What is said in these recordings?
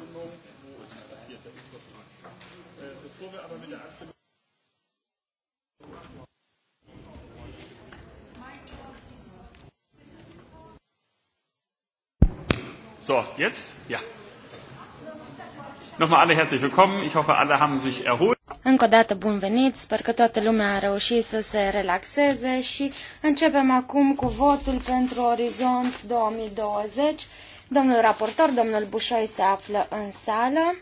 Abstimmung. Äh, bevor wir aber mit der Abstimmung So, jetzt? Ja. Nochmal alle herzlich willkommen. Ich hoffe, alle haben sich erholt. Încă o dată bun venit, sper că toată lumea a reușit să se relaxeze și începem acum cu votul pentru Orizont 2020. Domnul raportor, domnul Bușoi, se află în sală.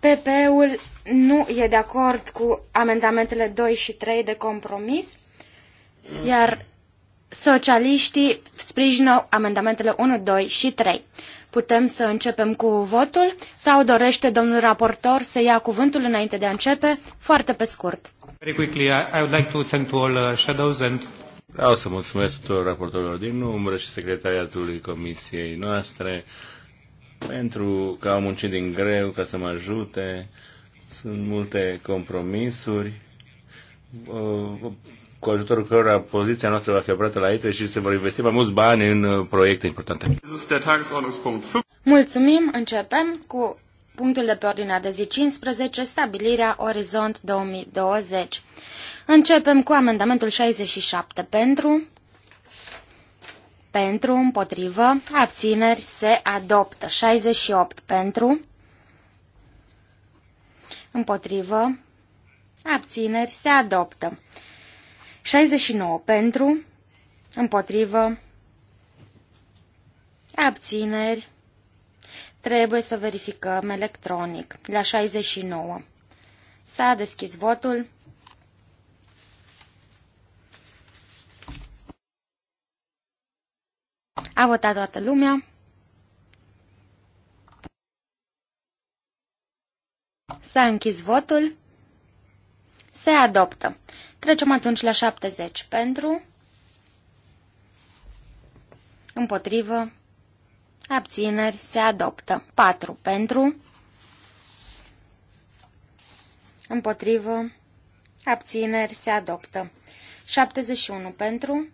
PP-ul nu e de acord cu amendamentele 2 și 3 de compromis, iar socialiștii sprijină amendamentele 1, 2 și 3. Putem să începem cu votul sau dorește domnul raportor să ia cuvântul înainte de a începe, foarte pe scurt. Very quickly, I would like to thank to all uh, shadows and Vreau să mulțumesc tuturor raportorilor din umbră și secretariatului comisiei noastre pentru că au muncit din greu ca să mă ajute. Sunt multe compromisuri cu ajutorul cărora poziția noastră va fi apărată la ITRE și se vor investi mai mulți bani în uh, proiecte importante. Mulțumim, începem cu punctul de pe ordinea de zi 15, stabilirea Orizont 2020. Începem cu amendamentul 67 pentru, pentru, împotrivă, abțineri se adoptă. 68 pentru, împotrivă, abțineri se adoptă. 69 pentru, împotrivă, abțineri. Trebuie să verificăm electronic. La 69. S-a deschis votul. A votat toată lumea. S-a închis votul. Se adoptă. Trecem atunci la 70 pentru, împotrivă, abțineri, se adoptă. 4 pentru, împotrivă, abțineri, se adoptă. 71 pentru,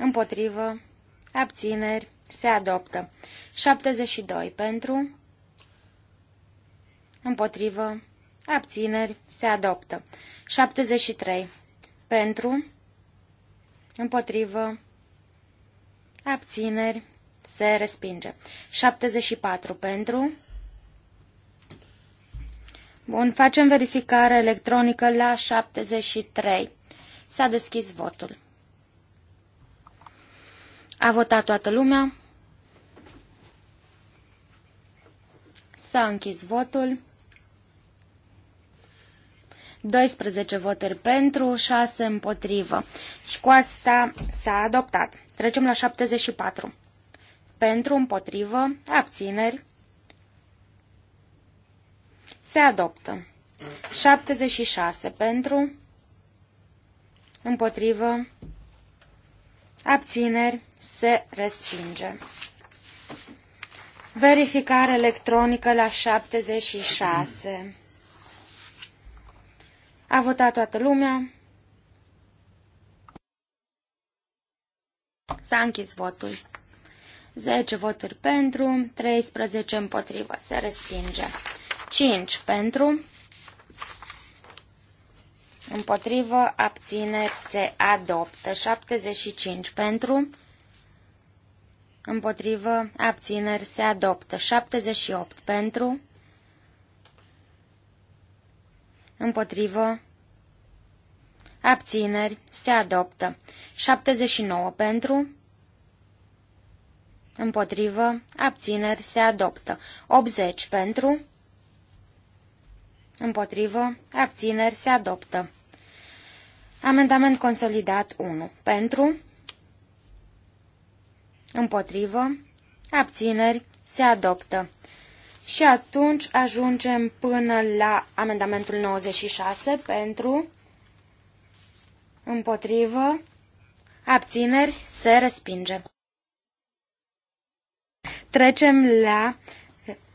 împotrivă, abțineri, se adoptă. 72 pentru, împotrivă, abțineri, se adoptă. 73 pentru, împotrivă, abțineri, se respinge. 74 pentru, Bun, facem verificare electronică la 73. S-a deschis votul. A votat toată lumea. S-a închis votul. 12 voturi pentru, 6 împotrivă. Și cu asta s-a adoptat. Trecem la 74. Pentru, împotrivă, abțineri. Se adoptă. 76 pentru, împotrivă, abțineri, se respinge. Verificare electronică la 76. A votat toată lumea. S-a închis votul. 10 voturi pentru, 13 împotrivă, se respinge. 5 pentru, împotrivă, abțineri, se adoptă. 75 pentru, împotrivă, abțineri, se adoptă. 78 pentru, împotrivă, abțineri, se adoptă. 79 pentru, împotrivă, abțineri, se adoptă. 80 pentru, împotrivă, abțineri, se adoptă. Amendament consolidat 1. Pentru. Împotrivă. Abțineri. Se adoptă. Și atunci ajungem până la amendamentul 96 pentru, împotrivă, abțineri, se respinge. Trecem la...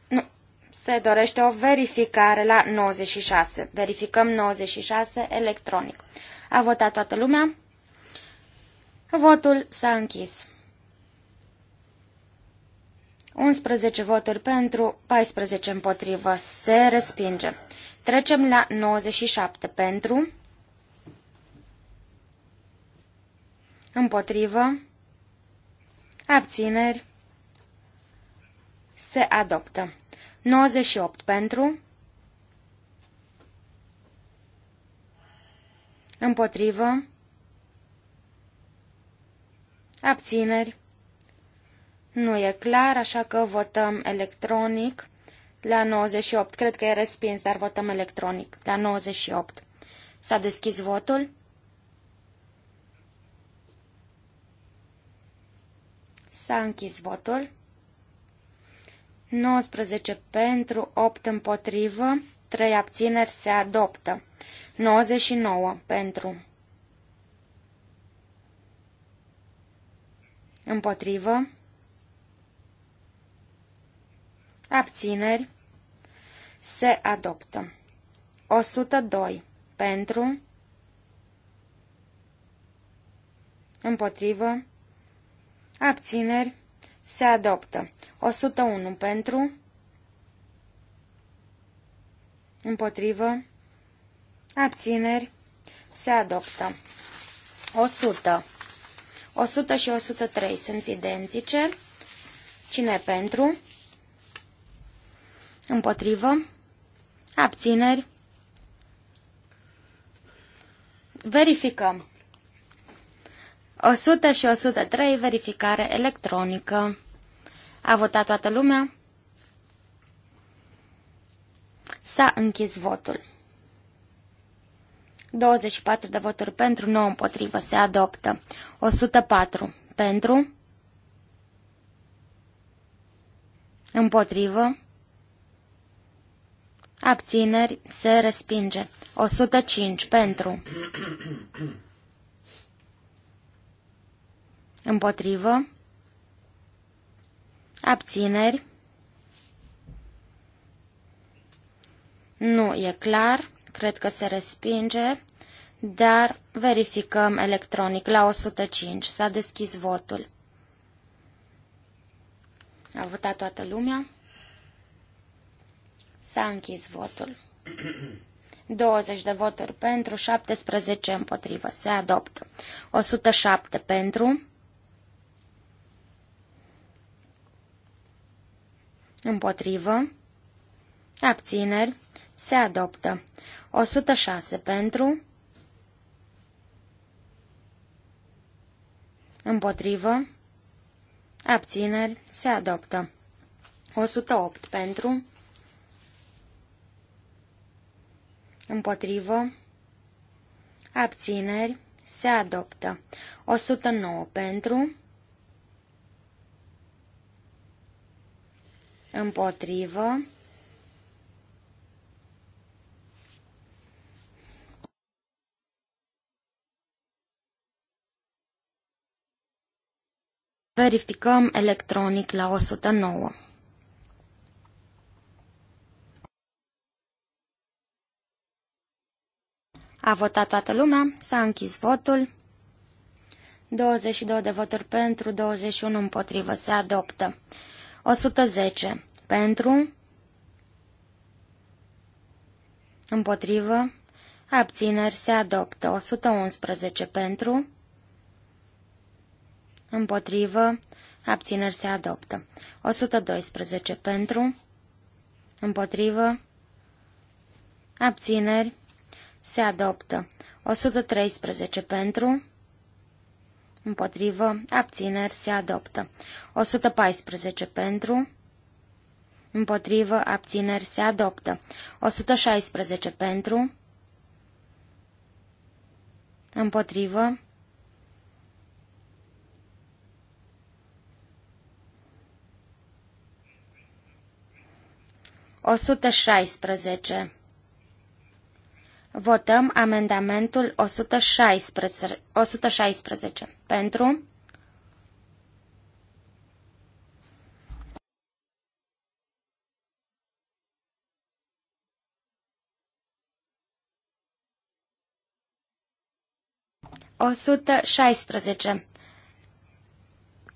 Nu, se dorește o verificare la 96. Verificăm 96 electronic. A votat toată lumea? Votul s-a închis. 11 voturi pentru, 14 împotrivă. Se respinge. Trecem la 97 pentru, împotrivă, abțineri, se adoptă. 98 pentru, Împotrivă. Abțineri. Nu e clar, așa că votăm electronic la 98. Cred că e respins, dar votăm electronic la 98. S-a deschis votul. S-a închis votul. 19 pentru, 8 împotrivă. 3 abțineri se adoptă. 99 pentru. Împotrivă. Abțineri. Se adoptă. 102 pentru. Împotrivă. Abțineri. Se adoptă. 101 pentru împotrivă, abțineri, se adoptă. 100. 100 și 103 sunt identice. Cine pentru? Împotrivă. Abțineri. Verificăm. 100 și 103, verificare electronică. A votat toată lumea? S-a închis votul. 24 de voturi pentru, 9 împotrivă, se adoptă. 104 pentru, împotrivă, abțineri, se respinge. 105 pentru, împotrivă, abțineri, Nu e clar, cred că se respinge, dar verificăm electronic la 105. S-a deschis votul. A votat toată lumea. S-a închis votul. 20 de voturi pentru, 17 împotrivă. Se adoptă. 107 pentru. Împotrivă. Abțineri. Se adoptă. 106 pentru. Împotrivă. Abțineri. Se adoptă. 108 pentru. Împotrivă. Abțineri. Se adoptă. 109 pentru. Împotrivă. Verificăm electronic la 109. A votat toată lumea, s-a închis votul. 22 de voturi pentru, 21 împotrivă, se adoptă. 110 pentru, împotrivă, abțineri, se adoptă. 111 pentru, împotrivă, abțineri se adoptă. 112 pentru, împotrivă, abțineri se adoptă. 113 pentru, împotrivă, abțineri se adoptă. 114 pentru, împotrivă, abțineri se adoptă. 116 pentru, împotrivă, 116. Votăm amendamentul 116. 116. Pentru? O sută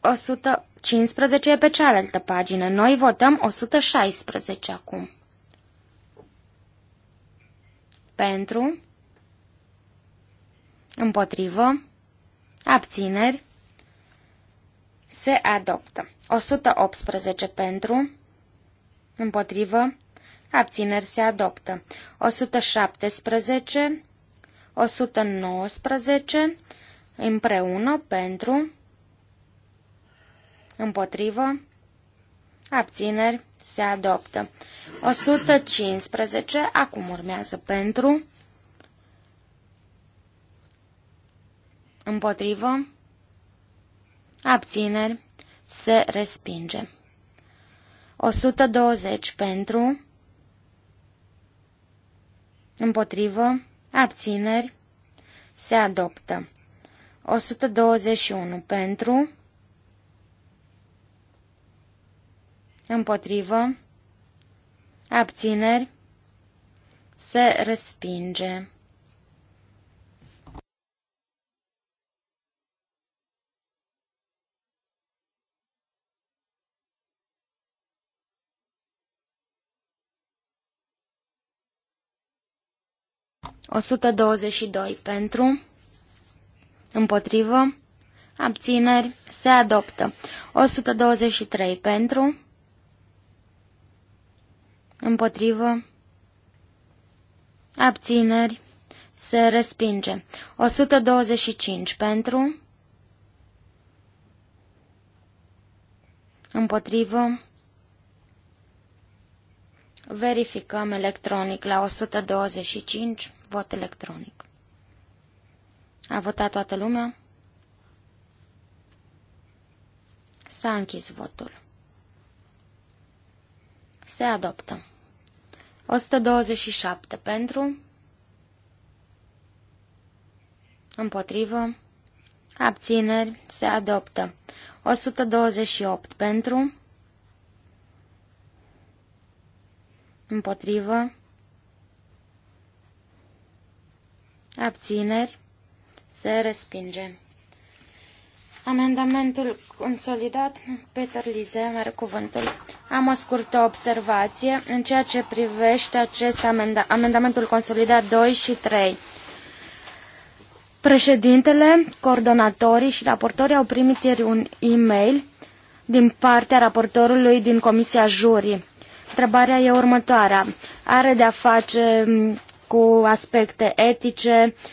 115 e pe cealaltă pagină. Noi votăm 116 acum. Pentru. Împotrivă. Abțineri. Se adoptă. 118 pentru. Împotrivă. Abțineri se adoptă. 117. 119. Împreună pentru Împotrivă? Abțineri? Se adoptă. 115. Acum urmează pentru. Împotrivă? Abțineri? Se respinge. 120 pentru. Împotrivă? Abțineri? Se adoptă. 121 pentru împotrivă, abțineri, se respinge. O sută douăzeci și doi pentru, împotrivă, abțineri, se adoptă. O sută douăzeci și trei pentru, împotrivă, abțineri, se respinge. 125 pentru, împotrivă, verificăm electronic la 125, vot electronic. A votat toată lumea? S-a închis votul. Se adoptă. 127 pentru, împotrivă, abțineri, se adoptă. 128 pentru, împotrivă, abțineri, se respinge. Amendamentul consolidat, Peter Lize are cuvântul. Am o scurtă observație în ceea ce privește acest amenda amendamentul consolidat 2 și 3. Președintele, coordonatorii și raportorii au primit ieri un e-mail din partea raportorului din Comisia Jurii. Întrebarea e următoarea. Are de-a face mm, cu aspecte etice, uh,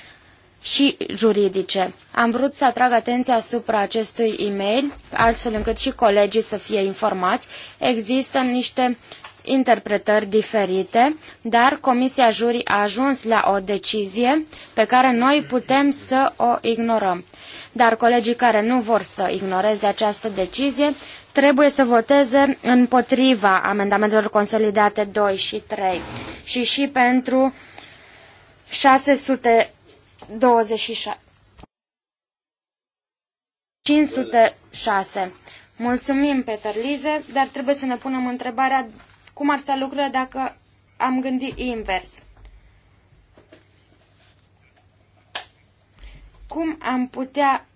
și juridice. Am vrut să atrag atenția asupra acestui e-mail, astfel încât și colegii să fie informați. Există niște interpretări diferite, dar Comisia Jurii a ajuns la o decizie pe care noi putem să o ignorăm. Dar colegii care nu vor să ignoreze această decizie trebuie să voteze împotriva amendamentelor consolidate 2 și 3 și și pentru 600 26. 506. Mulțumim, Peter Lize, dar trebuie să ne punem întrebarea cum ar sta lucrurile dacă am gândit invers. Cum am putea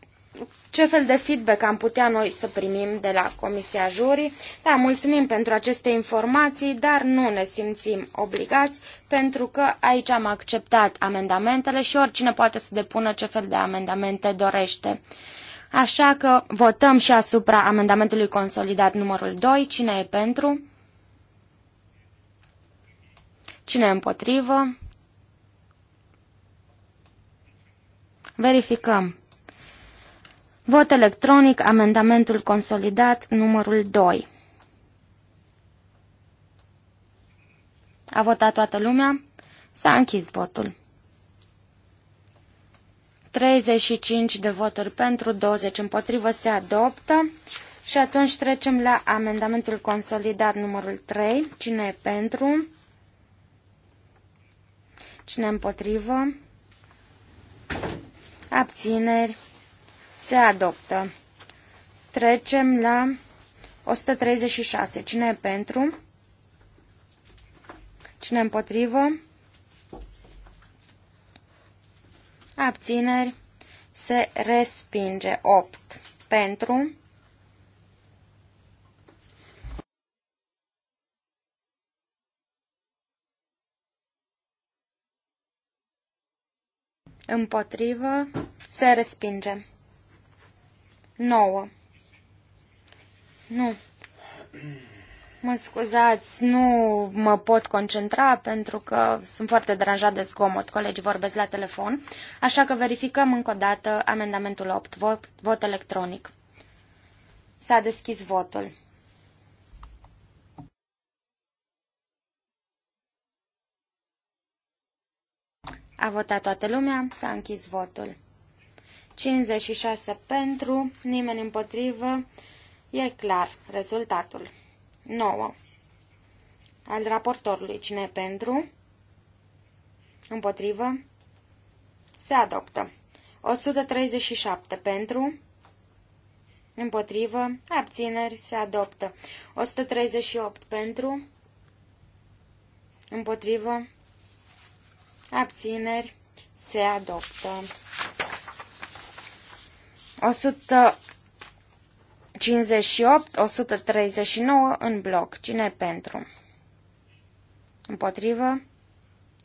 ce fel de feedback am putea noi să primim de la Comisia Jurii. Da, mulțumim pentru aceste informații, dar nu ne simțim obligați pentru că aici am acceptat amendamentele și oricine poate să depună ce fel de amendamente dorește. Așa că votăm și asupra amendamentului consolidat numărul 2. Cine e pentru? Cine e împotrivă? Verificăm. Vot electronic, amendamentul consolidat, numărul 2. A votat toată lumea? S-a închis votul. 35 de voturi pentru, 20 împotrivă, se adoptă. Și atunci trecem la amendamentul consolidat numărul 3. Cine e pentru? Cine împotrivă? Abțineri. Se adoptă. Trecem la 136. Cine e pentru? Cine împotrivă? Abțineri. Se respinge. 8. Pentru. Împotrivă. Se respinge. 9. Nu. Mă scuzați, nu mă pot concentra pentru că sunt foarte deranjat de zgomot. Colegii vorbesc la telefon, așa că verificăm încă o dată amendamentul 8, vot, vot electronic. S-a deschis votul. A votat toată lumea, s-a închis votul. 56 pentru, nimeni împotrivă, e clar rezultatul. 9. Al raportorului, cine pentru, împotrivă, se adoptă. 137 pentru, împotrivă, abțineri, se adoptă. 138 pentru, împotrivă, abțineri, se adoptă. 158, 139 în bloc. Cine e pentru? Împotrivă?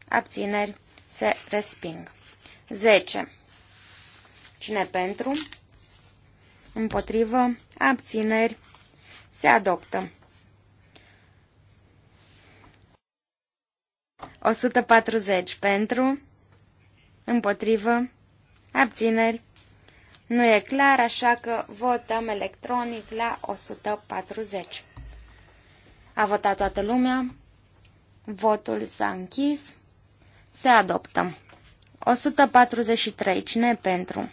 Abțineri? Se resping. 10. Cine e pentru? Împotrivă? Abțineri? Se adoptă. 140 pentru, împotrivă, abțineri, nu e clar, așa că votăm electronic la 140. A votat toată lumea. Votul s-a închis. Se adoptă. 143. Cine pentru?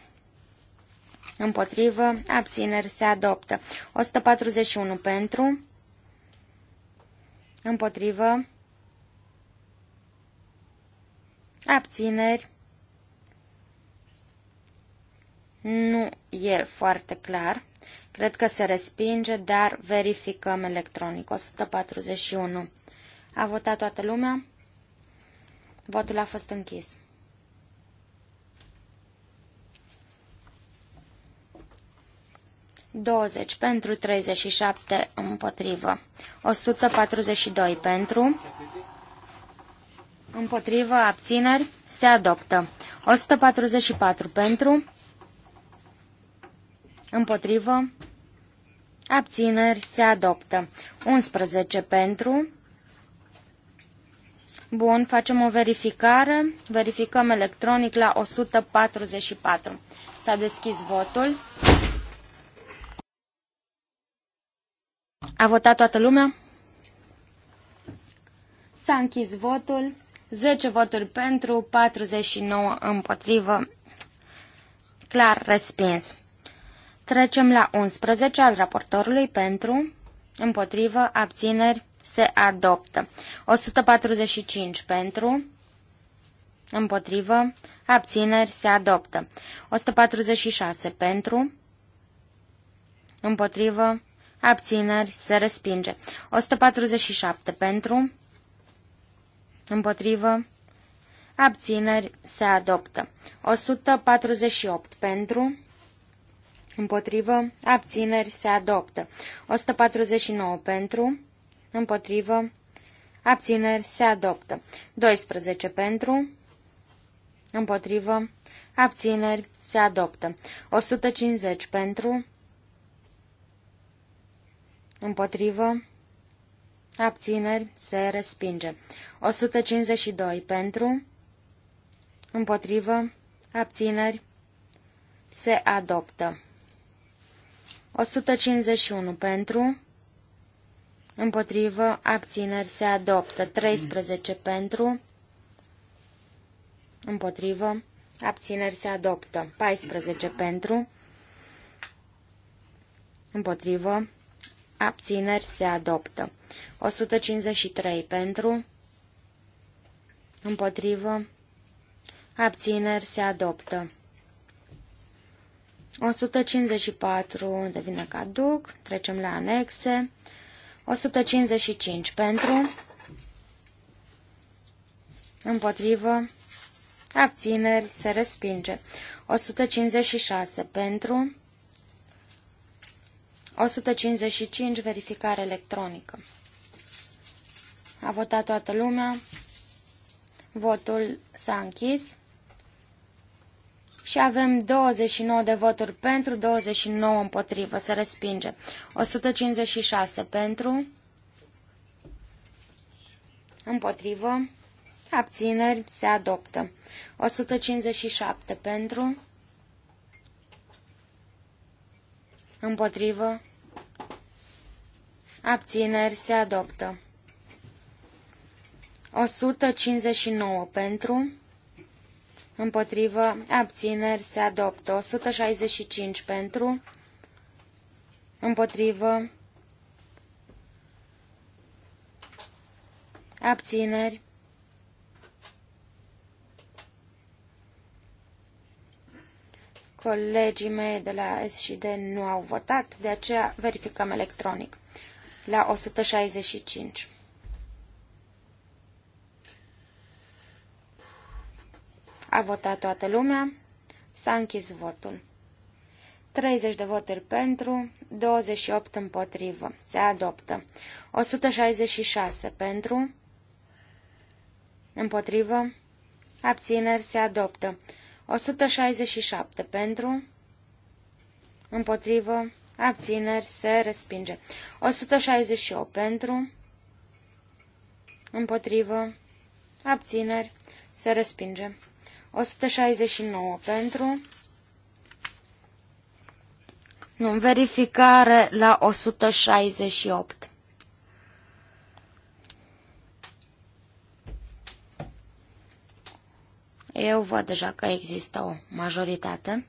Împotrivă. Abțineri. Se adoptă. 141. Pentru. Împotrivă. Abțineri. Nu e foarte clar. Cred că se respinge, dar verificăm electronic. 141. A votat toată lumea? Votul a fost închis. Douăzeci pentru 37 împotrivă. 142 pentru împotrivă abțineri se adoptă. 144 pentru Împotrivă. Abțineri se adoptă. 11 pentru. Bun, facem o verificare. Verificăm electronic la 144. S-a deschis votul. A votat toată lumea? S-a închis votul. 10 voturi pentru, 49 împotrivă. Clar respins. Trecem la 11 al raportorului pentru, împotrivă, abțineri, se adoptă. 145 pentru, împotrivă, abțineri, se adoptă. 146 pentru, împotrivă, abțineri, se respinge. 147 pentru, împotrivă, abțineri, se adoptă. 148 pentru, Împotrivă. Abțineri se adoptă. 149 pentru. Împotrivă. Abțineri se adoptă. 12 pentru. Împotrivă. Abțineri se adoptă. 150 pentru. Împotrivă. Abțineri se respinge. 152 pentru. Împotrivă. Abțineri se adoptă. 151 pentru, împotrivă, abțineri se adoptă. 13 pentru, împotrivă, abțineri se adoptă. 14 pentru, împotrivă, abțineri se adoptă. 153 pentru, împotrivă, abțineri se adoptă. 154 devine caduc, trecem la anexe. 155 pentru, împotrivă, abțineri, se respinge. 156 pentru, 155 verificare electronică. A votat toată lumea, votul s-a închis și avem 29 de voturi pentru, 29 împotrivă, se respinge. 156 pentru, împotrivă, abțineri, se adoptă. 157 pentru, împotrivă, abțineri, se adoptă. 159 pentru, împotrivă, abțineri se adoptă. 165 pentru, împotrivă, abțineri. Colegii mei de la D nu au votat, de aceea verificăm electronic la 165. A votat toată lumea. S-a închis votul. 30 de voturi pentru, 28 împotrivă. Se adoptă. 166 pentru, împotrivă, abțineri se adoptă. 167 pentru, împotrivă, abțineri se respinge. 168 pentru, împotrivă, abțineri se respinge. 169 pentru. Nu, verificare la 168. Eu văd deja că există o majoritate.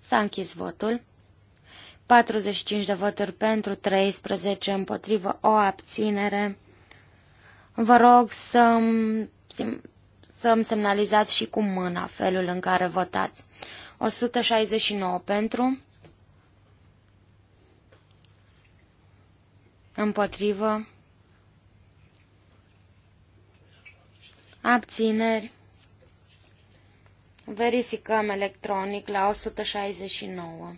S-a închis votul. 45 de voturi pentru, 13 împotrivă, o abținere. Vă rog să să-mi semnalizați și cu mâna felul în care votați. 169 pentru, împotrivă, abțineri. Verificăm electronic la 169.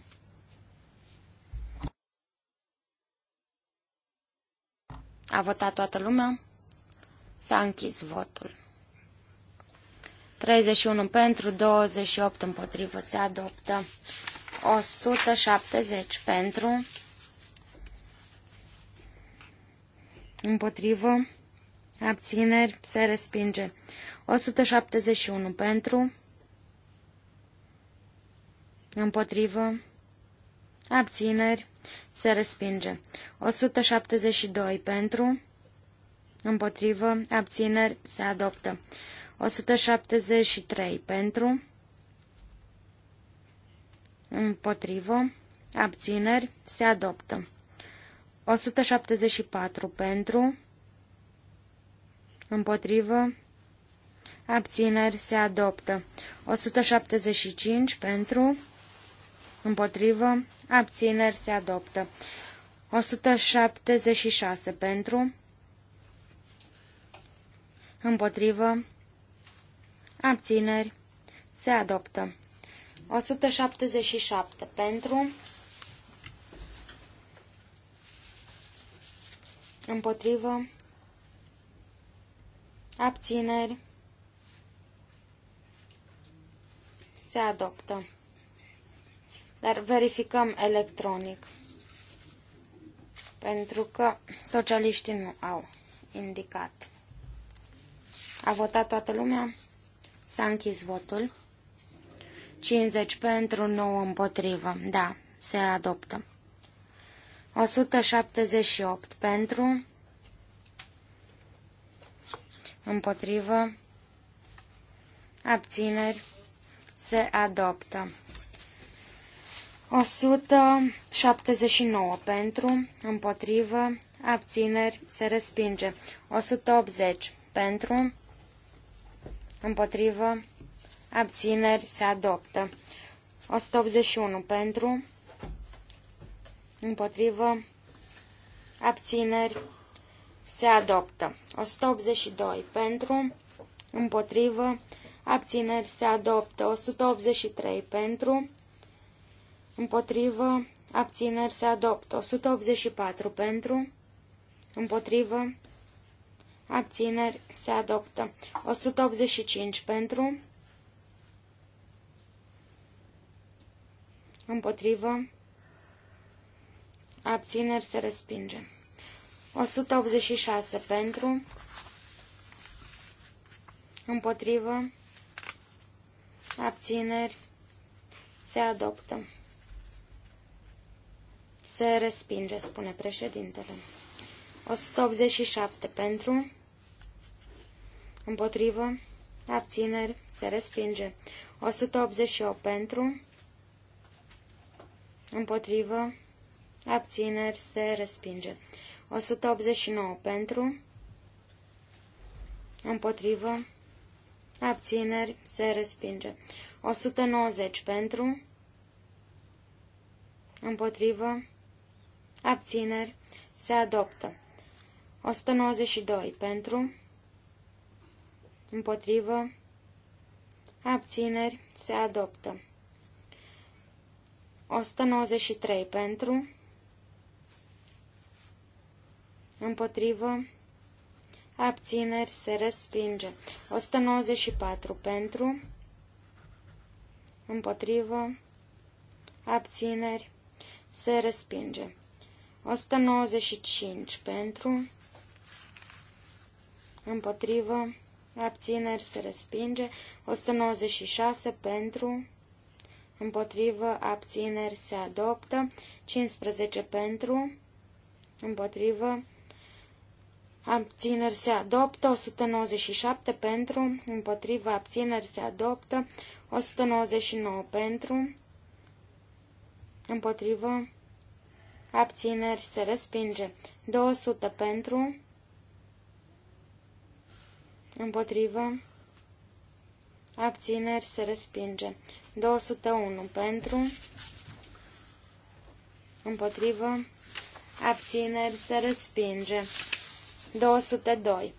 A votat toată lumea? S-a închis votul. 31 pentru, 28 împotrivă. Se adoptă. 170 pentru. Împotrivă. Abțineri. Se respinge. 171 pentru. Împotrivă. Abțineri. Se respinge. 172 pentru. Împotrivă. Abțineri. Se adoptă. 173 pentru, împotrivă, abțineri, se adoptă. 174 pentru, împotrivă, abțineri, se adoptă. 175 pentru, împotrivă, abțineri, se adoptă. 176 pentru, împotrivă, Abțineri. Se adoptă. 177 pentru. Împotrivă. Abțineri. Se adoptă. Dar verificăm electronic. Pentru că socialiștii nu au indicat. A votat toată lumea? S-a închis votul. 50 pentru, 9 împotrivă. Da, se adoptă. 178 pentru, împotrivă, abțineri, se adoptă. 179 pentru, împotrivă, abțineri, se respinge. 180 pentru, împotrivă, abțineri, se adoptă. 181 pentru, împotrivă, abțineri, se adoptă. 182 pentru, împotrivă, abțineri, se adoptă. 183 pentru, împotrivă, abțineri, se adoptă. 184 pentru, împotrivă, abțineri, se adoptă. 185 pentru, împotrivă, abțineri, se respinge. 186 pentru, împotrivă, abțineri, se adoptă. Se respinge, spune președintele. 187 pentru, împotrivă, abțineri, se respinge. 188 pentru, împotrivă, abțineri, se respinge. 189 pentru, împotrivă, abțineri, se respinge. 190 pentru, împotrivă, abțineri, se adoptă. 192 pentru, împotrivă, abțineri, se adoptă. 193 pentru, împotrivă, abțineri, se respinge. 194 pentru, împotrivă, abțineri, se respinge. 195 pentru, împotrivă, abțineri se respinge, 196 pentru, împotrivă, abțineri se adoptă, 15 pentru, împotrivă, abțineri se adoptă, 197 pentru, împotrivă, abțineri se adoptă, 199 pentru, împotrivă, abțineri se respinge, 200 pentru, împotrivă, abțineri se respinge. 201 pentru, împotrivă, abțineri se respinge. 202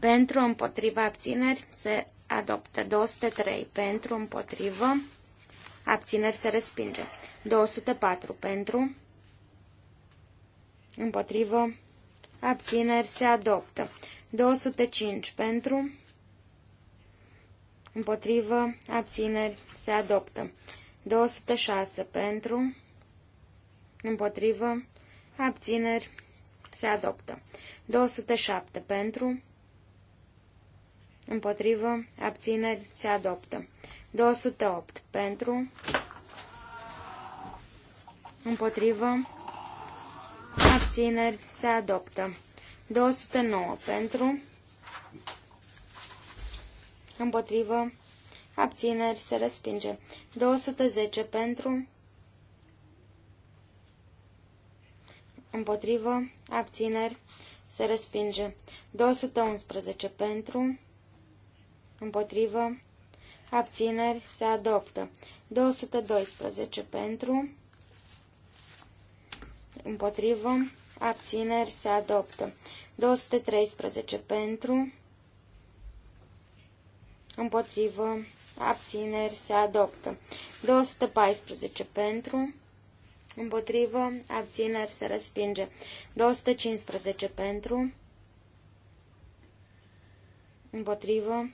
Pentru împotriva abțineri se adoptă 203. Pentru împotrivă abțineri se respinge. 204. Pentru împotrivă abțineri se adoptă. 205 pentru, împotrivă, abțineri se adoptă. 206 pentru, împotrivă, abțineri se adoptă. 207 pentru, împotrivă, abțineri se adoptă. 208 pentru, împotrivă, abțineri, se adoptă. 209 pentru, împotrivă, abțineri, se respinge. 210 pentru, împotrivă, abțineri, se respinge. 211 pentru, împotrivă, abțineri, se adoptă. 212 pentru, împotrivă, abțineri se adoptă. 213 pentru, împotrivă, abțineri se adoptă. 214 pentru, împotrivă, abțineri se respinge. 215 pentru, împotrivă,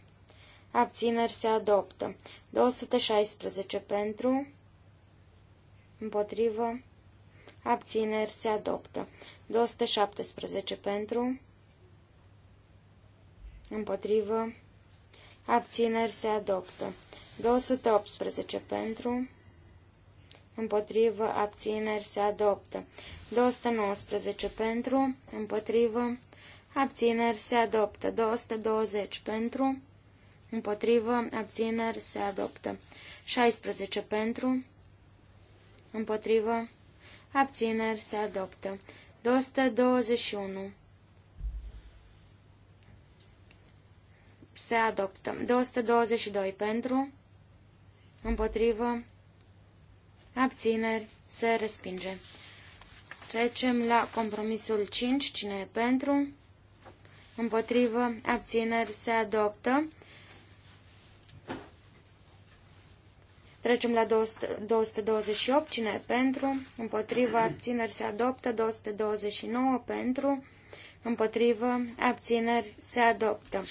abțineri se adoptă. 216 pentru, împotrivă, abțineri se adoptă. 217 pentru, împotrivă, abțineri se adoptă. 218 pentru, împotrivă, abțineri se adoptă. 219 pentru, împotrivă, abțineri se adoptă. 220 pentru, împotrivă, abțineri se adoptă. 16 pentru, împotrivă, Abțineri se adoptă. 221. Se adoptă. 222 pentru. Împotrivă. Abțineri se respinge. Trecem la compromisul 5. Cine e pentru? Împotrivă. Abțineri se adoptă. Trecem la 200, 228. Cine e pentru? împotriva Abțineri se adoptă. 229 pentru. Împotrivă. Abțineri se adoptă.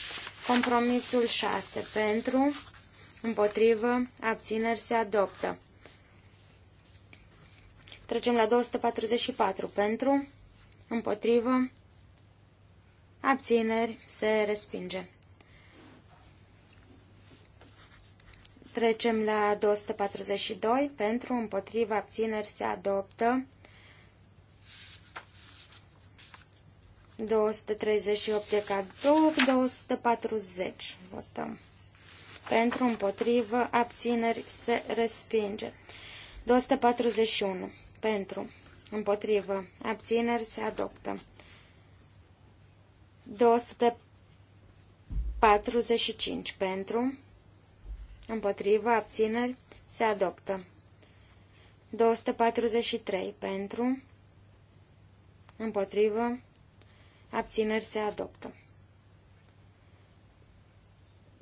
Compromisul 6 pentru. Împotrivă. Abțineri se adoptă. Trecem la 244 pentru. Împotrivă. Abțineri se respinge. Trecem la 242. Pentru, împotriva, abțineri se adoptă. 238 de cadou, 240 votăm. Pentru, împotrivă, abțineri se respinge. 241. Pentru, împotrivă, abțineri se adoptă. 245. Pentru, împotrivă, abțineri, se adoptă. 243 pentru, împotrivă, abțineri, se adoptă.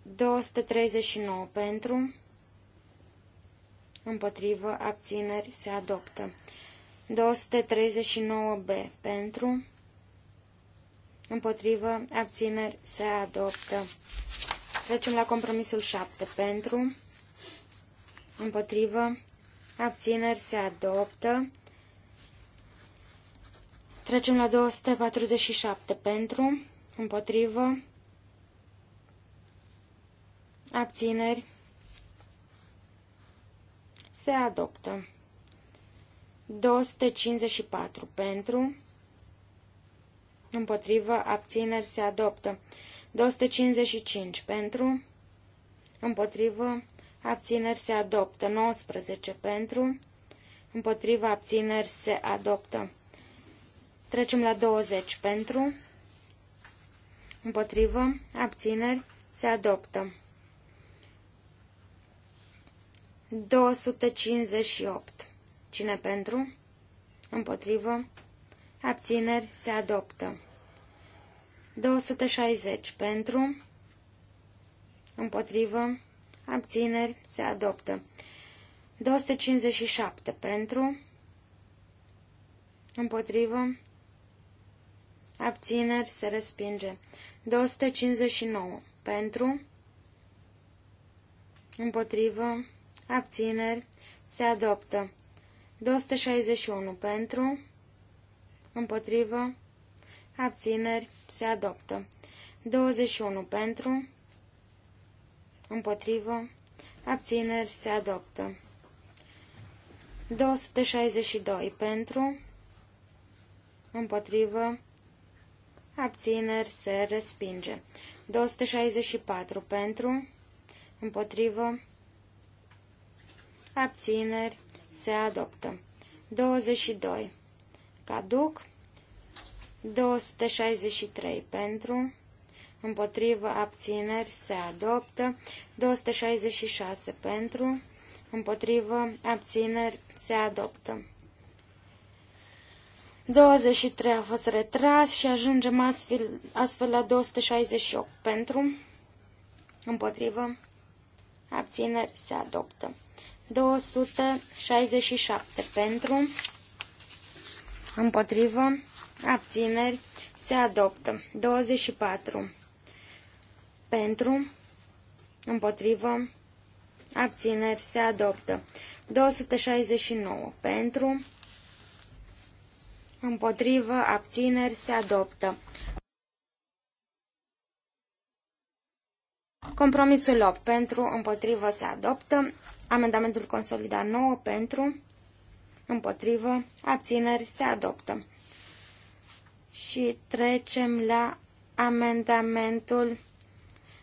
239 pentru, împotrivă, abțineri, se adoptă. 239b pentru, împotrivă, abțineri, se adoptă. Trecem la compromisul 7. Pentru, împotrivă, abțineri se adoptă. Trecem la 247. Pentru, împotrivă, abțineri se adoptă. 254. Pentru, împotrivă, abțineri se adoptă. 255 pentru, împotrivă, abțineri se adoptă. 19 pentru, împotrivă, abțineri se adoptă. Trecem la 20 pentru, împotrivă, abțineri se adoptă. 258. Cine pentru? Împotrivă? Abțineri se adoptă. 260 pentru, împotrivă, abțineri, se adoptă. 257 pentru, împotrivă, abțineri, se respinge. 259 pentru, împotrivă, abțineri, se adoptă. 261 pentru, împotrivă, abțineri, se adoptă. 21 pentru, împotrivă, abțineri, se adoptă. 262 pentru, împotrivă, abțineri, se respinge. 264 pentru, împotrivă, abțineri, se adoptă. 22. Caduc 263 pentru, împotrivă, abțineri, se adoptă. 266 pentru, împotrivă, abțineri, se adoptă. 23 a fost retras și ajungem astfel, astfel la 268 pentru, împotrivă, abțineri, se adoptă. 267 pentru, împotrivă, Abțineri. Se adoptă. 24. Pentru. Împotrivă. Abțineri. Se adoptă. 269. Pentru. Împotrivă. Abțineri. Se adoptă. Compromisul 8 pentru, împotrivă se adoptă. Amendamentul consolidat 9 pentru, împotrivă, abțineri se adoptă și trecem la amendamentul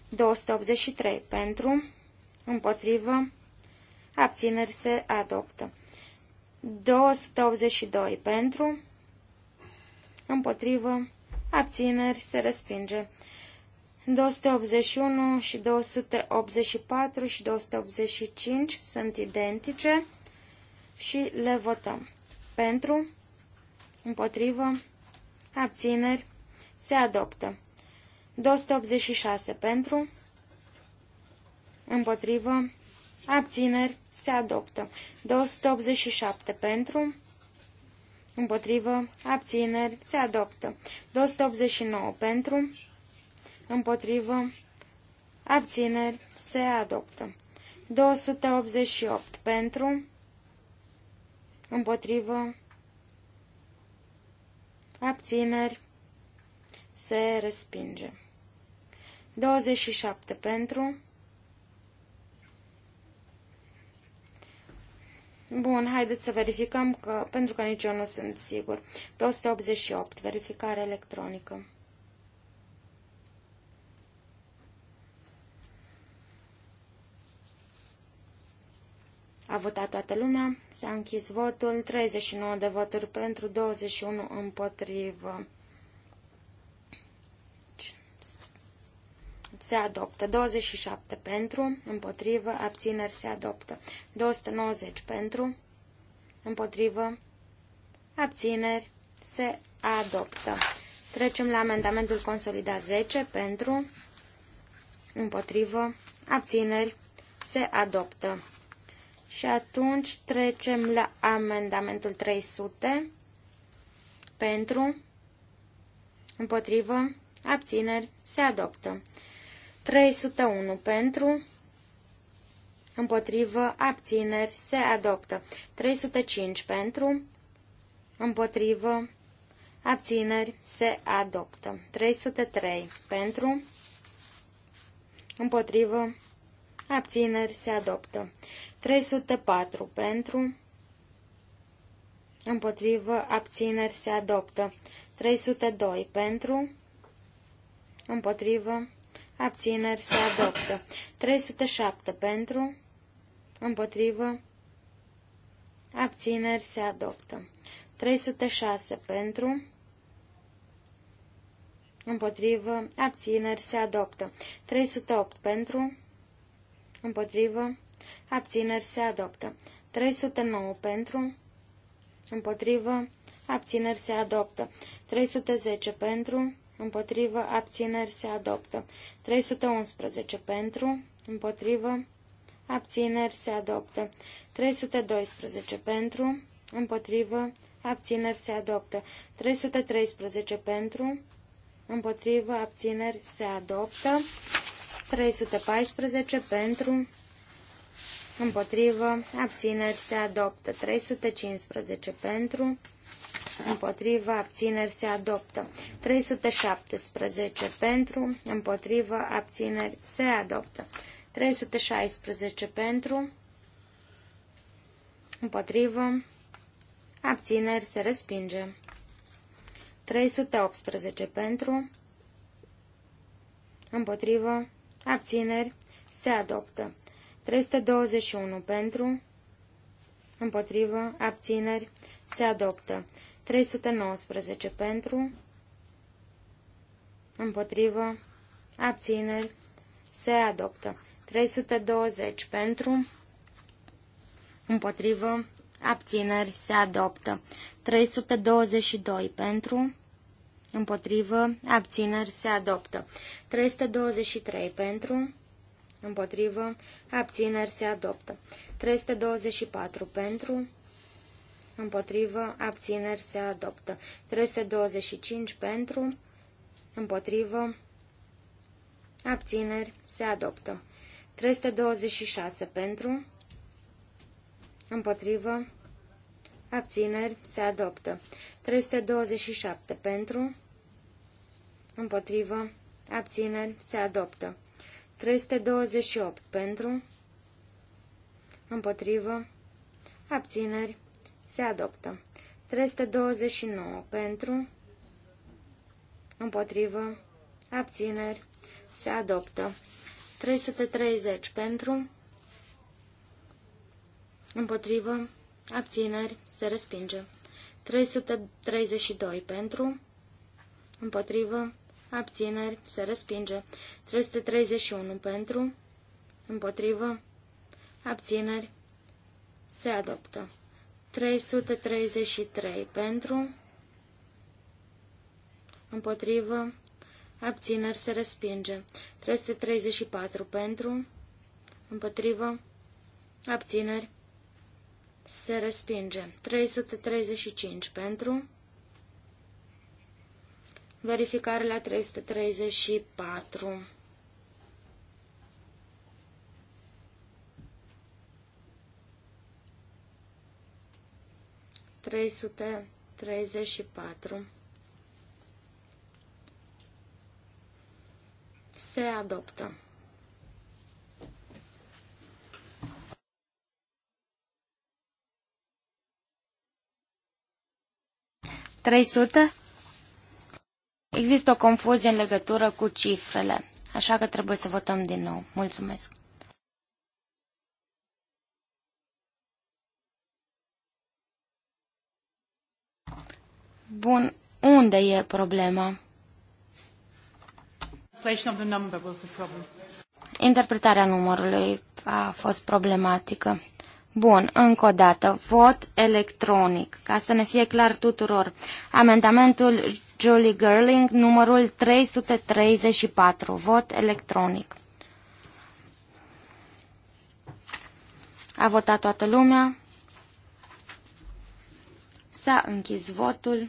283 pentru, împotrivă, abțineri se adoptă. 282 pentru, împotrivă, abțineri se respinge. 281 și 284 și 285 sunt identice și le votăm. Pentru, împotrivă, abțineri, se adoptă. 286 pentru, împotrivă, abțineri, se adoptă. 287 pentru, împotrivă, abțineri, se adoptă. 289 pentru, împotrivă, abțineri, se adoptă. 288 pentru, împotrivă, abțineri, se respinge. 27 pentru. Bun, haideți să verificăm, că, pentru că nici eu nu sunt sigur. 288, verificare electronică. A votat toată lumea, s-a închis votul, 39 de voturi pentru, 21 împotrivă. Se adoptă 27 pentru, împotrivă, abțineri se adoptă 290 pentru, împotrivă, abțineri se adoptă. Trecem la amendamentul consolidat 10 pentru, împotrivă, abțineri se adoptă. Și atunci trecem la amendamentul 300 pentru, împotrivă, abțineri, se adoptă. 301 pentru, împotrivă, abțineri, se adoptă. 305 pentru, împotrivă, abțineri, se adoptă. 303 pentru, împotrivă, abțineri, se adoptă. 304 pentru, împotrivă, abțineri se adoptă. 302 pentru, împotrivă, abțineri se adoptă. 307 pentru, împotrivă, abțineri se adoptă. 306 pentru, împotrivă, abțineri se adoptă. 308 pentru, împotrivă, abțineri se adoptă. 309 pentru, împotrivă, abțineri se adoptă. 310 pentru, împotrivă, abțineri se adoptă. 311 pentru, împotrivă, abțineri se adoptă. 312 pentru, împotrivă, abțineri se adoptă. 313 pentru, împotrivă, abțineri se adoptă. 314 pentru, împotrivă, abțineri se adoptă. 315 pentru, împotrivă, abțineri se adoptă. 317 pentru, împotrivă, abțineri se adoptă. 316 pentru, împotrivă, abțineri se respinge. 318 pentru, împotrivă, abțineri se adoptă. 321 pentru, împotrivă, abțineri, se adoptă. 319 pentru, împotrivă, abțineri, se adoptă. 320 pentru, împotrivă, abțineri, se adoptă. 322 pentru, împotrivă, abțineri, se adoptă. 323 pentru, împotrivă, abțineri se adoptă. 324 pentru, împotrivă, abțineri se adoptă. 325 pentru, împotrivă, abțineri se adoptă. 326 pentru, împotrivă, abțineri se adoptă. 327 pentru, împotrivă, abțineri se adoptă. 328 pentru, împotrivă, abțineri, se adoptă. 329 pentru, împotrivă, abțineri, se adoptă. 330 pentru, împotrivă, abțineri, se respinge. 332 pentru, împotrivă, abțineri, se respinge. 331 pentru, împotrivă, abțineri, se adoptă. 333 pentru, împotrivă, abțineri, se respinge. 334 pentru, împotrivă, abțineri, se respinge. 335 pentru, Verificare la 334. Trei sute treizeci și patru. Se adoptă. Trei sute Există o confuzie în legătură cu cifrele, așa că trebuie să votăm din nou. Mulțumesc! Bun, unde e problema? Interpretarea numărului a fost problematică. Bun, încă o dată, vot electronic, ca să ne fie clar tuturor. Amendamentul Julie Gerling, numărul 334, vot electronic. A votat toată lumea. S-a închis votul.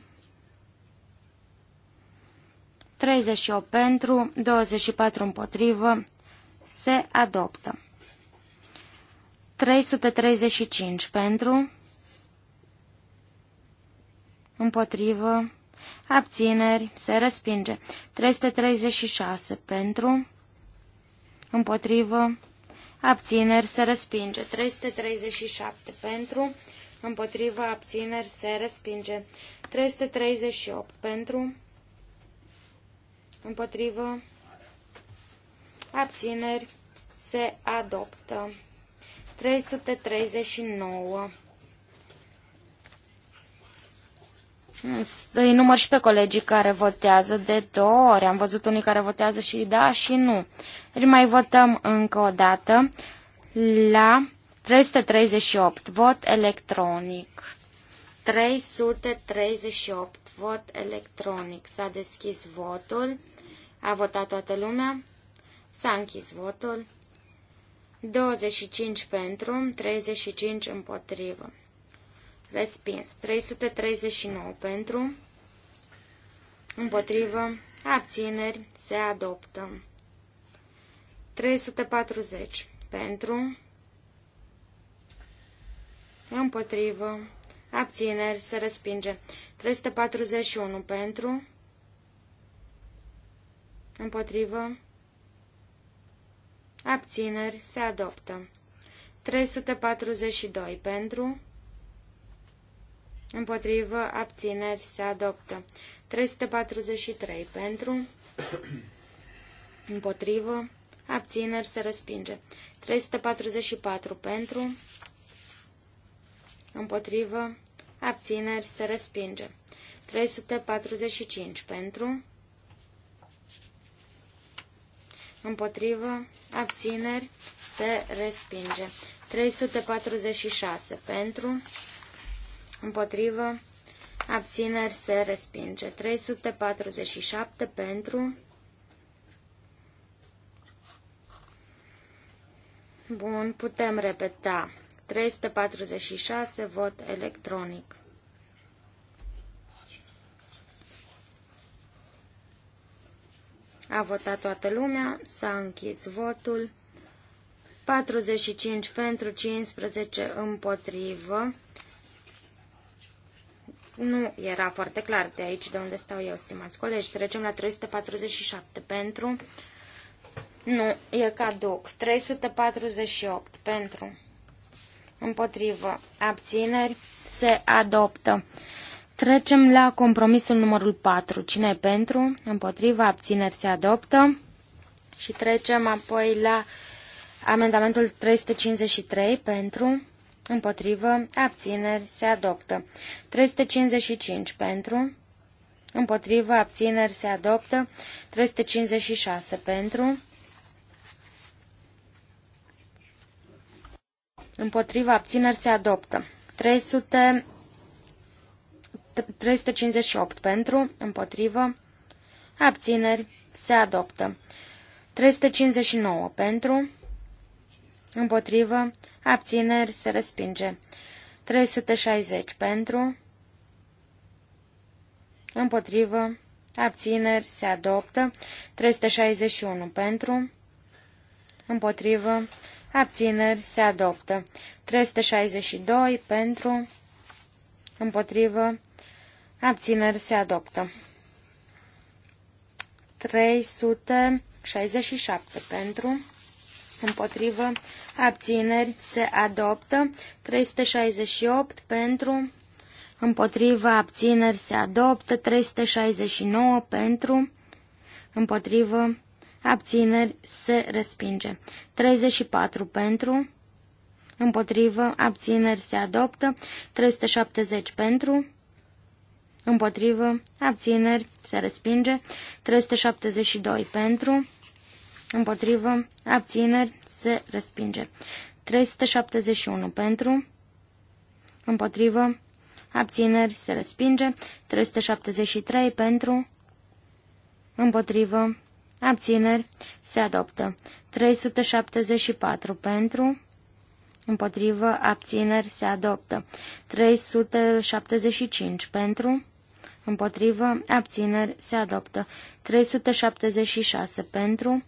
38 pentru, 24 împotrivă. Se adoptă. 335 pentru, împotrivă, Abțineri. Se respinge. 336 pentru. Împotrivă. Abțineri. Se respinge. 337 pentru. Împotrivă. Abțineri. Se respinge. 338 pentru. Împotrivă. Abțineri. Se adoptă. 339 Îi număr și pe colegii care votează de două ori. Am văzut unii care votează și da și nu. Deci mai votăm încă o dată la 338. Vot electronic. 338. Vot electronic. S-a deschis votul. A votat toată lumea. S-a închis votul. 25 pentru, 35 împotrivă. Respins. 339 pentru. Împotrivă. Abțineri. Se adoptă. 340 pentru. Împotrivă. Abțineri. Se respinge. 341 pentru. Împotrivă. Abțineri. Se adoptă. 342 pentru împotrivă, abțineri, se adoptă. 343 pentru, împotrivă, abțineri, se respinge. 344 pentru, împotrivă, abțineri, se respinge. 345 pentru, împotrivă, abțineri, se respinge. 346 pentru, împotrivă, abțineri se respinge. 347 pentru, Bun, putem repeta. 346 vot electronic. A votat toată lumea, s-a închis votul. 45 pentru, 15 împotrivă. Nu era foarte clar de aici de unde stau eu, stimați colegi. Trecem la 347 pentru... Nu, e caduc. 348 pentru... Împotrivă. Abțineri. Se adoptă. Trecem la compromisul numărul 4. Cine e pentru? Împotrivă. Abțineri. Se adoptă. Și trecem apoi la amendamentul 353 pentru... Împotrivă. Abțineri. Se adoptă. 355 pentru. Împotrivă. Abțineri. Se adoptă. 356 pentru. Împotrivă. Abțineri. Se adoptă. 300... 358 pentru. Împotrivă. Abțineri. Se adoptă. 359 pentru. Împotrivă abțineri, se respinge. 360 pentru, împotrivă, abțineri, se adoptă. 361 pentru, împotrivă, abțineri, se adoptă. 362 pentru, împotrivă, abțineri, se adoptă. 367 pentru, împotrivă, abțineri, se adoptă. 368 pentru, împotrivă, abțineri, se adoptă. 369 pentru, împotrivă, abțineri, se respinge. 34 pentru, împotrivă, abțineri, se adoptă. 370 pentru, Împotrivă, abțineri, se respinge, 372 pentru, împotrivă, abțineri, se respinge. 371 pentru, împotrivă, abțineri, se respinge. 373 pentru, împotrivă, abțineri, se adoptă. 374 pentru, împotrivă, abțineri, se adoptă. 375 pentru, împotrivă, abțineri, se adoptă. 376 pentru,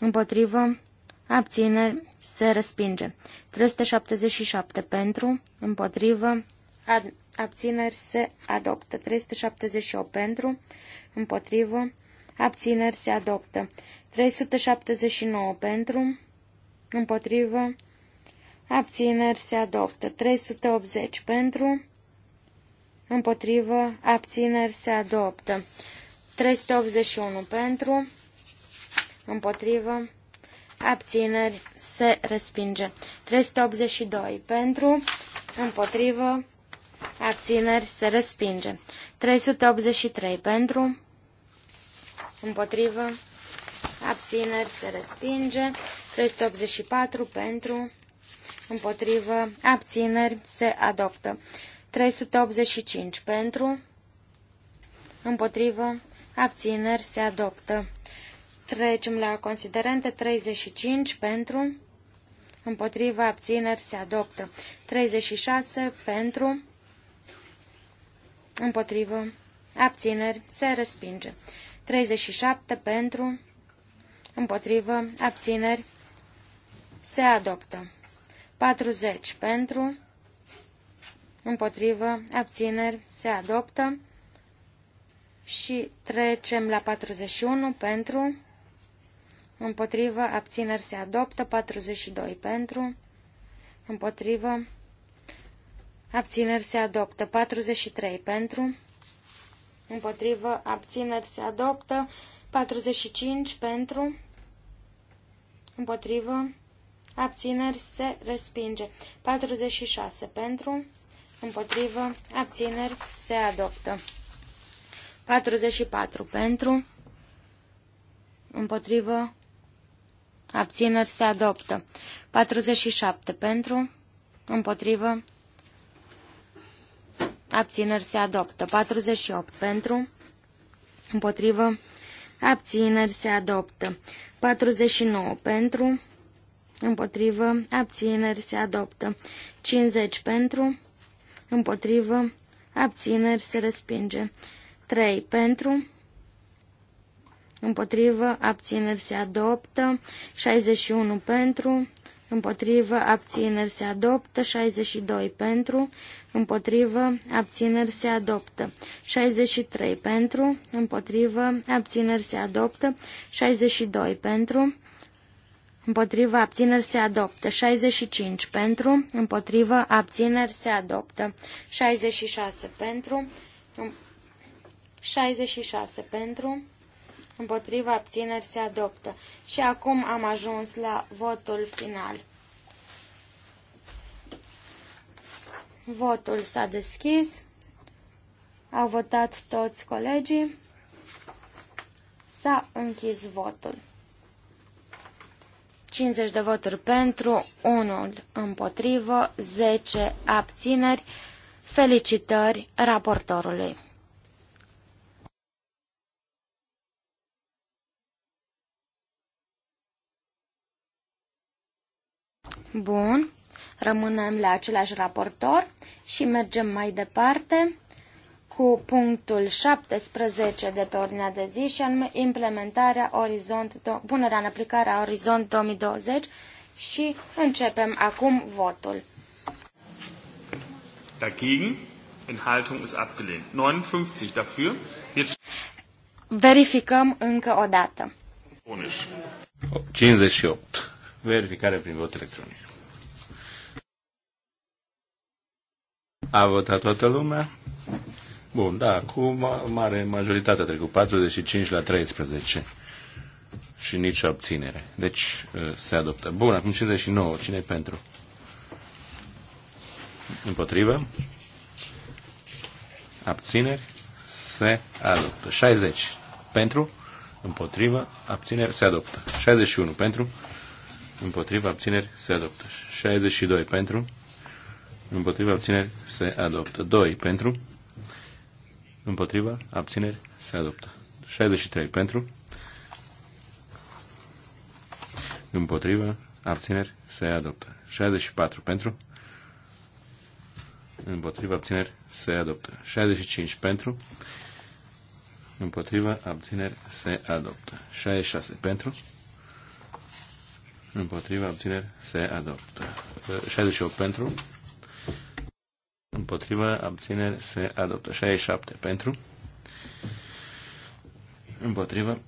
împotrivă, abțineri, se respinge. 377 pentru, împotrivă, ad, abțineri, se adoptă. 378 pentru, împotrivă, abțineri, se adoptă. 379 pentru, împotrivă, abțineri, se adoptă. 380 pentru, împotrivă, abțineri, se adoptă. 381 pentru, împotrivă, abțineri, se respinge. 382 pentru, împotrivă, abțineri, se respinge. 383 pentru, împotrivă, abțineri, se respinge. 384 pentru, împotrivă, abțineri, se adoptă. 385 pentru, împotrivă, abțineri, se adoptă. Trecem la considerente 35 pentru, împotriva abțineri se adoptă. 36 pentru, împotriva abțineri se respinge. 37 pentru, împotriva abțineri se adoptă. 40 pentru, împotriva abțineri se adoptă. Și trecem la 41 pentru, împotrivă, abțineri se adoptă, 42 pentru, împotrivă, abțineri se adoptă, 43 pentru, împotrivă, abțineri se adoptă, 45 pentru, împotrivă, abțineri se respinge, 46 pentru, împotrivă, abțineri se adoptă. 44 pentru, împotrivă, Abțineri se adoptă. 47 pentru. Împotrivă. Abțineri se adoptă. 48 pentru. Împotrivă. Abțineri se adoptă. 49 pentru. Împotrivă. Abțineri se adoptă. 50 pentru. Împotrivă. Abțineri se respinge. 3 pentru împotrivă, abțineri se adoptă, 61 pentru, împotrivă, abțineri se adoptă, 62 pentru, împotrivă, abțineri se adoptă, 63 pentru, împotrivă, abțineri se adoptă, 62 pentru, Împotrivă abțineri se adoptă. 65 pentru. Împotrivă abțineri se adoptă. 66 pentru. 66 pentru împotriva abțineri se adoptă. Și acum am ajuns la votul final. Votul s-a deschis. Au votat toți colegii. S-a închis votul. 50 de voturi pentru, 1 împotrivă, 10 abțineri. Felicitări raportorului. Bun. Rămânem la același raportor și mergem mai departe cu punctul 17 de pe ordinea de zi și anume implementarea Orizont, punerea în aplicare a Orizont 2020 și începem acum votul. Dagegen, Enthaltung ist abgelehnt. 59 dafür. Jetzt... Verificăm încă o dată. 58. Verificare prin vot electronic. A votat toată lumea? Bun, da, cu mare majoritate a trecut 45 la 13 și nicio abținere. Deci uh, se adoptă. Bun, acum 59. Cine e pentru? Împotrivă? Abțineri? Se adoptă. 60. Pentru? Împotrivă? Abțineri? Se adoptă. 61. Pentru? împotriva abțineri se adoptă. 62 pentru, împotriva abțineri se adoptă. 2 pentru, împotriva abțineri se adoptă. 63 pentru, împotriva abțineri se adoptă. 64 pentru, împotriva abțineri se adoptă. 65 pentru, împotriva abțineri se adoptă. 66 pentru, Împotriva abțineri se adoptă. 68 pentru. Împotriva abțineri se adoptă. 67 pentru. Împotriva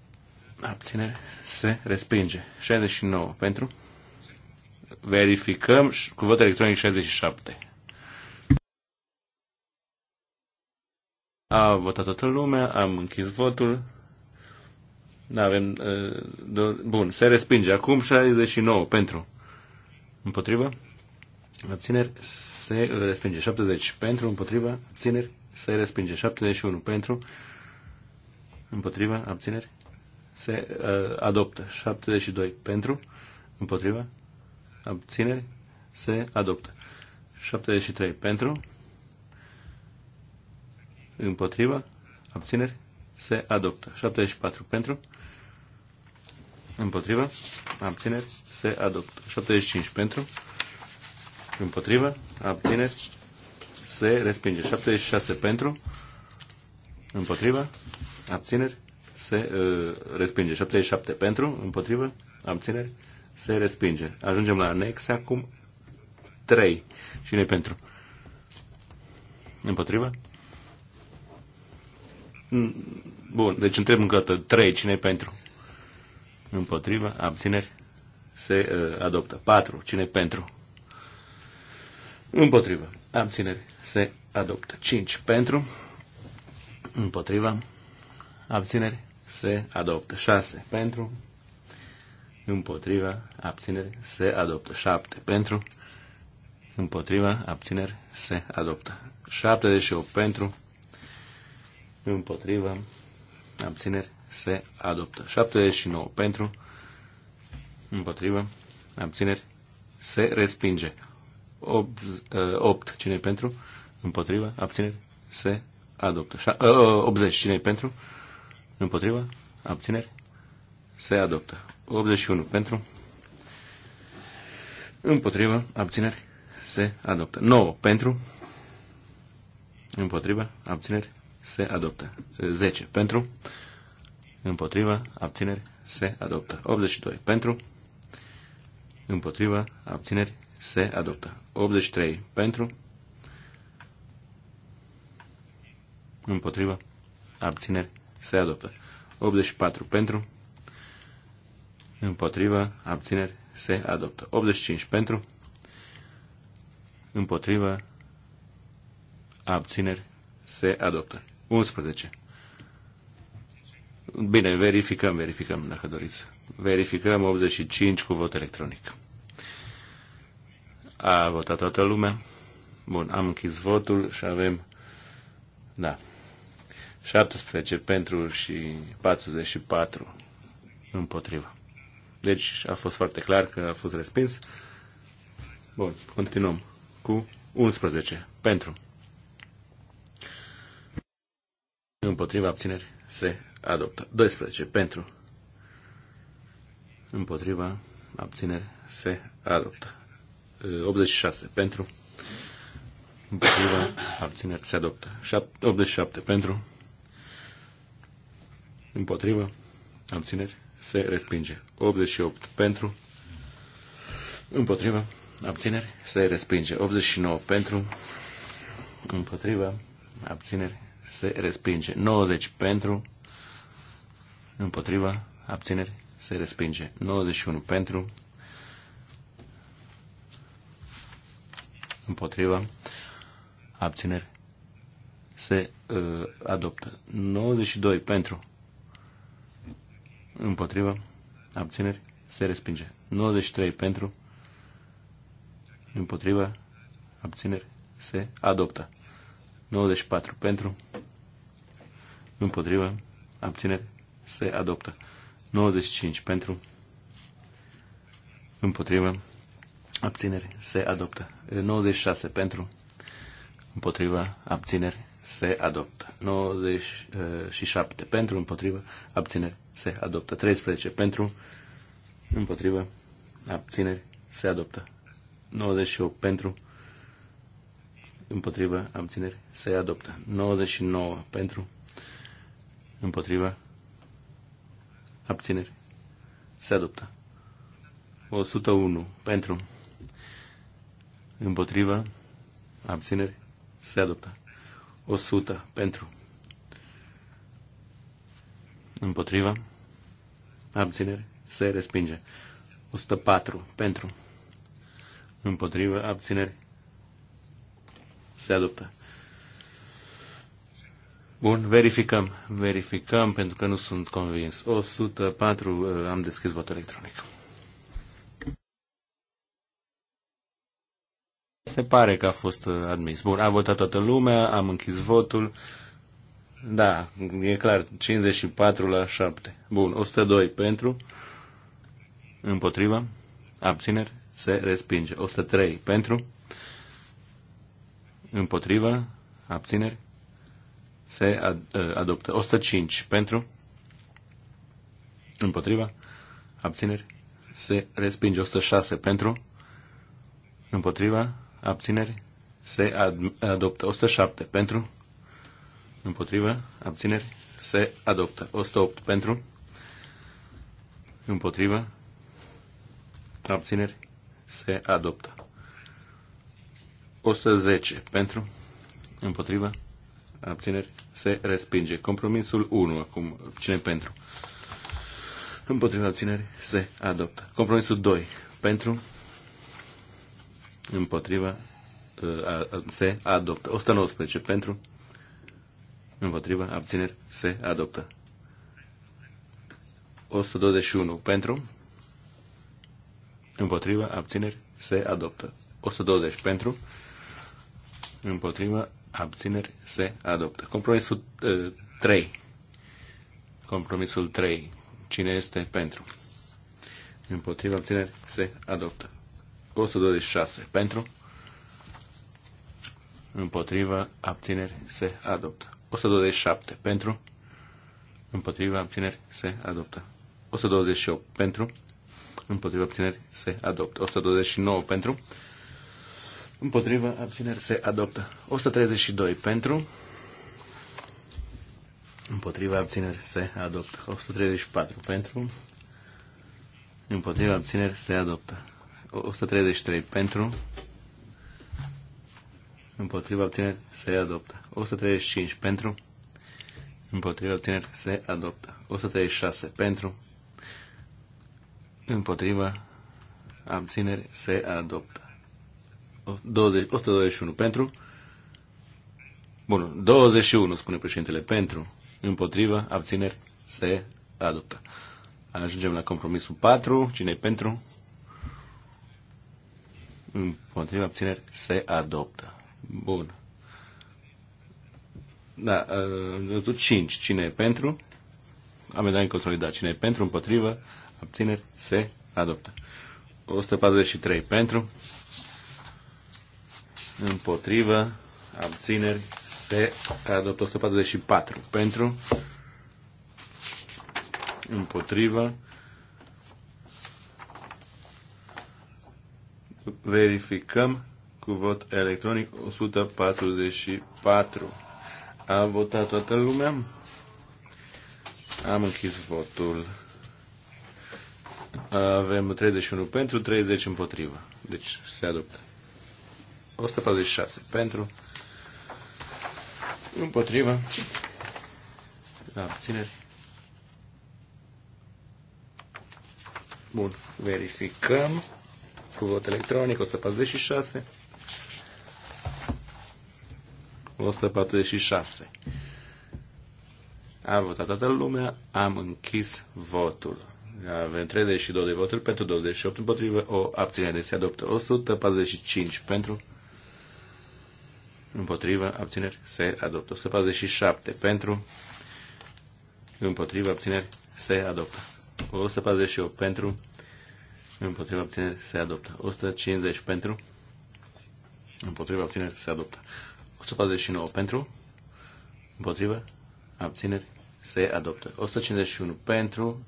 abțineri se respinge. 69 pentru. Verificăm cu vot electronic 67. A votat toată lumea, am închis votul. Da, avem... Uh, bun, se respinge. Acum 69 pentru. Împotrivă? Abțineri? Se respinge. 70 pentru, împotrivă? Abțineri? Se respinge. 71 pentru, împotrivă? Abțineri? Se uh, adoptă. 72 pentru, împotrivă? Abțineri? Se adoptă. 73 pentru, împotrivă? Abțineri? Se adoptă. 74 pentru, Împotrivă. Abțineri. Se adoptă. 75 pentru. Împotrivă. Abțineri. Se respinge. 76 pentru. Împotrivă. Abțineri. Se uh, respinge. 77 pentru. Împotrivă. Abțineri. Se respinge. Ajungem la anex acum. 3. Cine pentru? Împotrivă? Bun, deci întreb încă o dată. 3. Cine pentru? Împotrivă. Abțineri. Se uh, adoptă. 4. Cine pentru? Împotrivă. Abțineri. Se adoptă. 5. Pentru. Împotrivă. Abțineri. Se adoptă. 6. Pentru. Împotriva. Abțineri. Se adoptă. 7. Pentru. Împotriva. Abțineri. Se adoptă. 78. Pentru. Împotriva. Abțineri se adoptă. 79 pentru, împotrivă, abțineri, se respinge. 8, 8 uh, cine pentru, împotrivă, abțineri, se adoptă. 80 uh, uh, cine pentru, împotrivă, abțineri, se adoptă. 81 pentru, împotrivă, abțineri, se adoptă. 9 pentru, împotrivă, abțineri, se adoptă. 10 pentru, Împotriva, abțineri, se adoptă. 82. Pentru. Împotriva, abțineri, se adoptă. 83. Pentru. Împotriva, abțineri, se adoptă. 84. Pentru. Împotriva, abțineri, se adoptă. 85. Pentru. Împotriva, abțineri, se adoptă. 11. Bine, verificăm, verificăm, dacă doriți. Verificăm 85 cu vot electronic. A votat toată lumea. Bun, am închis votul și avem, da, 17 pentru și 44 împotriva. Deci a fost foarte clar că a fost respins. Bun, continuăm cu 11 pentru. Împotriva abțineri se adoptă. 12 pentru, împotriva, abțineri, se adoptă. 86 uh, pentru, împotriva, abțineri, se adoptă. 87 pentru, împotriva, abțineri, se respinge. 88 pentru, împotriva, abțineri, se respinge. 89 pentru, împotriva, abțineri, se respinge. 90 pentru, împotriva, abțineri, se respinge. 91 pentru, împotriva, abțineri, se uh, adoptă. 92 pentru, împotriva, abțineri, se respinge. 93 pentru, împotriva, abțineri, se adoptă. 94 pentru, împotriva, abțineri, se adoptă. 95 pentru, împotrivă, abținere, se adoptă. 96 pentru, împotrivă, abținere, se adoptă. 97 pentru, împotrivă, abținere, se adoptă. 13 pentru, împotrivă, abțineri, se adoptă. 98 pentru, împotrivă, abțineri, se adoptă. 99 pentru, împotrivă, abțineri, se adoptă. 101 pentru, împotriva, abțineri, se adoptă. 100 pentru, împotriva, abțineri, se respinge. 104 pentru, împotriva, abțineri, se adoptă. Bun, verificăm. Verificăm pentru că nu sunt convins. 104 uh, am deschis votul electronic. Se pare că a fost uh, admis. Bun, a votat toată lumea, am închis votul. Da, e clar, 54 la 7. Bun, 102 pentru, împotriva, abțineri, se respinge. 103 pentru, împotriva, abțineri, se uh, adoptă. 105 pentru, împotriva, abțineri, se respinge. 106 pentru, împotriva, abțineri, se adoptă. 107 pentru, împotriva, abțineri, se adoptă. 108 pentru, împotriva, abțineri, se adoptă. 110 pentru, împotriva, abțineri, se respinge. Compromisul 1, acum, cine pentru? Împotriva abțineri, se adoptă. Compromisul 2, pentru, împotriva, uh, se adoptă. 119, pentru, împotriva, abțineri, se adoptă. 121, pentru, împotriva, abțineri, se adoptă. 120 pentru, împotriva, abțineri, se adoptă. Compromisul uh, eh, 3. Compromisul 3. Cine este pentru? Împotriva abțineri, se adoptă. 126. Pentru? Împotriva abțineri, se adoptă. 127. Pentru? Împotriva abțineri, se adoptă. 128. Pentru? Împotriva abțineri, se adoptă. 129. Pentru? Împotrivă, abțineri, se adoptă. 132 pentru. Împotrivă, abțineri se adoptă. 134 pentru. Împotrivă, abțineri se adoptă. 133 pentru. Împotrivă, abțineri se adoptă. 135 pentru. Împotrivă, abțineri se adoptă. 136 pentru. Împotrivă, abțineri se adoptă. 20, 121 pentru. Bun, 21, spune președintele, pentru, împotriva, abțineri, se adoptă. Ajungem la compromisul 4. Cine e pentru? Împotriva abțineri se adoptă. Bun. Da, uh, 5. Cine e pentru? Amendament consolidat. Cine e pentru? Împotrivă? Abțineri se adoptă. 143 pentru împotrivă, abțineri, se adoptă 144. Pentru, împotrivă, verificăm cu vot electronic 144. A votat toată lumea? Am închis votul. Avem 31 pentru, 30 împotrivă. Deci se adoptă. 146 pentru, împotrivă, abțineri. Bun, verificăm cu vot electronic 146. 146. A votat toată lumea, am închis votul. Avem 32 de voturi pentru 28 împotrivă, o abținere se adoptă 145 pentru Împotriva abțineri, se adoptă. 147 pentru, Împotriva abțineri, se adoptă. 148 pentru, Împotriva abțineri, se adoptă. 150 pentru, Împotriva abțineri, se adoptă. 149 pentru, Împotriva abțineri, se adoptă. 151 pentru,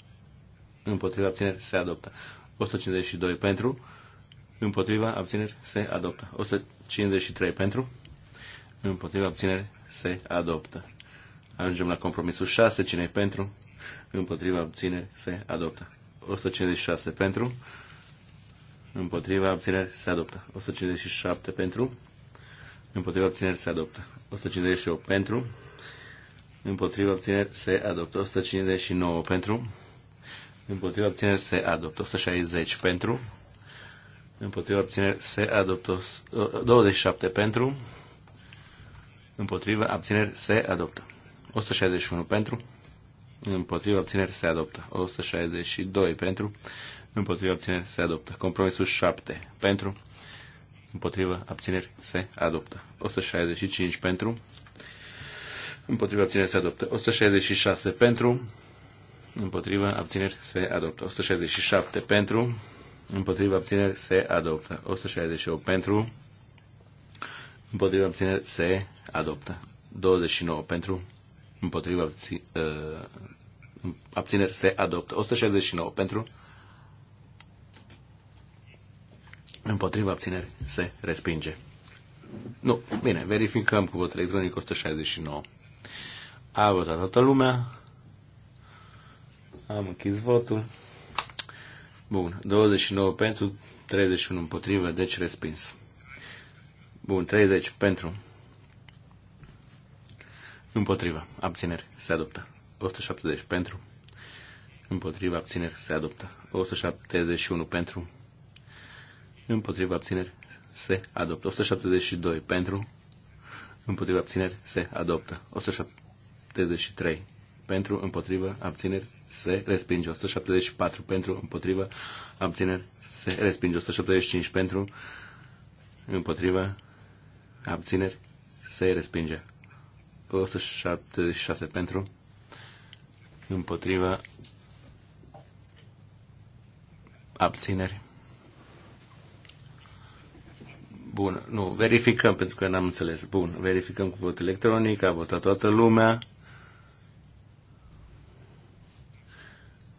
împotriva abțineri, se adoptă. 152 pentru, împotriva abțineri, se adoptă. 153 pentru, Împotriva abțineri se adoptă. Ajungem la compromisul 6. Cine pentru? Împotriva abțineri se adoptă. 156 pentru. Împotriva abțineri se adoptă. 157 pentru. Împotriva abțineri se adoptă. 158 pentru. Împotriva abțineri se adoptă. 159 pentru. Împotriva abțineri se adoptă. 160 pentru. Împotriva abțineri se adoptă. 27 pentru împotrivă, abțineri, se adoptă. 161 pentru, împotrivă, abțineri, se adoptă. 162 pentru, împotrivă, abțineri, se adoptă. Compromisul 7 pentru, împotrivă, abțineri, se adoptă. 165 pentru, împotrivă, abțineri, se adoptă. 166 pentru, împotrivă, abțineri, se adoptă. 167 pentru, împotrivă, abțineri, se adoptă. 168 pentru, împotriva abțineri se adoptă. 29 pentru, împotriva uh, abțineri se adoptă. 169 pentru, împotriva abțineri se respinge. Nu, bine, verificăm cu vot electronic 169. A votat toată lumea. Am închis votul. Bun, 29 pentru, 31 împotrivă, deci respins. Bun, 30 pentru. Împotriva. Abțineri. Se adoptă. 170 pentru. Împotriva abțineri se adoptă. 171 pentru. Împotriva abțineri se adoptă. 172 pentru. Împotriva abțineri se adoptă. 173 pentru. Împotriva abțineri se respinge. 174 pentru. Împotriva abțineri se respinge. 175 pentru. Împotriva abțineri, se respinge. 176 pentru, împotriva, abțineri. Bun, nu, verificăm pentru că n-am înțeles. Bun, verificăm cu vot electronic, a votat toată lumea.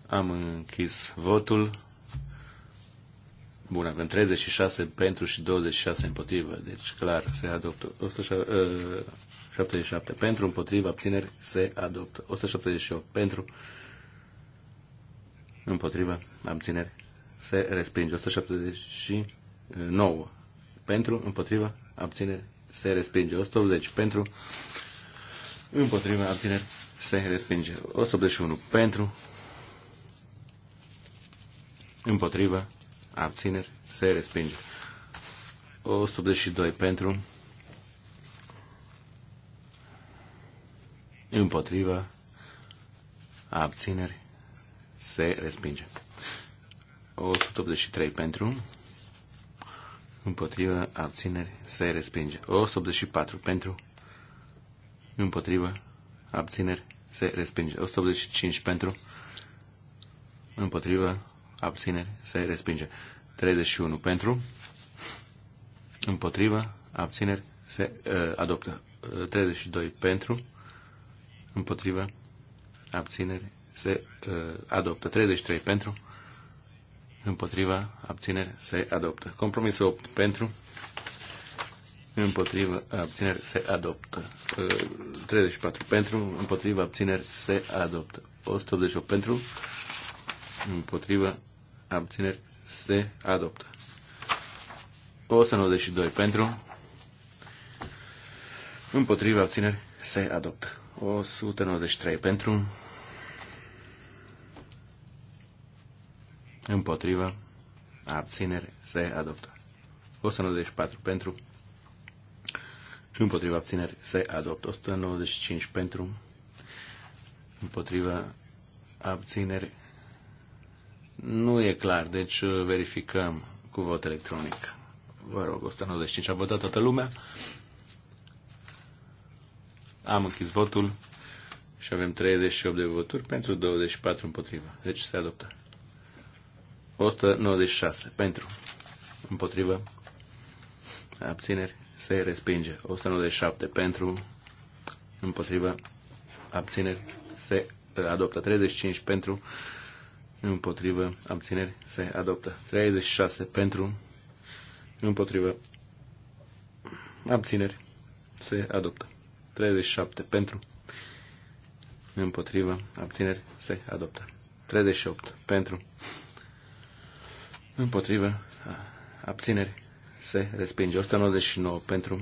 Am închis votul Bun, avem 36 pentru și 26 împotrivă, deci clar, se adoptă. 177 pentru, împotrivă, abțineri, se adoptă. 178 pentru, împotrivă, abțineri, se respinge. 179 pentru, împotrivă, abțineri, se respinge. 180 pentru, împotrivă, abțineri, se respinge. 181 pentru, împotrivă, abțineri, se respinge. 182 pentru, împotriva, abțineri, se respinge. 183 pentru, împotriva, abțineri, se respinge. 184 pentru, împotriva, abțineri, se respinge. 185 pentru, împotriva, abțineri, se respinge. 31 pentru, împotriva, abțineri, se uh, adoptă. 32 uh, pentru, împotriva, abțineri, se uh, adoptă. 33 pentru, împotriva, abțineri, se adoptă. Compromisul 8 pentru, împotriva, abțineri, se adoptă. Uh, 34 pentru, împotriva, abțineri, se adoptă. 188 pentru, împotrivă, abțineri, se adoptă. 192 pentru, împotrivă, abțineri, se adoptă. 193 pentru, împotrivă, abțineri, se adoptă. 194 pentru, împotriva abțineri, se adoptă. 195 pentru, împotriva abțineri, nu e clar, deci uh, verificăm cu vot electronic. Vă rog, 195 a votat toată lumea. Am închis votul și avem 38 de voturi pentru 24 împotriva. Deci se adoptă. 196 pentru împotriva. Abțineri se respinge. 197 pentru împotriva. Abțineri se uh, adoptă. 35 pentru împotrivă, abțineri, se adoptă. 36 pentru, împotrivă, abțineri, se adoptă. 37 pentru, împotrivă, abțineri, se adoptă. 38 pentru, împotrivă, abțineri, se respinge. 199 pentru,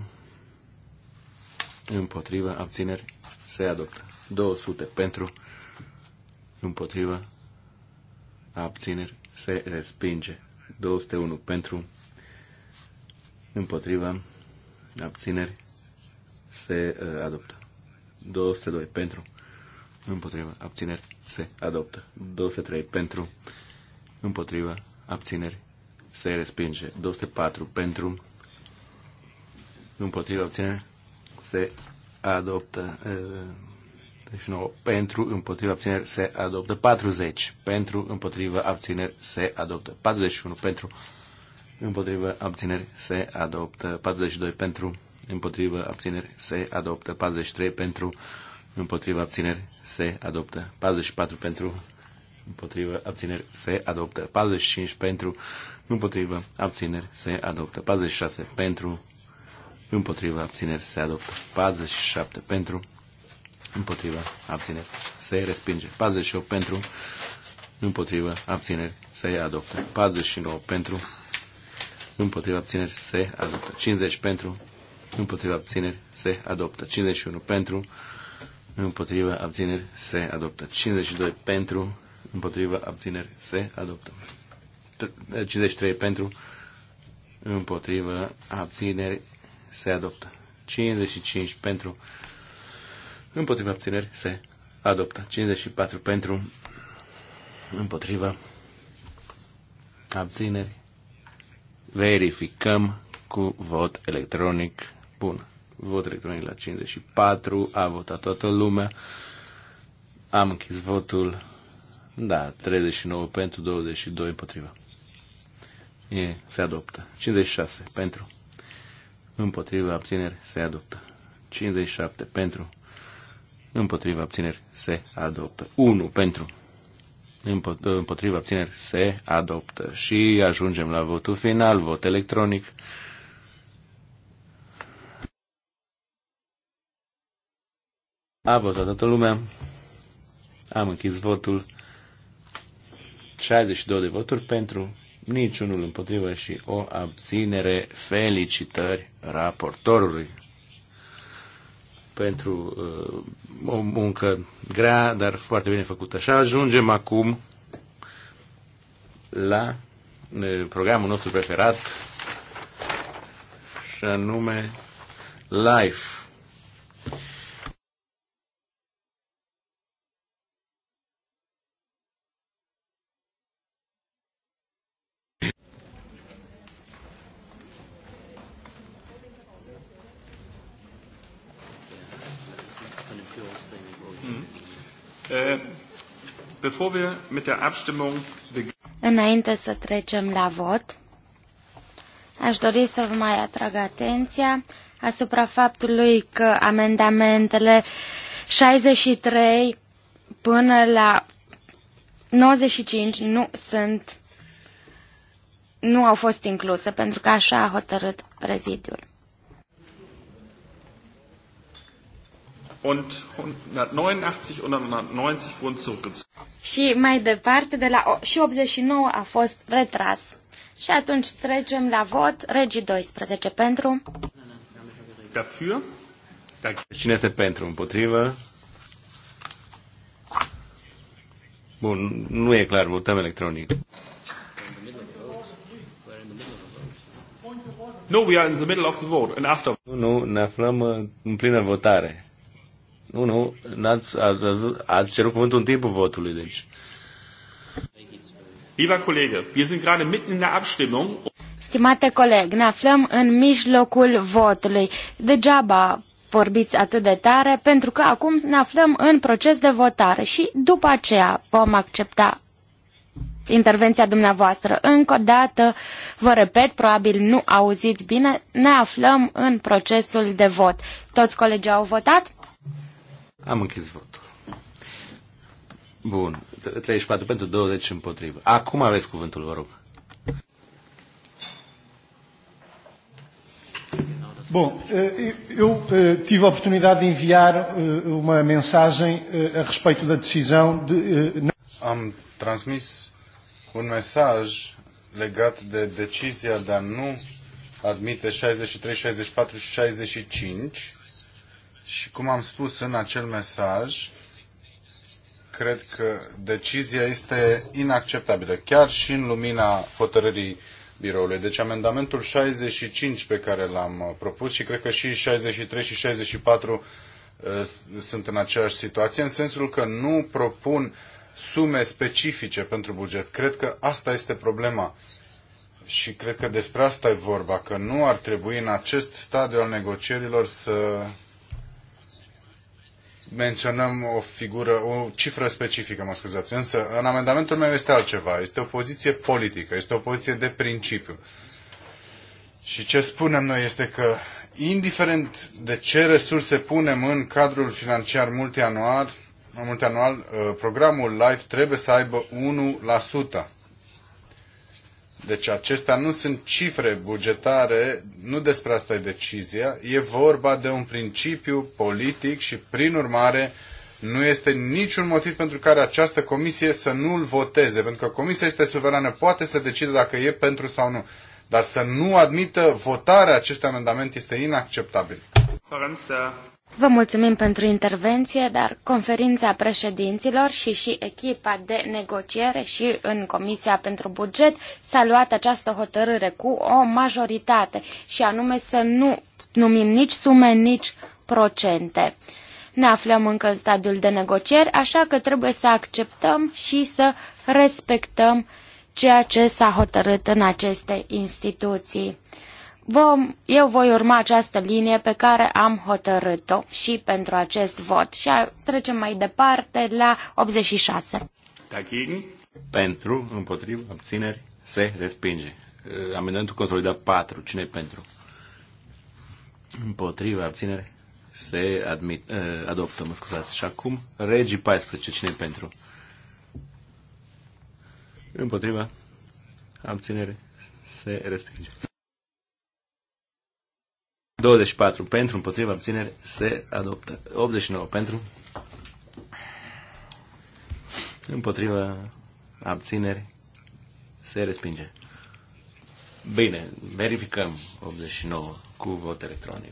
împotrivă, abțineri, se adoptă. 200 pentru, împotrivă, abțineri, se respinge. 201 pentru, împotriva, uh, abțineri, se adoptă. 202 pentru, împotriva, abțineri, se adoptă. 203 pentru, împotriva, abțineri, se respinge. 204 pentru, împotriva, abțineri, se adoptă. 39 pentru, împotriva abțineri se adoptă. 40 pentru, împotriva abțineri se adoptă. 41 pentru, împotriva abțineri se adoptă. 42 pentru, împotriva abțineri se adoptă. 43 pentru, împotriva abțineri se adoptă. 44 pentru, împotriva abțineri se adoptă. 45 pentru, împotriva abțineri se adoptă. 46 pentru, împotriva abțineri se adoptă. 47 pentru, împotriva, abțineri, se respinge. 48 pentru, împotriva, abțineri, se adoptă. 49 pentru, împotriva, abțineri, se adoptă. 50 pentru, împotriva, abțineri, se adoptă. 51 pentru, împotriva, abțineri, se adoptă. 52 pentru, împotriva, abțineri, se adoptă. 53 pentru, împotriva, abțineri, se adoptă. 55 pentru, Împotriva abțineri se adoptă. 54 pentru. Împotriva abțineri. Verificăm cu vot electronic. Bun. Vot electronic la 54. A votat toată lumea. Am închis votul. Da, 39 pentru, 22 împotriva. E, se adoptă. 56 pentru. Împotriva abțineri se adoptă. 57 pentru împotriva abțineri se adoptă. 1 pentru împotriva abțineri se adoptă. Și ajungem la votul final, vot electronic. A votat toată lumea. Am închis votul. 62 de voturi pentru, niciunul împotrivă și o abținere. Felicitări raportorului pentru uh, o muncă grea, dar foarte bine făcută. Și ajungem acum la uh, programul nostru preferat, și anume Life Înainte să trecem la vot, aș dori să vă mai atrag atenția asupra faptului că amendamentele 63 până la 95 nu sunt nu au fost incluse pentru că așa a hotărât prezidiul. und 189 und 190 wurden zurückgezogen. Și mai departe, de la, și 89 a fost retras. Și atunci trecem la vot, regii 12 pentru. Dafür. Cine este pentru? Împotrivă? Bun, nu e clar, votăm electronic. No, we are in the middle of the vote, and after. Nu, nu, ne aflăm în plină votare. Nu, nu, n-ați, ați, ați cerut cuvântul în timpul votului, deci. Lieber Kollege, wir sind gerade mitten in der Abstimmung. Stimate coleg, ne aflăm în mijlocul votului. Degeaba vorbiți atât de tare, pentru că acum ne aflăm în proces de votare și după aceea vom accepta intervenția dumneavoastră. Încă o dată, vă repet, probabil nu auziți bine, ne aflăm în procesul de vot. Toți colegii au votat? Am închis votul. Bun. 34 pentru 20 împotrivă. Acum aveți cuvântul, vă rog. Bom, eh, eu eh, tive a oportunidade de enviar eh, uma mensagem a respeito da decisão de. Am transmis un mesaj legat de decizia de a nu admite 63, 64 și 65 și cum am spus în acel mesaj, cred că decizia este inacceptabilă, chiar și în lumina hotărârii biroului. Deci amendamentul 65 pe care l-am uh, propus și cred că și 63 și 64 uh, sunt în aceeași situație, în sensul că nu propun sume specifice pentru buget. Cred că asta este problema. Și cred că despre asta e vorba, că nu ar trebui în acest stadiu al negocierilor să menționăm o figură, o cifră specifică, mă scuzați. Însă, în amendamentul meu este altceva. Este o poziție politică, este o poziție de principiu. Și ce spunem noi este că, indiferent de ce resurse punem în cadrul financiar multianual, multianual uh, programul LIFE trebuie să aibă deci acestea nu sunt cifre bugetare, nu despre asta e decizia, e vorba de un principiu politic și prin urmare nu este niciun motiv pentru care această comisie să nu-l voteze, pentru că comisia este suverană, poate să decide dacă e pentru sau nu. Dar să nu admită votarea acestui amendament este inacceptabil. Vă mulțumim pentru intervenție, dar conferința președinților și și echipa de negociere și în Comisia pentru Buget s-a luat această hotărâre cu o majoritate și anume să nu numim nici sume, nici procente. Ne aflăm încă în stadiul de negocieri, așa că trebuie să acceptăm și să respectăm ceea ce s-a hotărât în aceste instituții vom, eu voi urma această linie pe care am hotărât-o și pentru acest vot. Și trecem mai departe la 86. Tachini. Pentru, împotriva, abțineri, se respinge. Uh, amendamentul consolidat 4. Cine pentru? Împotriva, abțineri, se admit, uh, adoptă, mă scuzați. Și acum, regii 14. Cine pentru? Împotriva, abținere, se respinge. 24 pentru, împotriva abțineri se adoptă. 89 pentru, împotriva abțineri se respinge. Bine, verificăm 89 cu vot electronic.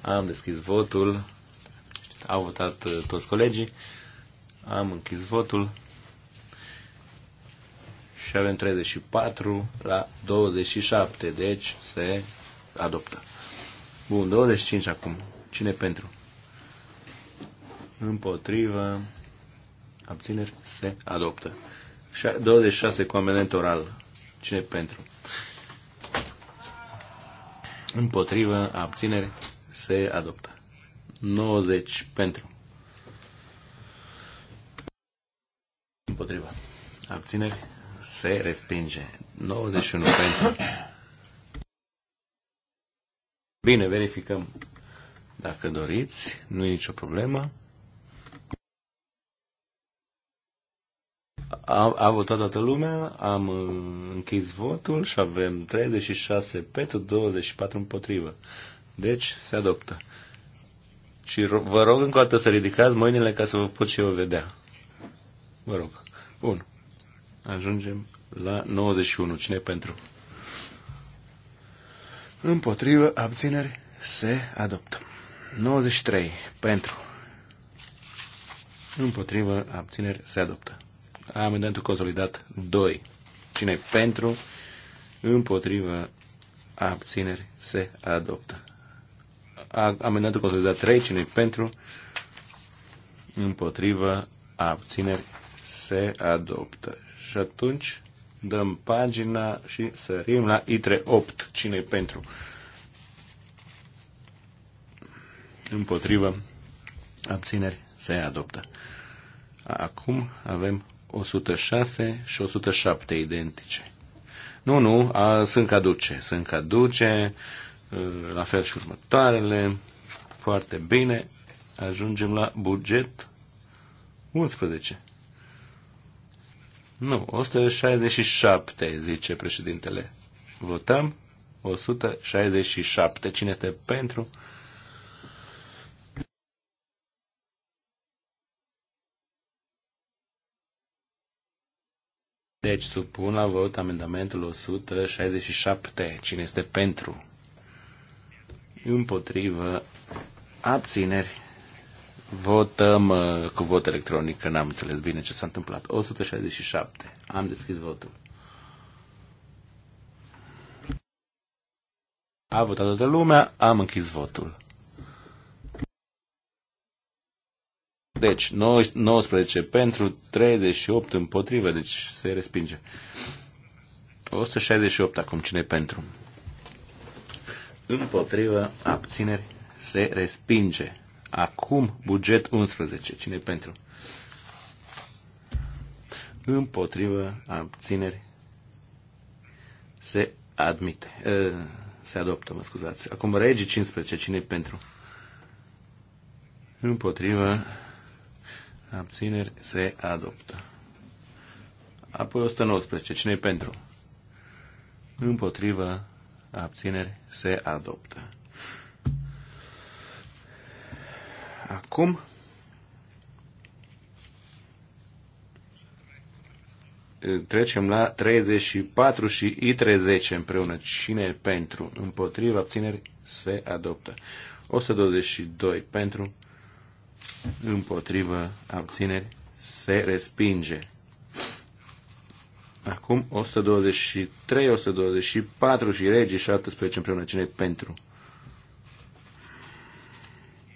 Am deschis votul, au votat uh, toți colegii, am închis votul și avem 34 la 27, deci se adoptă. Bun, 25 acum. Cine pentru? Împotrivă. Abțineri se adoptă. 26 cu amendament oral. Cine pentru? Împotrivă, abțineri, se adoptă. 90 pentru. Împotrivă. Abțineri, se respinge. 91 pentru. Bine, verificăm. Dacă doriți, nu e nicio problemă. A, a votat toată lumea, am uh, închis votul și avem 36 pentru, 24 împotrivă. Deci se adoptă. Și vă rog încă o dată să ridicați mâinile ca să vă pot și eu vedea. Vă rog. Bun. Ajungem la 91. Cine pentru? Împotrivă, abțineri, se adoptă. 93. Pentru. Împotrivă, abțineri, se adoptă. Amendamentul consolidat 2. Cine pentru, împotrivă, abțineri, se adoptă. Amendamentul consolidat 3. Cine pentru, împotrivă, abțineri, se adoptă. Și atunci dăm pagina și sărim la ITRE 8. cine pentru? Împotrivă. Abțineri. Se adoptă. Acum avem 106 și 107 identice. Nu, nu, a, sunt caduce. Sunt caduce. Ă, la fel și următoarele. Foarte bine. Ajungem la buget 11. Nu, 167, zice președintele. Votăm 167. Cine este pentru? Deci supun la vot amendamentul 167. Cine este pentru? Împotrivă. Abțineri. Votăm uh, cu vot electronic, că n-am înțeles bine ce s-a întâmplat. 167. Am deschis votul. A votat toată lumea, am închis votul. Deci, 19 pentru, 38 împotrivă, deci se respinge. 168 acum, cine pentru? Împotrivă, abțineri, se respinge. Acum, buget 11. cine pentru? Împotrivă, abțineri, se admite. Se adoptă, mă scuzați. Acum, regii 15. cine pentru? Împotrivă, abțineri, se adoptă. Apoi 119. cine pentru? Împotrivă, abțineri, se adoptă. acum. Trecem la 34 și I30 împreună. Cine e pentru? Împotriva abțineri se adoptă. 122 pentru. Împotriva abțineri se respinge. Acum 123, 124 și regii 17 împreună. Cine e pentru?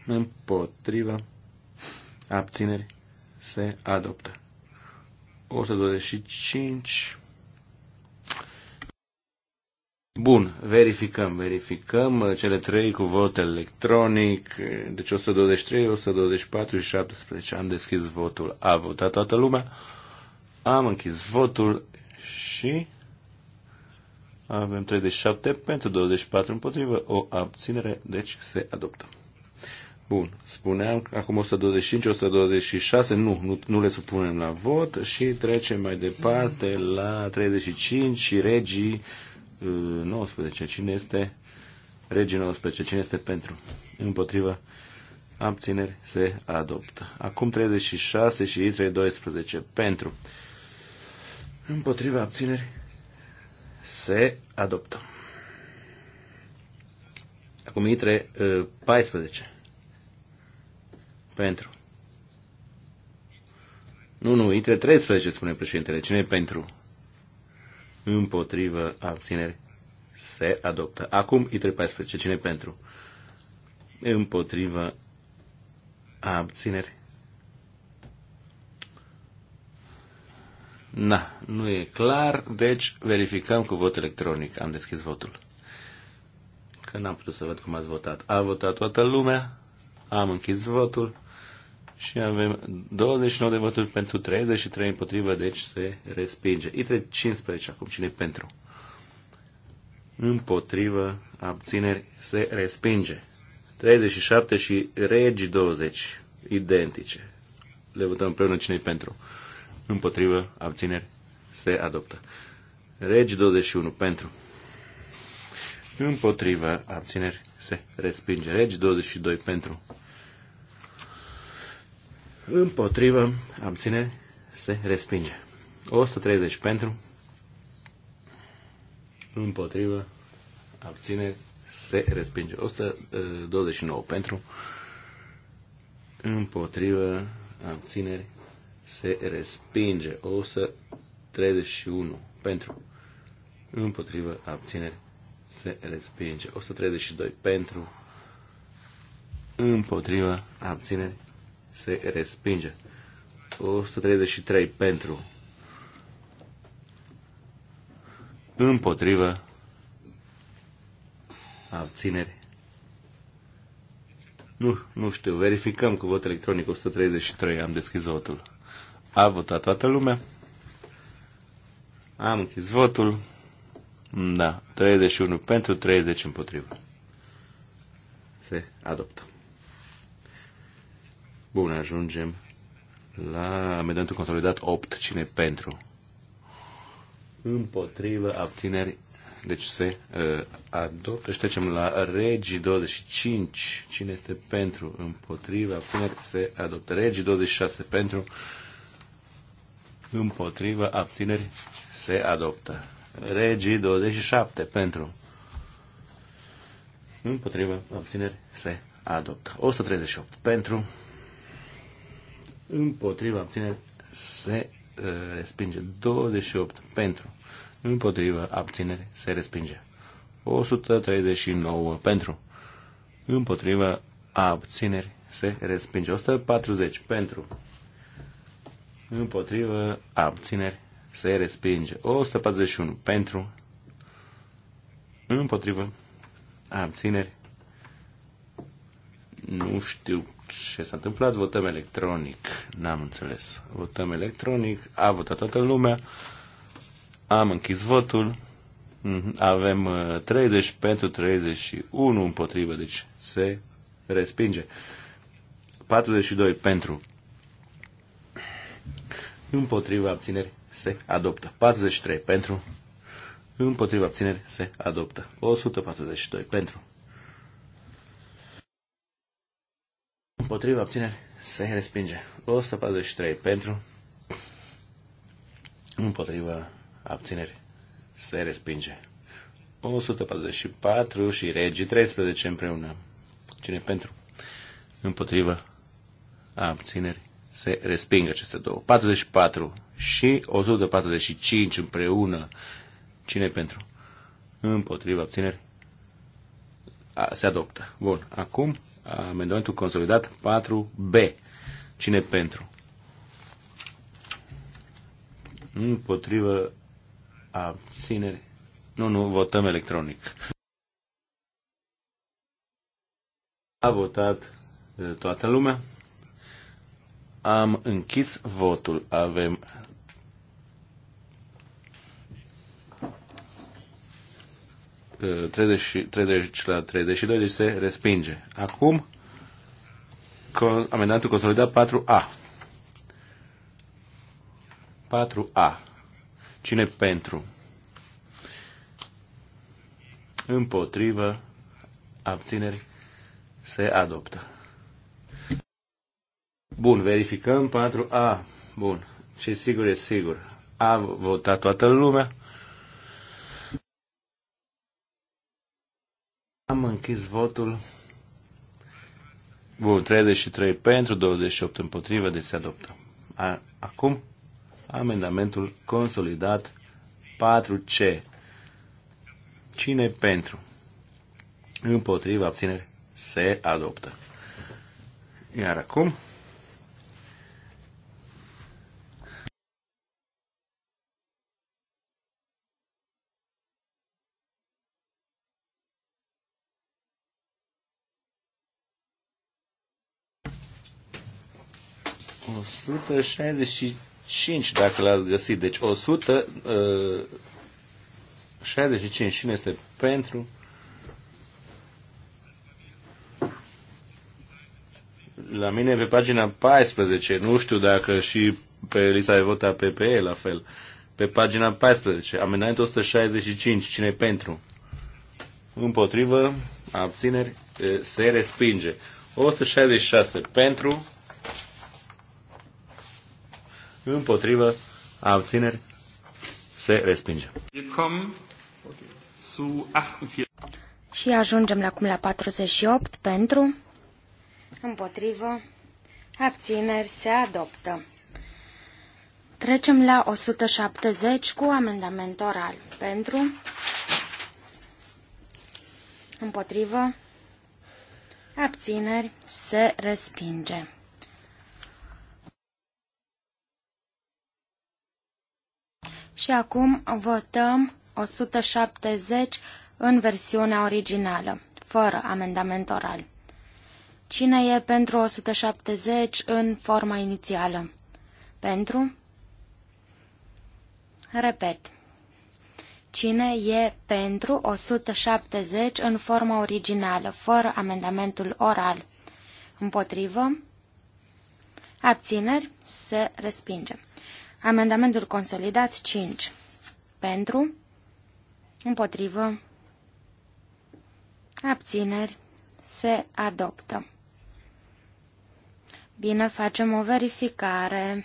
împotriva, abțineri, se adoptă. 125. Bun, verificăm, verificăm cele trei cu vot electronic, deci 123, 124 și 17. Am deschis votul, a votat toată lumea, am închis votul și avem 37 pentru 24 împotrivă, o abținere, deci se adoptă. Bun, spuneam acum 125, 126, nu, nu, nu le supunem la vot și trecem mai departe la 35 și regii 19. Uh, Cine este regii 19? Cine este pentru? Împotrivă? Abțineri se adoptă. Acum 36 și 12 pentru. Împotriva abțineri se adoptă. Acum ITRE 14 uh, pentru. Nu, nu, între 13, spune președintele. Cine e pentru? Împotrivă abțineri. Se adoptă. Acum între 14. Cine e pentru? Împotrivă abțineri. Na, nu e clar, deci verificăm cu vot electronic. Am deschis votul. Că n-am putut să văd cum ați votat. A votat toată lumea, am închis votul și avem 29 de voturi pentru 33 împotrivă, deci se respinge. Itre 15 acum, cine pentru? Împotrivă, abțineri, se respinge. 37 și regi 20, identice. Le votăm împreună cine pentru. Împotrivă, abțineri, se adoptă. Regi 21 pentru. Împotrivă, abțineri, se respinge. Regi 22 pentru împotrivă, abține se respinge. 130 pentru, împotrivă, abține se respinge. 129 pentru, împotrivă, abțineri, se respinge. 131 pentru, împotrivă, abțineri, se respinge. 132 pentru, împotrivă, abțineri, se respinge. 133 pentru, împotrivă, Abțineri. Nu, nu știu, verificăm cu vot electronic 133, am deschis votul. A votat toată lumea? Am închis votul. Da, 31 pentru, 30 împotrivă. Se adoptă. Bun, ajungem la amendamentul consolidat 8. Cine pentru? Împotrivă, abțineri. Deci se uh, adoptă. Și trecem la regii 25. Cine este pentru? Împotrivă, abțineri. Se adoptă. Regii 26 pentru. Împotrivă, abțineri. Se adoptă. Regii 27 pentru. Împotrivă, abțineri. Se adoptă. 138 pentru împotriva abțineri se respinge. 28 pentru, împotriva abțineri se respinge. 139 pentru, împotriva abțineri se respinge. 140 pentru, împotriva abțineri se respinge. 141 pentru, împotriva abțineri nu știu ce s-a întâmplat, votăm electronic. N-am înțeles. Votăm electronic, a votat toată lumea, am închis votul, mhm. avem 30 uh, pentru 31 împotrivă, deci se respinge. 42 pentru împotriva abțineri se adoptă. 43 pentru împotriva abțineri se adoptă. 142 pentru Împotriva abțineri se respinge. 143 pentru. Împotriva abțineri se respinge. 144 și regii 13 împreună. Cine pentru? Împotriva abțineri se respingă aceste două. 44 și 145 împreună. Cine pentru? Împotriva abțineri se adoptă. Bun. Acum amendamentul consolidat 4B. Cine pentru? Împotrivă abțineri. Nu, nu, votăm electronic. A votat eh, toată lumea. Am închis votul. Avem 30, 30 la 32, deci se respinge. Acum, con, amendamentul consolidat 4A. 4A. Cine pentru? Împotrivă. Abțineri. Se adoptă. Bun, verificăm 4A. Bun. Și sigur e sigur. A votat toată lumea. închis votul. Bun, 33 pentru, 28 împotrivă, deci se adoptă. acum, amendamentul consolidat 4C. Cine pentru? Împotrivă, abțineri, se adoptă. Iar acum, 165, dacă l-ați găsit. Deci 165. Uh, cine este pentru? La mine pe pagina 14, nu știu dacă și pe lista de vot a PPE la fel. Pe pagina 14, amendamentul 165, cine pentru? Împotrivă, abțineri, se respinge. 166 pentru, împotrivă, abțineri, se respinge. Și ajungem la acum la 48 pentru, împotrivă, abțineri, se adoptă. Trecem la 170 cu amendament oral. Pentru, împotrivă, abțineri, se respinge. Și acum votăm 170 în versiunea originală, fără amendament oral. Cine e pentru 170 în forma inițială? Pentru? Repet. Cine e pentru 170 în forma originală, fără amendamentul oral? Împotrivă? Abțineri? Se respinge. Amendamentul consolidat 5. Pentru. Împotrivă. Abțineri. Se adoptă. Bine, facem o verificare.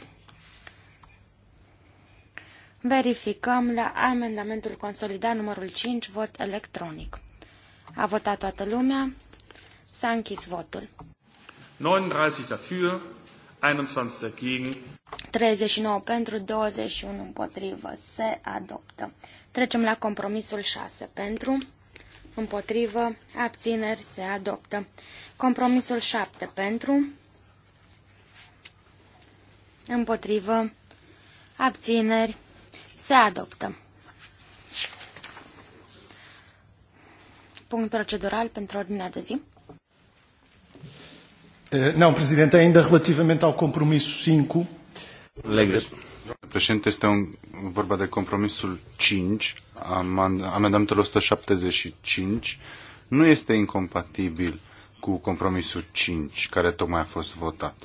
Verificăm la amendamentul consolidat numărul 5, vot electronic. A votat toată lumea. S-a închis votul. 39 dafür, 21 dagegen. 39 pentru, 21 împotrivă. Se adoptă. Trecem la compromisul 6 pentru, împotrivă, abțineri, se adoptă. Compromisul 7 pentru, împotrivă, abțineri, se adoptă. Punct procedural pentru ordinea de zi. Eh, Não, Presidente, ainda relativamente ao compromisso 5, Președinte, este un, vorba de compromisul 5, amendamentul 175, nu este incompatibil cu compromisul 5, care tocmai a fost votat.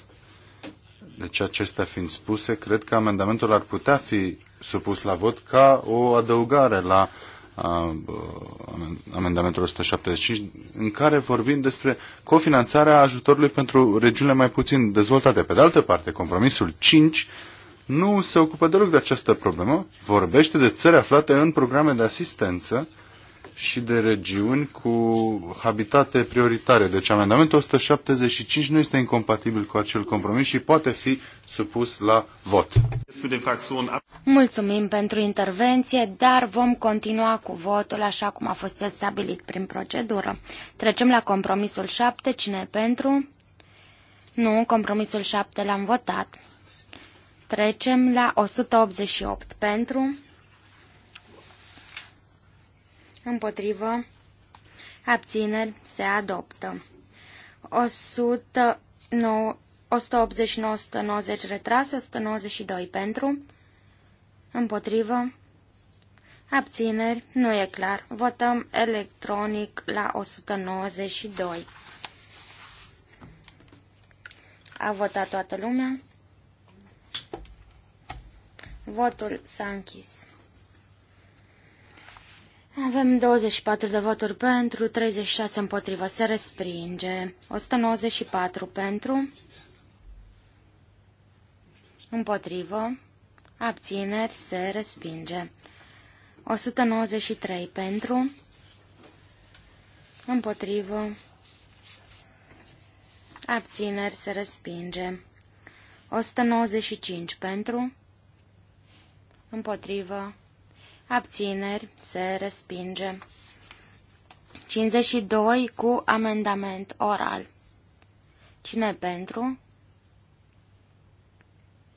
Deci acestea fiind spuse, cred că amendamentul ar putea fi supus la vot ca o adăugare la a amendamentul 175, în care vorbim despre cofinanțarea ajutorului pentru regiunile mai puțin dezvoltate. Pe de altă parte, compromisul 5 nu se ocupă deloc de această problemă, vorbește de țări aflate în programe de asistență și de regiuni cu habitate prioritare. Deci amendamentul 175 nu este incompatibil cu acel compromis și poate fi supus la vot. Mulțumim pentru intervenție, dar vom continua cu votul așa cum a fost stabilit prin procedură. Trecem la compromisul 7. Cine pentru? Nu, compromisul 7 l-am votat. Trecem la 188 pentru împotrivă, abțineri, se adoptă. 189, 190 retras, 192 pentru, împotrivă, abțineri, nu e clar. Votăm electronic la 192. A votat toată lumea. Votul s-a închis. Avem 24 de voturi pentru, 36 împotrivă, se respinge. 194 pentru, împotrivă, abțineri, se respinge. 193 pentru, împotrivă, abțineri, se respinge. 195 pentru, împotrivă, Abțineri. Se respinge. 52 cu amendament oral. Cine pentru?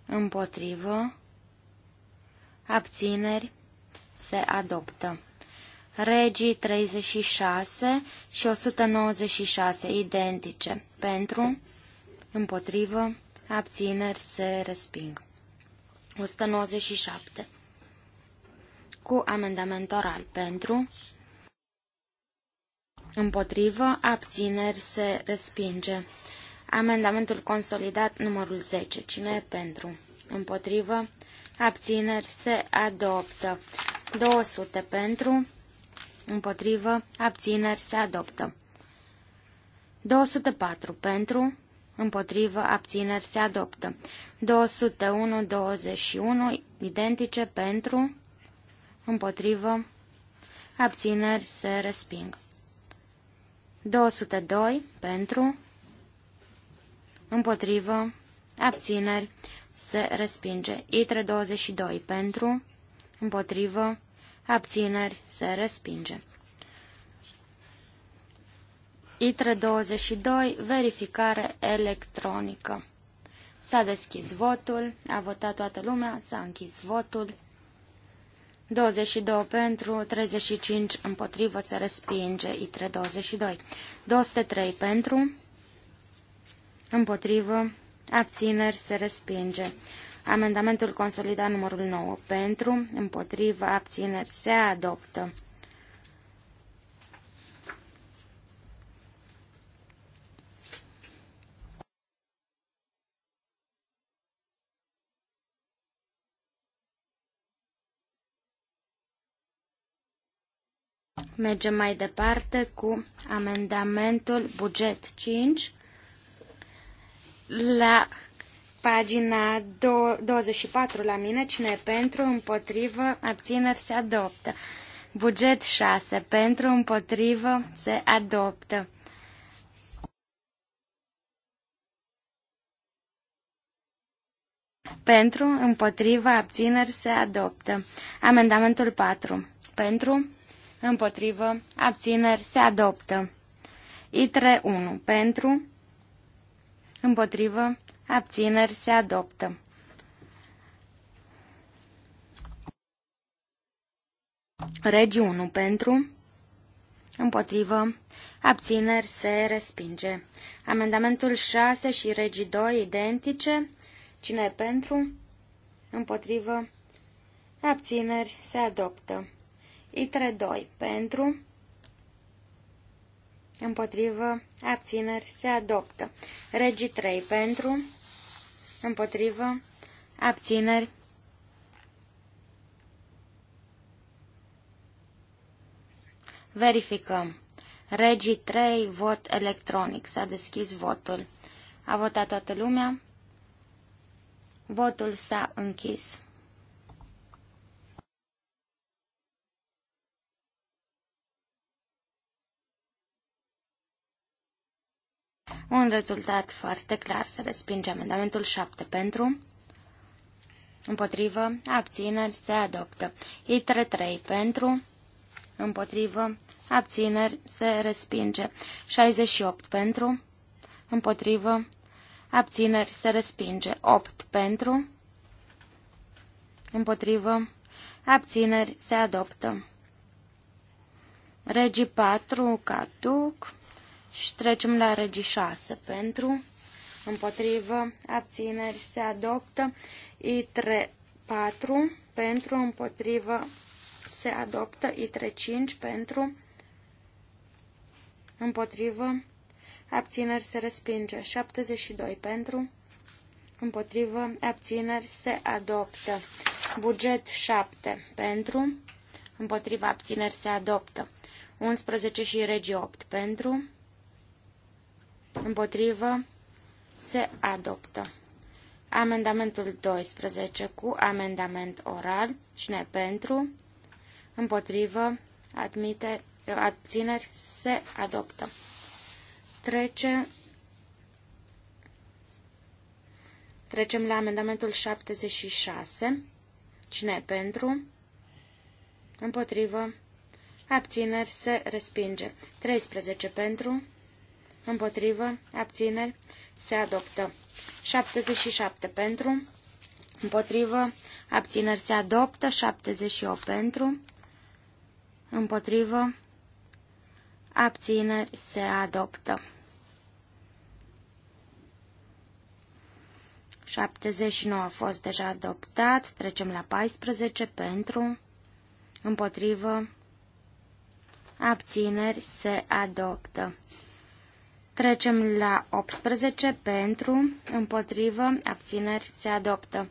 Împotrivă. Abțineri. Se adoptă. Regii 36 și 196 identice. Pentru, împotrivă, abțineri se resping. 197 cu amendament oral pentru, împotrivă, abțineri se respinge. Amendamentul consolidat numărul 10. Cine e pentru? Împotrivă, abțineri se adoptă. 200 pentru, împotrivă, abțineri se adoptă. 204 pentru, împotrivă, abțineri se adoptă. 201-21, identice pentru, împotrivă, abțineri se resping. 202 pentru, împotrivă, abțineri se respinge. ITRE 22 pentru, împotrivă, abțineri se respinge. ITRE 22 verificare electronică. S-a deschis votul, a votat toată lumea, s-a închis votul. 22 pentru, 35 împotrivă, se respinge, ITRE 22. 203 pentru, împotrivă, abțineri, se respinge. Amendamentul consolidat numărul 9 pentru, împotrivă, abțineri, se adoptă. Mergem mai departe cu amendamentul buget 5 la pagina 24 la mine, cine e pentru, împotrivă, abțineri se adoptă. Buget 6, pentru, împotrivă, se adoptă. Pentru, împotrivă, abțineri se adoptă. Amendamentul 4. Pentru, împotrivă, abțineri, se adoptă. ITRE 1 pentru, împotrivă, abțineri, se adoptă. Regi 1 pentru, împotrivă, abțineri, se respinge. Amendamentul 6 și regi 2 identice, cine e pentru, împotrivă, abțineri, se adoptă i 3 2 pentru, împotrivă, abțineri, se adoptă. Regi 3 pentru, împotrivă, abțineri, Verificăm. Regi 3, vot electronic. S-a deschis votul. A votat toată lumea. Votul s-a închis. Un rezultat foarte clar se respinge amendamentul 7 pentru, împotrivă, abțineri se adoptă. ITRE 3 pentru, împotrivă, abțineri se respinge. 68 pentru, împotrivă, abțineri se respinge. 8 pentru, împotrivă, abțineri se adoptă. Regii 4 caduc. Și trecem la regii 6 pentru, împotrivă, abțineri se adoptă, I3 4 pentru, împotrivă, se adoptă, I3 5 pentru, împotrivă, abțineri se respinge, 72 pentru, împotrivă, abțineri se adoptă, buget 7 pentru, împotrivă, abțineri se adoptă, 11 și regii 8 pentru, împotrivă, se adoptă. Amendamentul 12 cu amendament oral, cine pentru, împotrivă, admite, abțineri, se adoptă. Trece, trecem la amendamentul 76, cine pentru, împotrivă, abțineri, se respinge. 13 pentru, împotrivă, abțineri, se adoptă. 77 pentru, împotrivă, abțineri, se adoptă. 78 pentru, împotrivă, abțineri, se adoptă. 79 a fost deja adoptat, trecem la 14 pentru, împotrivă, abțineri se adoptă. Trecem la 18 pentru, împotrivă, abțineri se adoptă.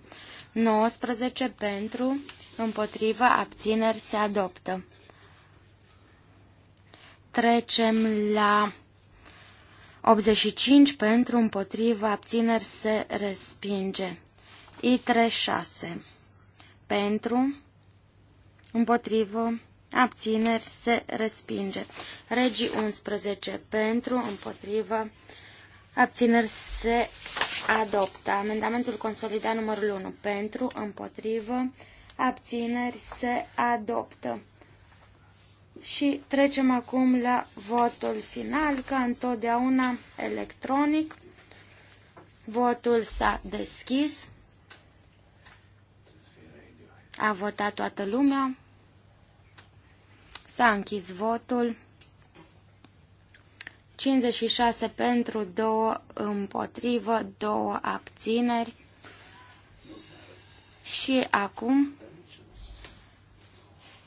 19 pentru, împotrivă, abțineri se adoptă. Trecem la 85 pentru, împotrivă, abțineri se respinge. I36 pentru, împotrivă, Abțineri se respinge. Regii 11 pentru, împotrivă, abțineri se adoptă. Amendamentul consolidat numărul 1 pentru, împotrivă, abțineri se adoptă. Și trecem acum la votul final, ca întotdeauna electronic. Votul s-a deschis. A votat toată lumea. S-a închis votul. 56 pentru, 2 împotrivă, 2 abțineri. Și acum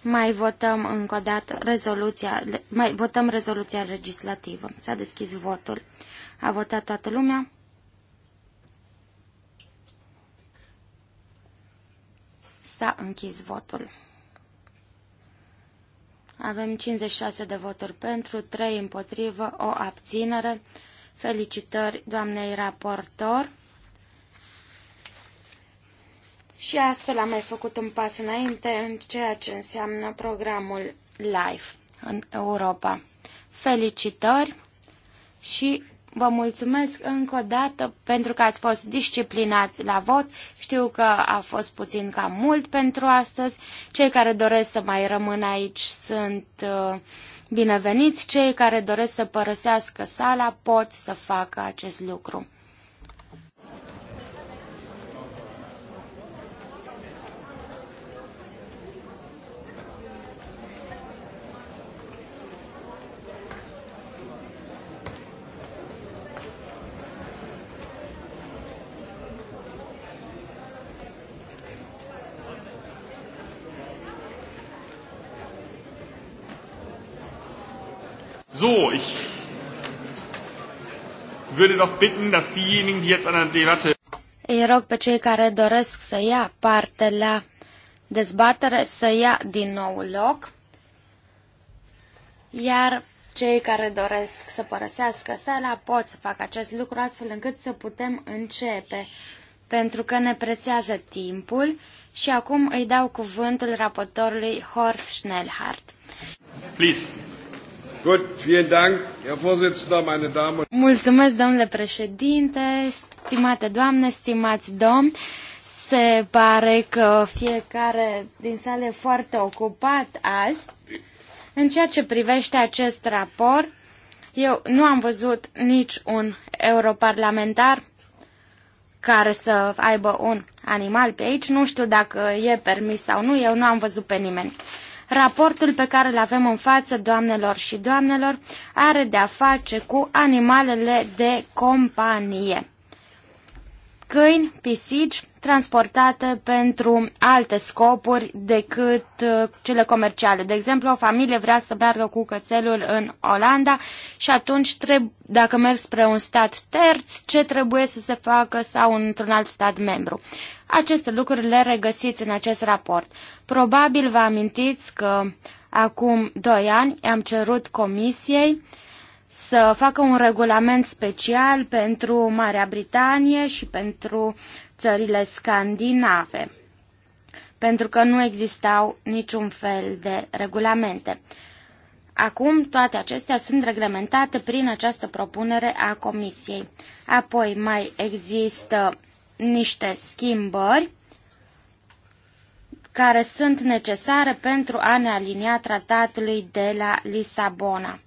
mai votăm încă o dată rezoluția, mai votăm rezoluția legislativă. S-a deschis votul. A votat toată lumea? S-a închis votul. Avem 56 de voturi pentru, 3 împotrivă, o abținere. Felicitări doamnei raportor. Și astfel am mai făcut un pas înainte în ceea ce înseamnă programul LIFE în Europa. Felicitări și Vă mulțumesc încă o dată pentru că ați fost disciplinați la vot. Știu că a fost puțin cam mult pentru astăzi. Cei care doresc să mai rămână aici sunt uh, bineveniți. Cei care doresc să părăsească sala pot să facă acest lucru. So, ich würde doch bitten, dass diejenigen, die jetzt an der Debatte. Îi rog pe cei care doresc să ia parte la dezbatere să ia din nou loc, iar cei care doresc să părăsească sala pot să facă acest lucru astfel încât să putem începe, pentru că ne presează timpul și acum îi dau cuvântul raportorului Horst Schnellhardt. Please. Gut, vielen Dank, Herr Vorsitzender, meine Damen und Mulțumesc, domnule președinte, stimate doamne, stimați domni. Se pare că fiecare din sală e foarte ocupat azi. În ceea ce privește acest raport, eu nu am văzut nici un europarlamentar care să aibă un animal pe aici. Nu știu dacă e permis sau nu, eu nu am văzut pe nimeni. Raportul pe care îl avem în față, doamnelor și doamnelor, are de-a face cu animalele de companie câini, pisici transportate pentru alte scopuri decât uh, cele comerciale. De exemplu, o familie vrea să meargă cu cățelul în Olanda și atunci, dacă merg spre un stat terț, ce trebuie să se facă sau într-un alt stat membru. Aceste lucruri le regăsiți în acest raport. Probabil vă amintiți că acum doi ani am cerut comisiei uh, să facă un regulament special pentru Marea Britanie și pentru țările scandinave, pentru că nu existau niciun fel de regulamente. Acum toate acestea sunt reglementate prin această propunere a Comisiei. Apoi mai există niște schimbări care sunt necesare pentru a ne alinia tratatului de la Lisabona.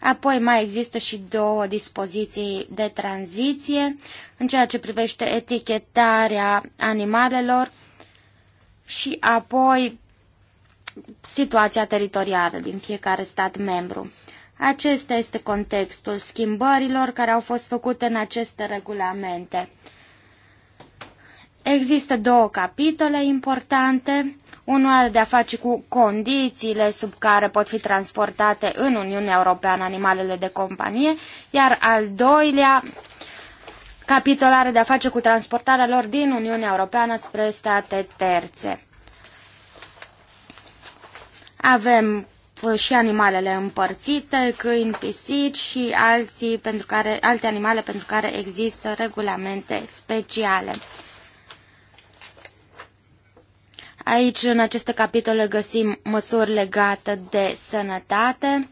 Apoi mai există și două dispoziții de tranziție în ceea ce privește etichetarea animalelor și apoi situația teritorială din fiecare stat membru. Acesta este contextul schimbărilor care au fost făcute în aceste regulamente. Există două capitole importante unul are de-a face cu condițiile sub care pot fi transportate în Uniunea Europeană animalele de companie, iar al doilea capitol are de-a face cu transportarea lor din Uniunea Europeană spre state terțe. Avem și animalele împărțite, câini, pisici și alții pentru care, alte animale pentru care există regulamente speciale. Aici, în aceste capitole, găsim măsuri legate de sănătate.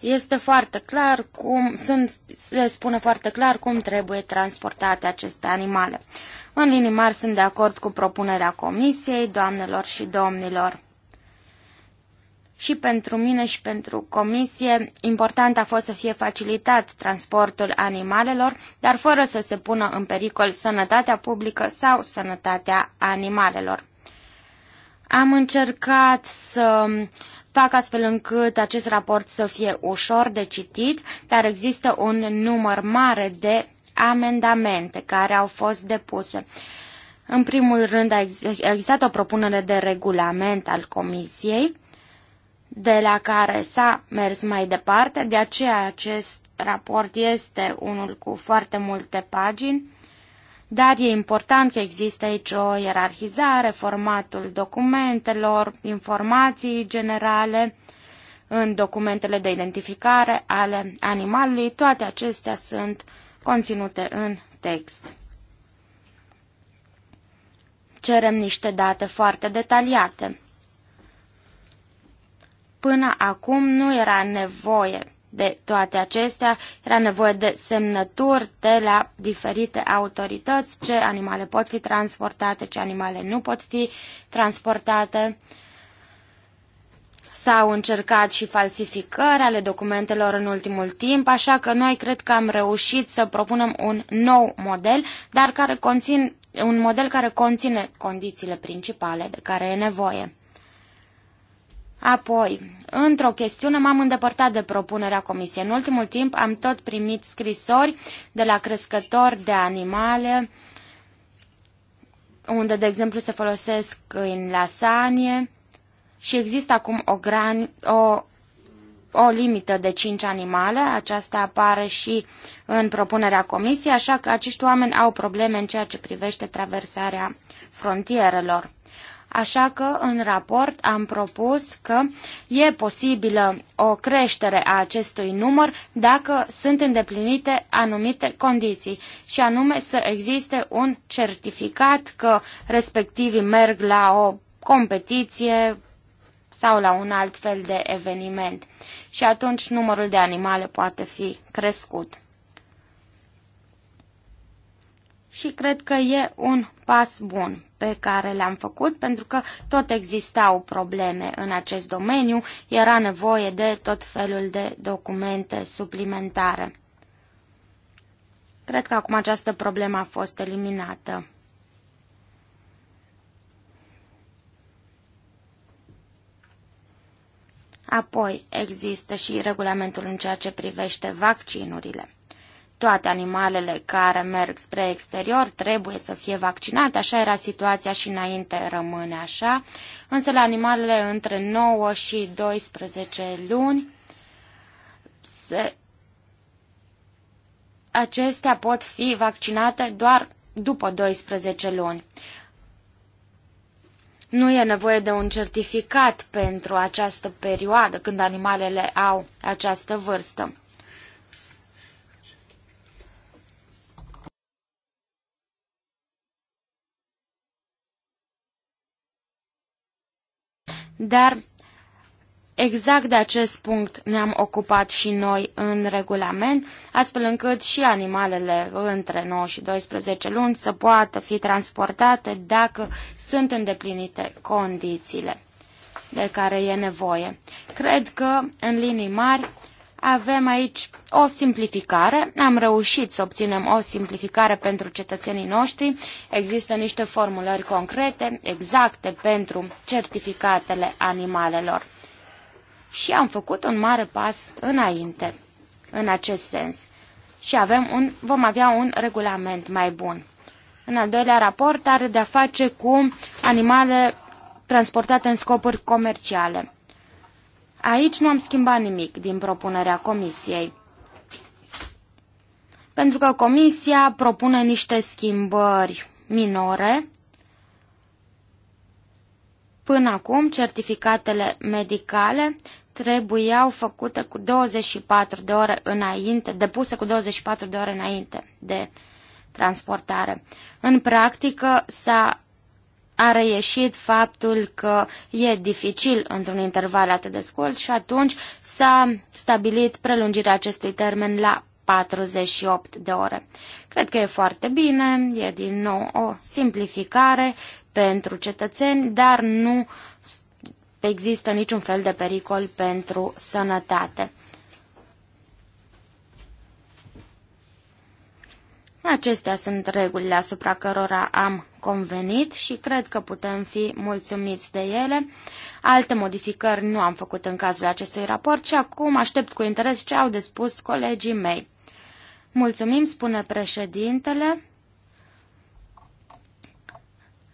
Este foarte clar cum, sunt, se spune foarte clar cum trebuie transportate aceste animale. În linii mari sunt de acord cu propunerea comisiei, doamnelor și domnilor. Și pentru mine și pentru comisie, important a fost să fie facilitat transportul animalelor, dar fără să se pună în pericol sănătatea publică sau sănătatea animalelor. Am încercat să fac astfel încât acest raport să fie ușor de citit, dar există un număr mare de amendamente care au fost depuse. În primul rând a existat o propunere de regulament al Comisiei de la care s-a mers mai departe, de aceea acest raport este unul cu foarte multe pagini, dar e important că există aici o ierarhizare, formatul documentelor, informații generale în documentele de identificare ale animalului, toate acestea sunt conținute în text. Cerem niște date foarte detaliate. Până acum nu era nevoie de toate acestea, era nevoie de semnături de la diferite autorități, ce animale pot fi transportate, ce animale nu pot fi transportate. S-au încercat și falsificări ale documentelor în ultimul timp, așa că noi cred că am reușit să propunem un nou model, dar care conține un model care conține condițiile principale de care e nevoie. Apoi, într-o chestiune m-am îndepărtat de propunerea comisiei. În ultimul timp am tot primit scrisori de la crescători de animale, unde, de exemplu, se folosesc în sanie și există acum o, gran, o, o limită de 5 animale. Aceasta apare și în propunerea comisiei, așa că acești oameni au probleme în ceea ce privește traversarea frontierelor. Așa că în raport am propus că e posibilă o creștere a acestui număr dacă sunt îndeplinite anumite condiții și anume să existe un certificat că respectivii merg la o competiție sau la un alt fel de eveniment și atunci numărul de animale poate fi crescut și cred că e un pas bun pe care l-am făcut pentru că tot existau probleme în acest domeniu, era nevoie de tot felul de documente suplimentare. Cred că acum această problemă a fost eliminată. Apoi există și regulamentul în ceea ce privește vaccinurile toate animalele care merg spre exterior trebuie să fie vaccinate, așa era situația și înainte rămâne așa, însă la animalele între 9 și 12 luni se... acestea pot fi vaccinate doar după 12 luni. Nu e nevoie de un certificat pentru această perioadă când animalele au această vârstă. dar exact de acest punct ne-am ocupat și noi în regulament, astfel încât și animalele între 9 și 12 luni să poată fi transportate dacă sunt îndeplinite condițiile de care e nevoie. Cred că, în linii mari, avem aici o simplificare, am reușit să obținem o simplificare pentru cetățenii noștri, există niște formulări concrete, exacte pentru certificatele animalelor. Și am făcut un mare pas înainte în acest sens și avem un, vom avea un regulament mai bun. În al doilea raport are de-a face cu animale transportate în scopuri comerciale. Aici nu am schimbat nimic din propunerea comisiei. Pentru că comisia propune niște schimbări minore. Până acum, certificatele medicale trebuiau făcute cu 24 de ore înainte, depuse cu 24 de ore înainte de transportare. În practică s-a a reieșit faptul că e dificil într-un interval atât de scurt și atunci s-a stabilit prelungirea acestui termen la 48 de ore. Cred că e foarte bine, e din nou o simplificare pentru cetățeni, dar nu există niciun fel de pericol pentru sănătate. acestea sunt regulile asupra cărora am convenit și cred că putem fi mulțumiți de ele. Alte modificări nu am făcut în cazul acestui raport și acum aștept cu interes ce au de spus colegii mei. Mulțumim, spune președintele.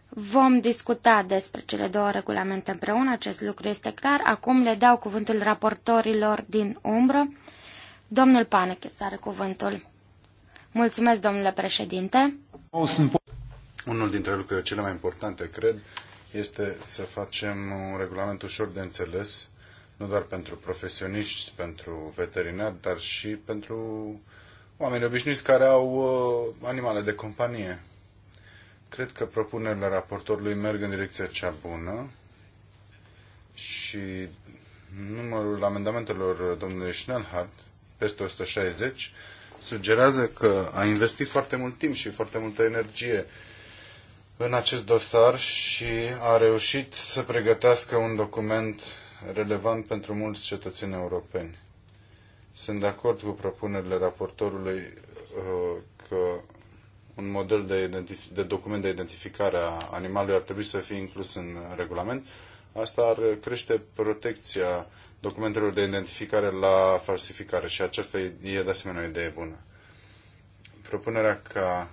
Vom discuta despre cele două regulamente împreună, acest lucru este clar. Acum le dau cuvântul raportorilor din umbră. Domnul Paneche, are cuvântul. Mulțumesc, domnule președinte. Unul dintre lucrurile cele mai importante, cred, este să facem un regulament ușor de înțeles, nu doar pentru profesioniști, pentru veterinari, dar și pentru oameni obișnuiți care au uh, animale de companie. Cred că propunerile raportorului merg în direcția cea bună și numărul amendamentelor domnului Schnellhardt, peste 160, sugerează că a investit foarte mult timp și foarte multă energie în acest dosar și a reușit să pregătească un document relevant pentru mulți cetățeni europeni. Sunt de acord cu propunerile raportorului uh, că un model de, de document de identificare a animalului ar trebui să fie inclus în regulament. Asta ar crește protecția documentelor de identificare la falsificare și aceasta e de asemenea o idee bună. Propunerea ca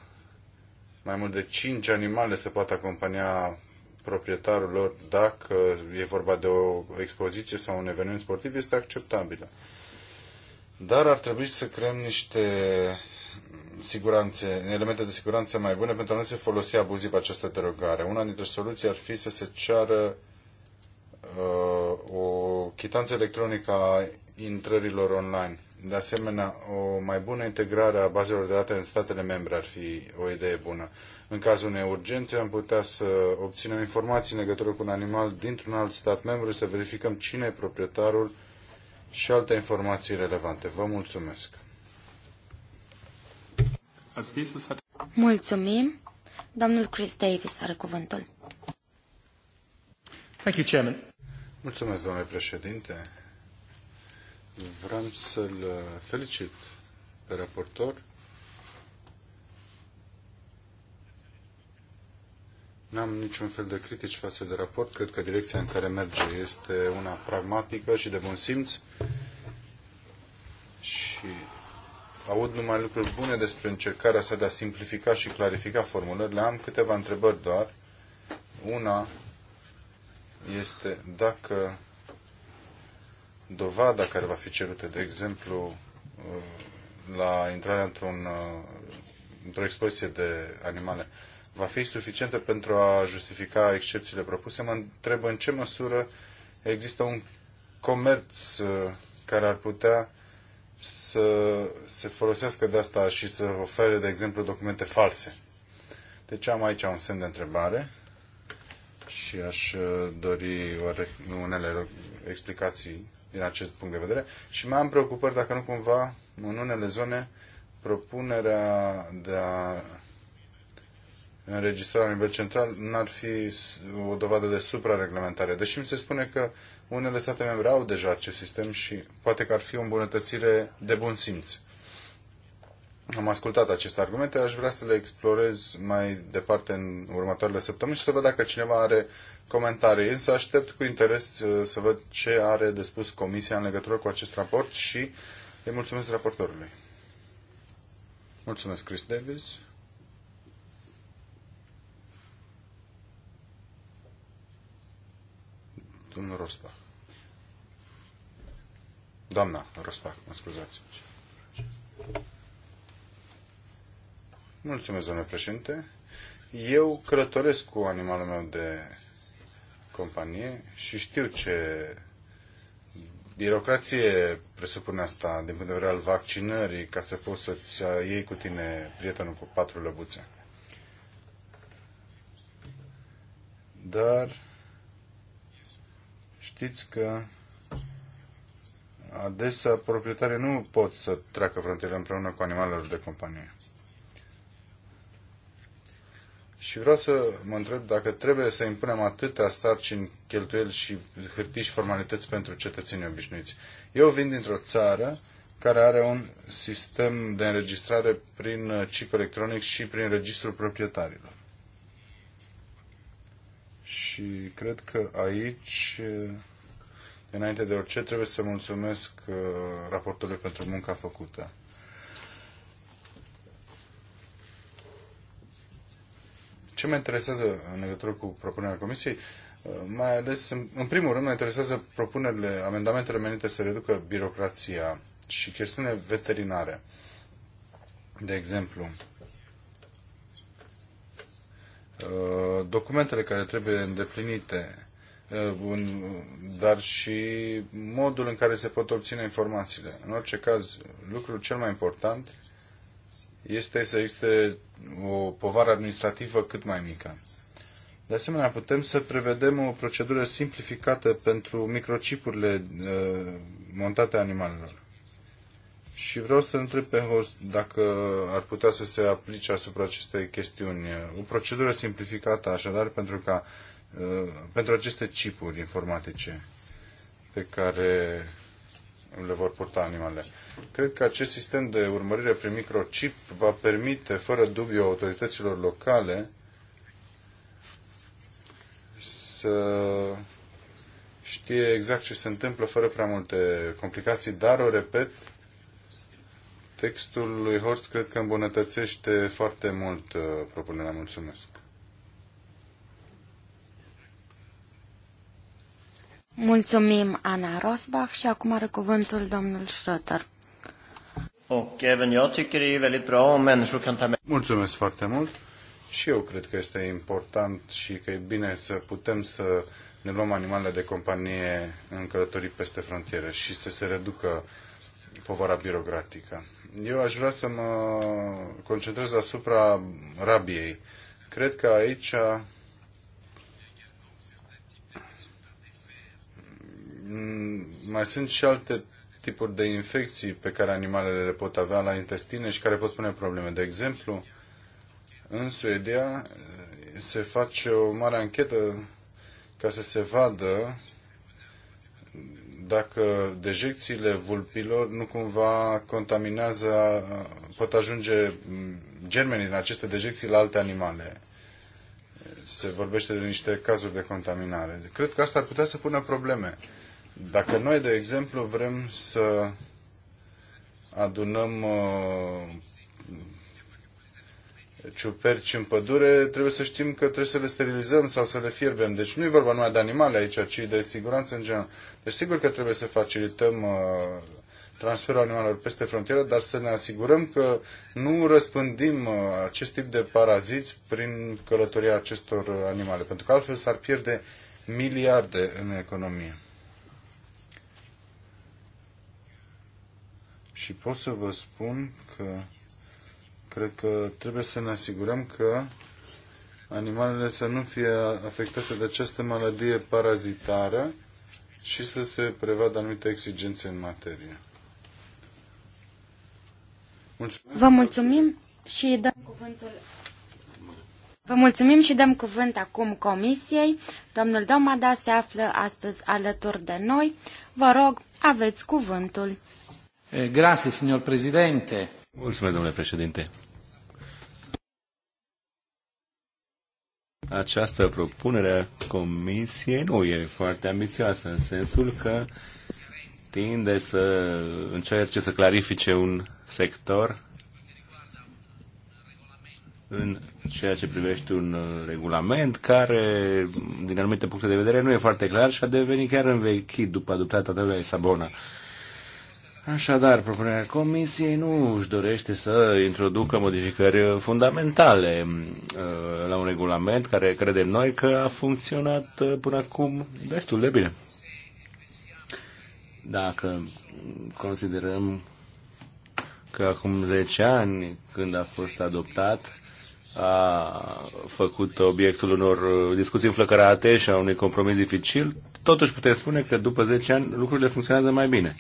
mai mult de 5 animale să poată acompania proprietarul lor dacă e vorba de o expoziție sau un eveniment sportiv este acceptabilă. Dar ar trebui să creăm niște siguranțe, elemente de siguranță mai bune pentru a nu se folosi abuziv această derogare. Una dintre soluții ar fi să se ceară Uh, o chitanță electronică a intrărilor online. De asemenea, o mai bună integrare a bazelor de date în statele membre ar fi o idee bună. În cazul unei urgențe am putea să obținem informații în legătură cu un animal dintr-un alt stat membru, să verificăm cine e proprietarul și alte informații relevante. Vă mulțumesc! Mulțumim! Domnul Chris Davis are cuvântul. Thank you, Chairman. Mulțumesc, domnule președinte. Vreau să-l felicit pe raportor. N-am niciun fel de critici față de raport. Cred că direcția în care merge este una pragmatică și de bun simț. Și aud numai lucruri bune despre încercarea sa de a simplifica și clarifica formulările. Am câteva întrebări doar. Una este dacă dovada care va fi cerută, de exemplu, uh, la intrarea într-un, uh, într-o expoziție de animale, va fi suficientă pentru a justifica excepțiile propuse, mă întreb în ce măsură există un comerț uh, care ar putea să se folosească de asta și să ofere, de exemplu, documente false. Deci am aici un semn de întrebare și aș uh, dori unele explicații din acest punct de vedere. Și mai am preocupări dacă nu cumva în unele zone propunerea de a înregistra la nivel central n-ar fi o dovadă de suprareglementare. Deși mi se spune că unele state membre au deja acest sistem și poate că ar fi o îmbunătățire de bun simț. Am ascultat aceste argumente, aș vrea să le explorez mai departe în următoarele săptămâni și să văd dacă cineva are comentarii. Însă aștept cu interes uh, să văd ce are de spus Comisia în legătură cu acest raport și îi mulțumesc raportorului. Mulțumesc, Chris Davis. Domnul Rosbach. Doamna Rosbach, mă scuzați. Mulțumesc, domnule președinte. Eu călătoresc cu animalul meu de companie și știu ce birocrație presupune asta din punct de vedere al vaccinării ca să poți să-ți iei cu tine prietenul cu patru lăbuțe. Dar știți că adesea proprietarii nu pot să treacă frontierele împreună cu animalele de companie. Și vreau să mă întreb dacă trebuie să impunem atâtea sarcini, cheltuieli și hârtii și formalități pentru cetățenii obișnuiți. Eu vin dintr-o țară care are un sistem de înregistrare prin chip electronic și prin registrul proprietarilor. Și cred că aici, înainte de orice, trebuie să mulțumesc uh, raportului pentru munca făcută. Ce mă interesează în legătură cu propunerea Comisiei? Uh, mai ales, în primul rând, mă interesează propunerile, amendamentele menite să reducă birocrația și chestiune veterinare. De exemplu, uh, documentele care trebuie îndeplinite, uh, dar și modul în care se pot obține informațiile. În orice caz, lucrul cel mai important este să existe o povară administrativă cât mai mică. De asemenea, putem să prevedem o procedură simplificată pentru microcipurile uh, montate animalelor. Și vreau să întreb pe host dacă ar putea să se aplice asupra acestei chestiuni o procedură simplificată, așadar, pentru, ca, uh, pentru aceste chipuri informatice pe care le vor purta animalele. Cred că acest sistem de urmărire prin microchip va permite, fără dubiu, autorităților locale să știe exact ce se întâmplă fără prea multe complicații, dar, o repet, textul lui Horst cred că îmbunătățește foarte mult uh, propunerea. Mulțumesc! Mulțumim, Ana Rosbach, și acum are cuvântul domnul Schröter. Och även jag tycker det är väldigt bra om människor kan ta med. Mulțumesc foarte mult. Și eu cred că este important și că e bine să putem să ne luăm animalele de companie în călătorii peste frontiere și să se reducă povara birocratică. Eu aș vrea să mă concentrez asupra rabiei. Cred că aici Mm, mai sunt și alte tipuri de infecții pe care animalele le pot avea la intestine și care pot pune probleme. De exemplu, în Suedia eh, se face o mare anchetă ca să se vadă dacă dejecțiile vulpilor nu cumva contaminează, pot ajunge mm, germenii din aceste dejecții la alte animale. Se vorbește de niște cazuri de contaminare. Cred că asta ar putea să pună probleme. Dacă noi, de exemplu, vrem să adunăm uh, ciuperci în pădure, trebuie să știm că trebuie să le sterilizăm sau să le fierbem. Deci nu e vorba numai de animale aici, ci de siguranță în general. Deci sigur că trebuie să facilităm uh, transferul animalelor peste frontieră, dar să ne asigurăm că nu răspândim uh, acest tip de paraziți prin călătoria acestor animale, pentru că altfel s-ar pierde miliarde în economie. și pot să vă spun că cred că trebuie să ne asigurăm că animalele să nu fie afectate de această maladie parazitară și să se prevadă anumite exigențe în materie. Mulțumesc. Vă mulțumim și dăm cuvântul. Vă mulțumim și dăm cuvânt acum comisiei. Domnul Domada se află astăzi alături de noi. Vă rog, aveți cuvântul. Eh, grazie, signor Presidente. Mulțumesc, domnule președinte. Această propunere a Comisiei nu e foarte ambițioasă, în sensul că tinde să încerce să clarifice un sector în ceea ce privește un regulament care, din anumite puncte de vedere, nu e foarte clar și a devenit chiar învechit după adoptarea tratatului de Lisabona. Așadar, propunerea Comisiei nu își dorește să introducă modificări fundamentale uh, la un regulament care credem noi că a funcționat uh, până acum destul de bine. Dacă considerăm că acum 10 ani, când a fost adoptat, a făcut obiectul unor discuții înflăcărate și a unui compromis dificil, totuși putem spune că după 10 ani lucrurile funcționează mai bine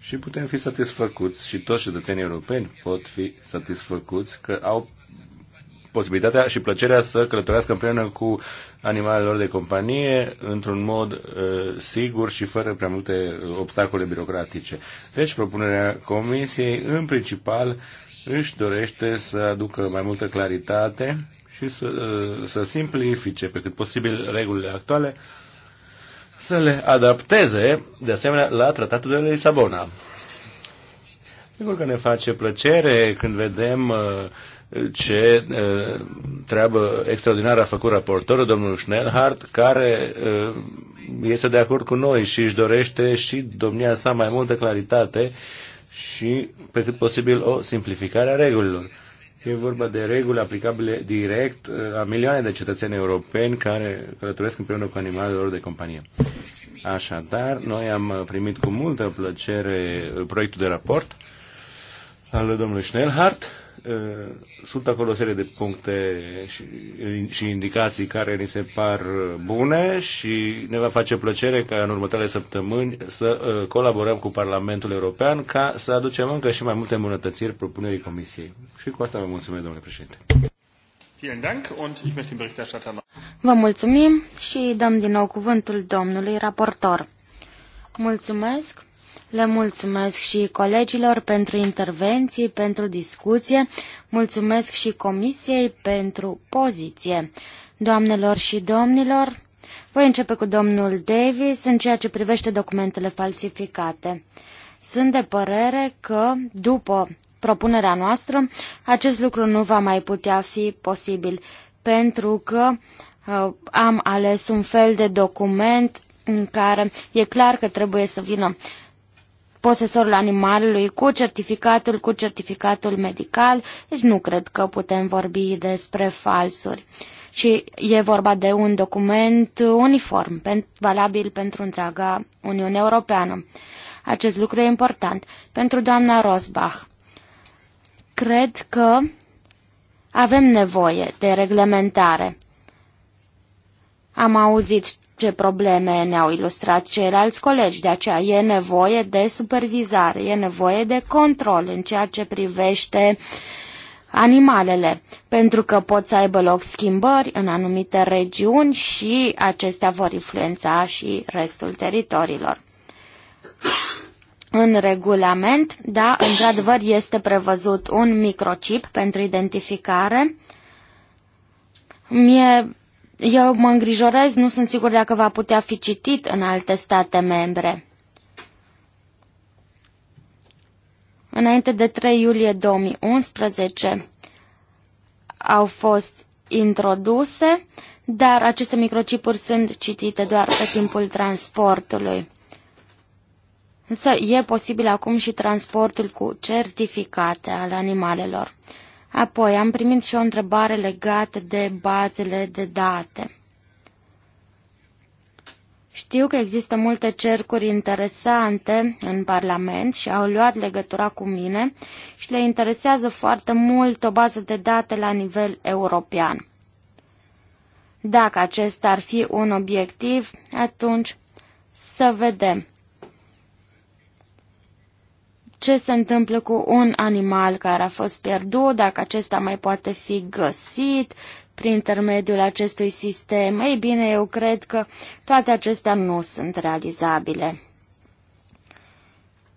și putem fi satisfăcuți și toți cetățenii europeni pot fi satisfăcuți că au posibilitatea și plăcerea să călătorească împreună cu animalele lor de companie într-un mod uh, sigur și fără prea multe obstacole birocratice. Deci propunerea Comisiei în principal își dorește să aducă mai multă claritate și să, uh, să simplifice pe cât posibil regulile actuale uh, să le adapteze, de asemenea, la tratatul de Lisabona. Sigur că ne face plăcere când vedem uh, ce uh, treabă extraordinară a făcut raportorul, domnul Schnellhardt, care uh, este de acord cu noi și își dorește și domnia sa mai multă claritate și, pe cât posibil, o simplificare a regulilor. E vorba de reguli aplicabile direct uh, a milioane de cetățeni europeni care călătoresc împreună cu animalele lor de companie. Așadar, noi am uh, primit cu multă plăcere uh, proiectul de raport al domnului Schnellhardt Eh, sunt acolo o serie de puncte și, și indicații care ni se par bune și ne va face plăcere ca în următoarele săptămâni să eh, colaborăm cu Parlamentul European ca să aducem încă și mai multe îmbunătățiri propunerii Comisiei. Și cu asta vă mulțumesc, domnule președinte. Vă mulțumim și dăm din nou cuvântul domnului raportor. Mulțumesc. Le mulțumesc și colegilor pentru intervenții, pentru discuție. Mulțumesc și comisiei pentru poziție. Doamnelor și domnilor, voi începe cu domnul Davis în ceea ce privește documentele falsificate. Sunt de părere că, după propunerea noastră, acest lucru nu va mai putea fi posibil, pentru că uh, am ales un fel de document în care e clar că trebuie să vină posesorul animalului cu certificatul, cu certificatul medical, deci nu cred că putem vorbi despre falsuri. Și e vorba de un document uniform, valabil pentru întreaga Uniune Europeană. Acest lucru e important. Pentru doamna Rosbach, cred că avem nevoie de reglementare. Am auzit ce probleme ne-au ilustrat ceilalți colegi. De aceea e nevoie de supervizare, e nevoie de control în ceea ce privește animalele, pentru că pot să aibă loc schimbări în anumite regiuni și acestea vor influența și restul teritoriilor. În regulament, da, într-adevăr este prevăzut un microchip pentru identificare. Mie eu mă îngrijorez, nu sunt sigur dacă va putea fi citit în alte state membre. Înainte de 3 iulie 2011 au fost introduse, dar aceste microchipuri sunt citite doar pe timpul transportului. Însă e posibil acum și transportul cu certificate al animalelor. Apoi am primit și o întrebare legată de bazele de date. Știu că există multe cercuri interesante în Parlament și au luat legătura cu mine și le interesează foarte mult o bază de date la nivel european. Dacă acesta ar fi un obiectiv, atunci să vedem ce se întâmplă cu un animal care a fost pierdut, dacă acesta mai poate fi găsit prin intermediul acestui sistem. Ei bine, eu cred că toate acestea nu sunt realizabile.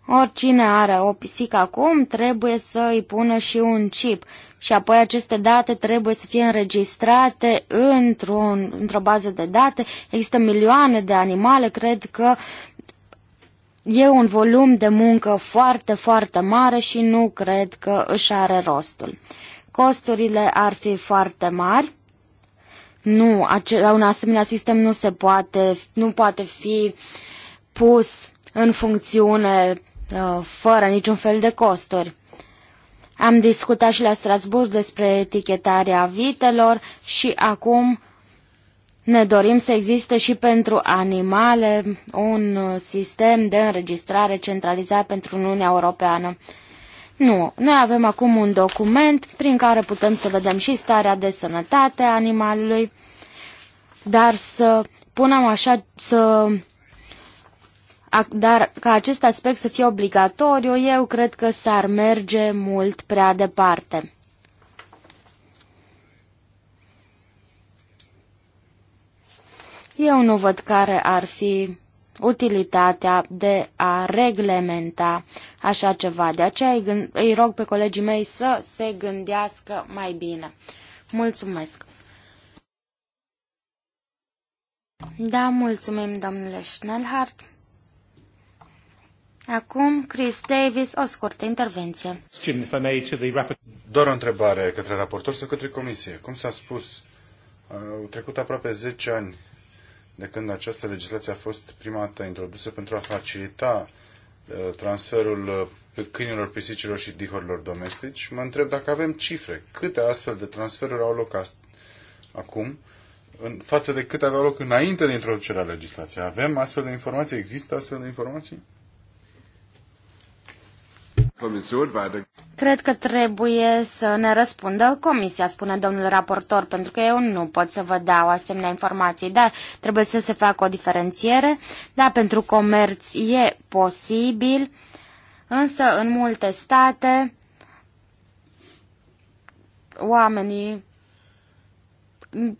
Oricine are o pisică acum trebuie să îi pună și un chip și apoi aceste date trebuie să fie înregistrate într-o într, bază de date. Există milioane de animale, cred că E un volum de muncă foarte, foarte mare și nu cred că își are rostul. Costurile ar fi foarte mari. Nu, un asemenea sistem nu se poate, nu poate fi pus în funcțiune uh, fără niciun fel de costuri. Am discutat și la Strasburg despre etichetarea vitelor și acum ne dorim să existe și pentru animale un sistem de înregistrare centralizat pentru Uniunea Europeană. Nu, noi avem acum un document prin care putem să vedem și starea de sănătate a animalului, dar să punem așa, să dar ca acest aspect să fie obligatoriu, eu cred că s-ar merge mult prea departe. Eu nu văd care ar fi utilitatea de a reglementa așa ceva. De aceea îi, îi rog pe colegii mei să se gândească mai bine. Mulțumesc! Da, mulțumim, domnule Schnellhardt. Acum, Chris Davis, o scurtă intervenție. Doar o întrebare către raportor sau către comisie. Cum s-a spus, au trecut aproape 10 ani de când această legislație a fost prima dată introdusă pentru a facilita uh, transferul uh, câinilor, pisicilor și dihorilor domestici, mă întreb dacă avem cifre. Câte astfel de transferuri au loc acum în față de câte aveau loc înainte de introducerea legislației? Avem astfel de informații? Există astfel de informații? Comision, Cred că trebuie să ne răspundă comisia, spune domnul raportor, pentru că eu nu pot să vă dau asemenea informații. Da, trebuie să se facă o diferențiere. Da, pentru comerț e posibil, însă în multe state oamenii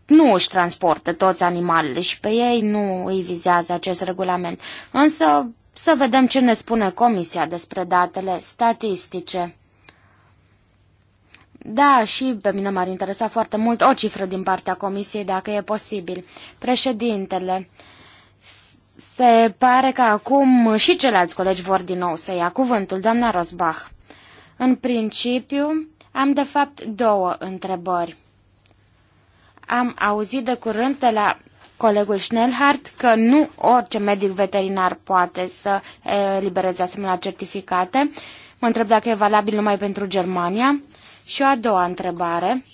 nu își transportă toți animalele și pe ei nu îi vizează acest regulament. Însă să vedem ce ne spune Comisia despre datele statistice. Da, și pe mine m-ar interesa foarte mult o cifră din partea comisiei, dacă e posibil. Președintele, se pare că acum și ceilalți colegi vor din nou să ia cuvântul, doamna Rosbach. În principiu, am de fapt două întrebări. Am auzit de curând de la colegul Schnellhardt că nu orice medic veterinar poate să elibereze asemenea certificate. Mă întreb dacă e valabil numai pentru Germania. Și o a doua întrebare.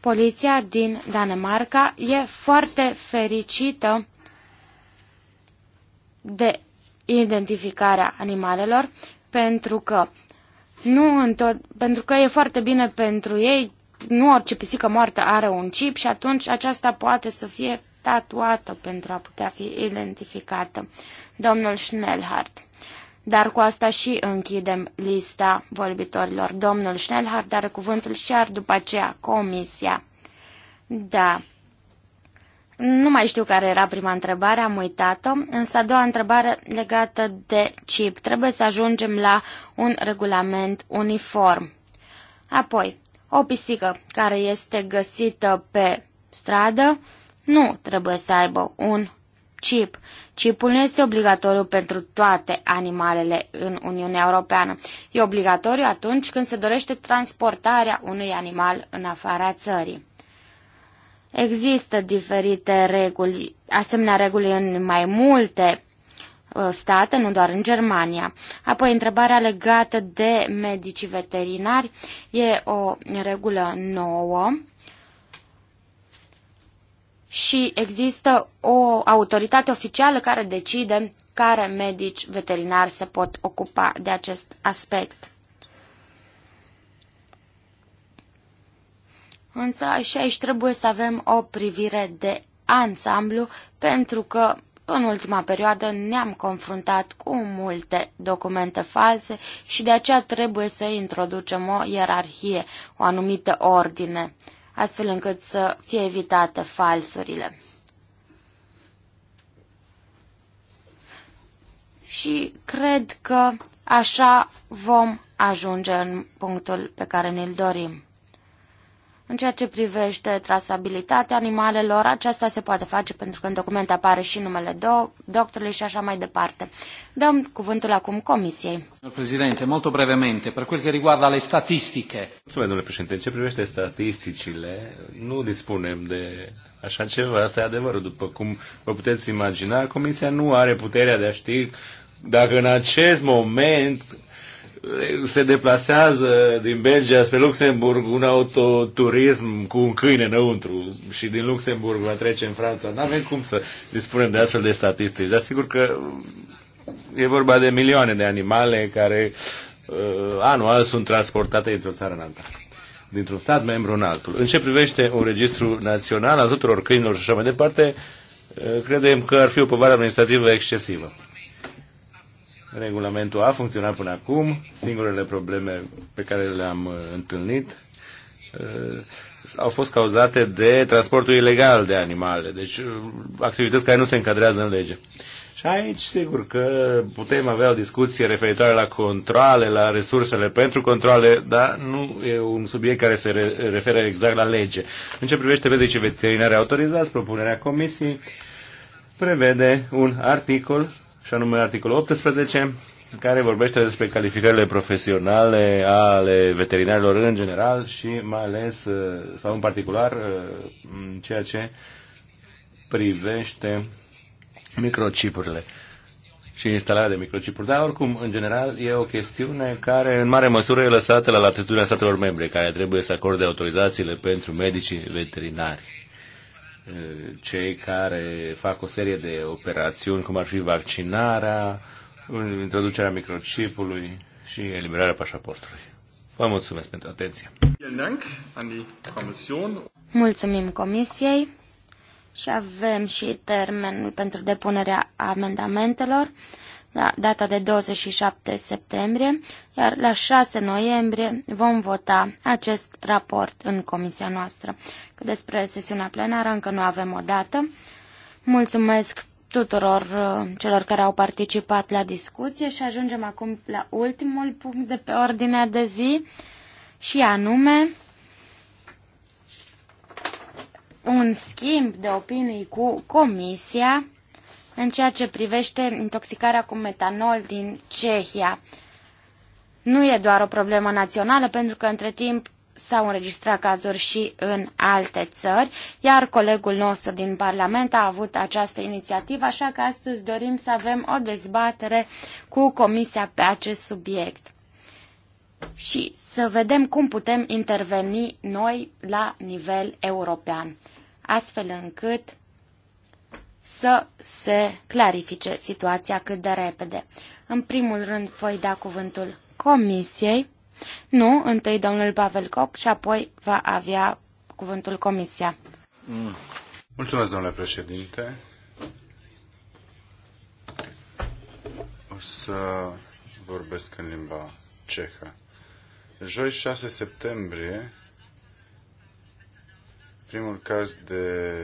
Poliția din Danemarca e foarte fericită de identificarea animalelor pentru că nu întot- pentru că e foarte bine pentru ei, nu orice pisică moartă are un chip și atunci aceasta poate să fie tatuată pentru a putea fi identificată. Domnul Schnellhardt. Dar cu asta și închidem lista vorbitorilor. Domnul Schnellhardt are cuvântul și ar după aceea comisia. Da. Nu mai știu care era prima întrebare, am uitat-o, însă a doua întrebare legată de chip. Trebuie să ajungem la un regulament uniform. Apoi, o pisică care este găsită pe stradă nu trebuie să aibă un chip. Chipul nu este obligatoriu pentru toate animalele în Uniunea Europeană. E obligatoriu atunci când se dorește transportarea unui animal în afara țării. Există diferite reguli, asemenea reguli în mai multe uh, state, nu doar în Germania. Apoi, întrebarea legată de medicii veterinari e o regulă nouă și există o autoritate oficială care decide care medici veterinari se pot ocupa de acest aspect. Însă și aici trebuie să avem o privire de ansamblu pentru că în ultima perioadă ne-am confruntat cu multe documente false și de aceea trebuie să introducem o ierarhie, o anumită ordine astfel încât să fie evitate falsurile. Și cred că așa vom ajunge în punctul pe care ne-l dorim. În ceea ce privește trasabilitatea animalelor, aceasta se poate face pentru că în document apare și numele do doctorului și așa mai departe. Dăm cuvântul acum Comisiei. Domnul președinte, mult brevemente, Pentru quel che riguarda le statistiche. Mulțumesc, domnule președinte. În ce privește statisticile, nu dispunem de așa ceva. Asta e adevărul. După cum vă puteți imagina, Comisia nu are puterea de a ști dacă în acest moment se deplasează din Belgia spre Luxemburg un autoturism cu un câine înăuntru și din Luxemburg va trece în Franța. Nu avem cum să dispunem de astfel de statistici, dar sigur că e vorba de milioane de animale care uh, anual sunt transportate dintr-o țară în alta dintr-un stat membru în altul. În ce privește un registru național al tuturor câinilor și așa mai departe, uh, credem că ar fi o povară administrativă excesivă. Regulamentul a funcționat până acum. Singurele probleme pe care le-am uh, întâlnit uh, au fost cauzate de transportul ilegal de animale, deci uh, activități care nu se încadrează în lege. Și aici, sigur că putem avea o discuție referitoare la controle, la resursele pentru controle, dar nu e un subiect care se re- referă exact la lege. În ce privește medicii veterinari autorizați, propunerea comisiei prevede un articol și anume articolul 18, care vorbește despre calificările profesionale ale veterinarilor în general și mai ales, uh, sau în particular, uh, ceea ce privește microcipurile și instalarea de microchipuri. Dar, oricum, în general, e o chestiune care, în mare măsură, e lăsată la latitudinea statelor membre, care trebuie să acorde autorizațiile pentru medicii veterinari cei care fac o serie de operațiuni, cum ar fi vaccinarea, introducerea microchipului și eliberarea pașaportului. Vă mulțumesc pentru atenție. Mulțumim Comisiei și avem și termenul pentru depunerea amendamentelor la data de 27 septembrie, iar la 6 noiembrie vom vota acest raport în comisia noastră. Că despre sesiunea plenară încă nu avem o dată. Mulțumesc tuturor uh, celor care au participat la discuție și ajungem acum la ultimul punct de pe ordinea de zi și anume un schimb de opinii cu Comisia în ceea ce privește intoxicarea cu metanol din Cehia. Nu e doar o problemă națională, pentru că între timp s-au înregistrat cazuri și în alte țări, iar colegul nostru din Parlament a avut această inițiativă, așa că astăzi dorim să avem o dezbatere cu Comisia pe acest subiect și să vedem cum putem interveni noi la nivel european, astfel încât să se clarifice situația cât de repede. În primul rând voi da cuvântul Comisiei. Nu, întâi domnul Pavel Coc și apoi va avea cuvântul Comisia. Mm. Mulțumesc, domnule președinte. O să vorbesc în limba cehă. Joi 6 septembrie primul caz de,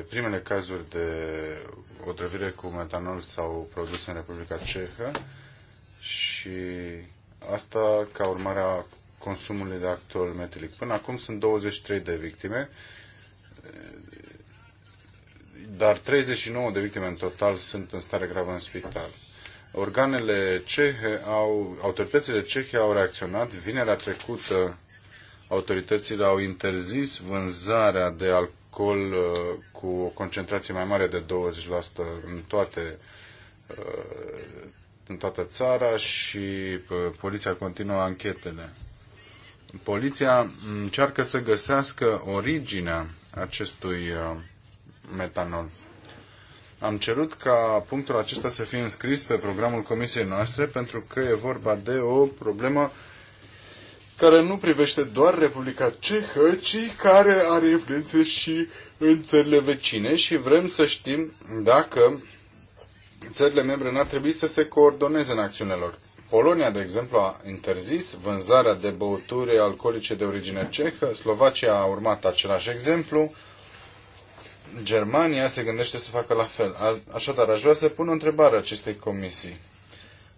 primele cazuri de otrăvire cu metanol s-au produs în Republica Cehă și asta ca urmare a consumului de actual metilic. Până acum sunt 23 de victime, dar 39 de victime în total sunt în stare gravă în spital. Organele cehe au, autoritățile cehe au reacționat vinerea trecută autoritățile au interzis vânzarea de alcool uh, cu o concentrație mai mare de 20% în toate uh, în toată țara și uh, poliția continuă anchetele. Poliția încearcă să găsească originea acestui metanol. Am cerut ca punctul acesta să fie înscris pe programul comisiei noastre pentru că e vorba de o problemă uh, care nu privește doar Republica Cehă, ci care are influențe și în țările vecine și vrem să știm dacă țările membre n-ar trebui să se coordoneze în acțiunile lor. Polonia, de exemplu, a interzis vânzarea de băuturi alcoolice de origine cehă, Slovacia a urmat același exemplu, Germania se gândește să facă la fel. Așadar, aș vrea să pun o întrebare acestei comisii.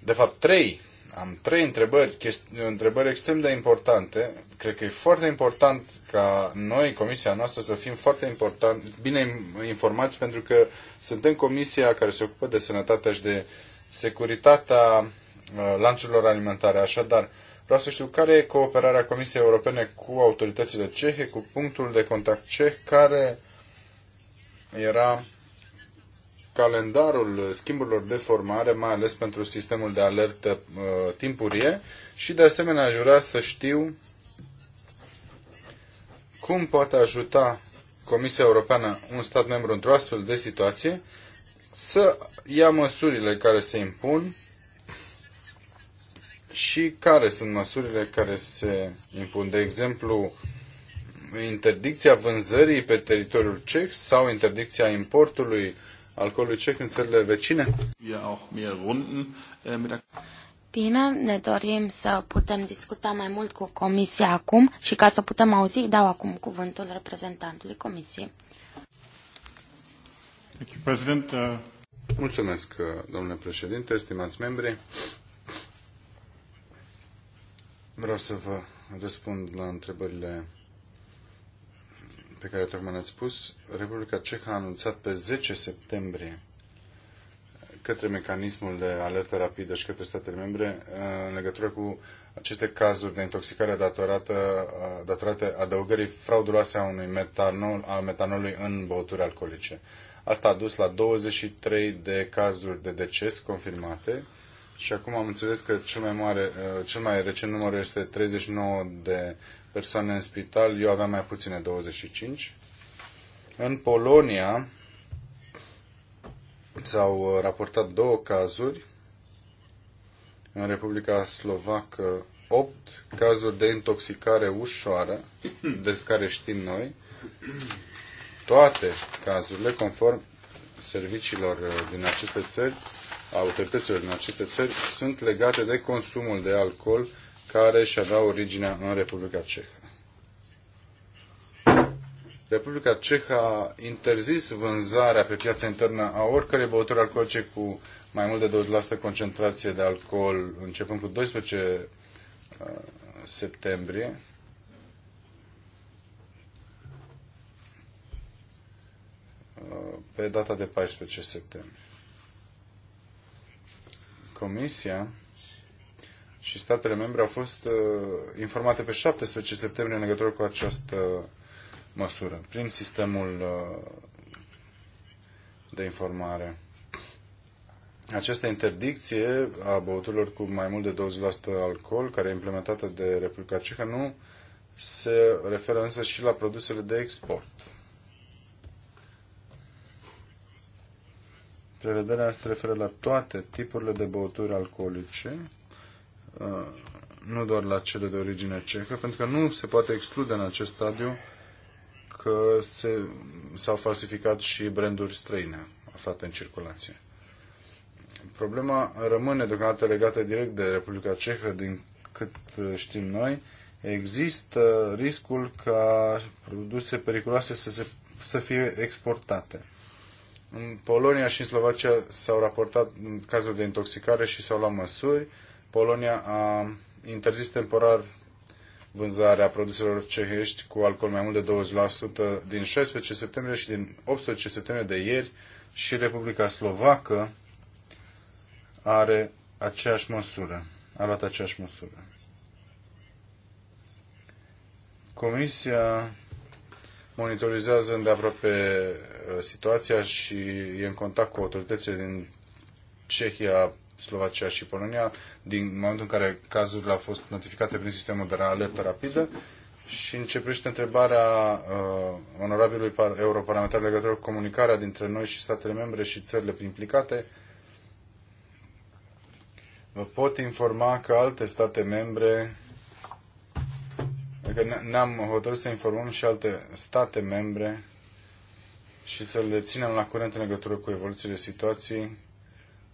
De fapt, trei am trei întrebări, întrebări extrem de importante. Cred că e foarte important ca noi, comisia noastră, să fim foarte important, bine informați, pentru că suntem comisia care se ocupă de sănătatea și de securitatea uh, lanțurilor alimentare. Așadar, vreau să știu care e cooperarea Comisiei Europene cu autoritățile cehe, cu punctul de contact ceh, care era calendarul schimburilor de formare, mai ales pentru sistemul de alertă uh, timpurie și de asemenea aș vrea să știu cum poate ajuta Comisia Europeană un stat membru într-o astfel de situație să ia măsurile care se impun și care sunt măsurile care se impun. De exemplu, interdicția vânzării pe teritoriul cec sau interdicția importului alcoolului cec în țările vecine? Eh, Bine, ne dorim să putem discuta mai mult cu Comisia acum și ca să putem auzi, dau acum cuvântul reprezentantului Comisiei. Uh, Mulțumesc, uh, domnule președinte, stimați membri. Vreau să vă răspund la întrebările pe care tocmai l ați spus, Republica Cehă a anunțat pe 10 septembrie către mecanismul de alertă rapidă și către statele membre în legătură cu aceste cazuri de intoxicare datorată, datorate adăugării frauduloase a unui metanol, al metanolului în băuturi alcoolice. Asta a dus la 23 de cazuri de deces confirmate și acum am înțeles că cel mai, mare, cel mai recent număr este 39 de persoane în spital, eu aveam mai puține 25. În Polonia s-au uh, raportat două cazuri, în Republica Slovacă 8 cazuri de intoxicare ușoară, despre care știm noi, toate cazurile, conform serviciilor uh, din aceste țări, autorităților din aceste țări, sunt legate de consumul de alcool care și avea originea în Republica Cehă. Republica Cehă a interzis vânzarea pe piața internă a oricărei băuturi alcoolice cu mai mult de 20% concentrație de alcool începând cu 12 uh, septembrie. Uh, pe data de 14 septembrie. Comisia și statele membre au fost uh, informate pe 17 septembrie în legătură cu această măsură, prin sistemul uh, de informare. Această interdicție a băuturilor cu mai mult de 20% alcool, care e implementată de Republica Cehă, nu se referă însă și la produsele de export. Prevederea se referă la toate tipurile de băuturi alcoolice, Uh, nu doar la cele de origine cehă, pentru că nu se poate exclude în acest stadiu că se, s-au falsificat și branduri străine aflate în circulație. Problema rămâne deocamdată legată direct de Republica Cehă, din cât uh, știm noi. Există riscul ca produse periculoase să, se, să fie exportate. În Polonia și în Slovacia s-au raportat cazuri de intoxicare și s-au luat măsuri. Polonia a interzis temporar vânzarea produselor cehești cu alcool mai mult de 20% din 16 septembrie și din 18 septembrie de ieri și Republica Slovacă are aceeași măsură, a luat aceeași măsură. Comisia monitorizează îndeaproape uh, situația și e în contact cu autoritățile din Cehia, Slovacia și Polonia, din momentul în care cazurile au fost notificate prin sistemul de alertă rapidă. Și începește întrebarea uh, onorabilului europarlamentar legător cu comunicarea dintre noi și statele membre și țările implicate. Vă pot informa că alte state membre, că adică ne-am hotărât să informăm și alte state membre și să le ținem la curent în legătură cu evoluțiile situației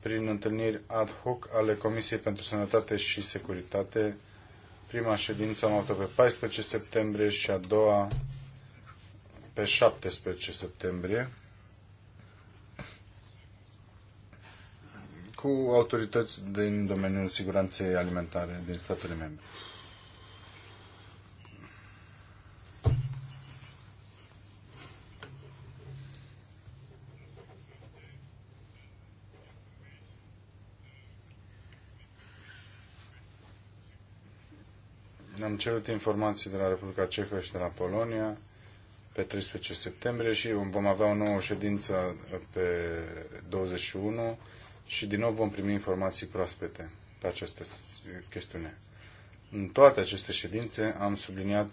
prin întâlniri ad hoc ale Comisiei pentru Sănătate și Securitate. Prima ședință am avut-o pe 14 septembrie și a doua pe 17 septembrie cu autorități din domeniul siguranței alimentare din statele membre. am cerut informații de la Republica Cehă și de la Polonia pe 13 septembrie și vom avea o nouă ședință pe 21 și din nou vom primi informații proaspete pe această chestiune. În toate aceste ședințe am subliniat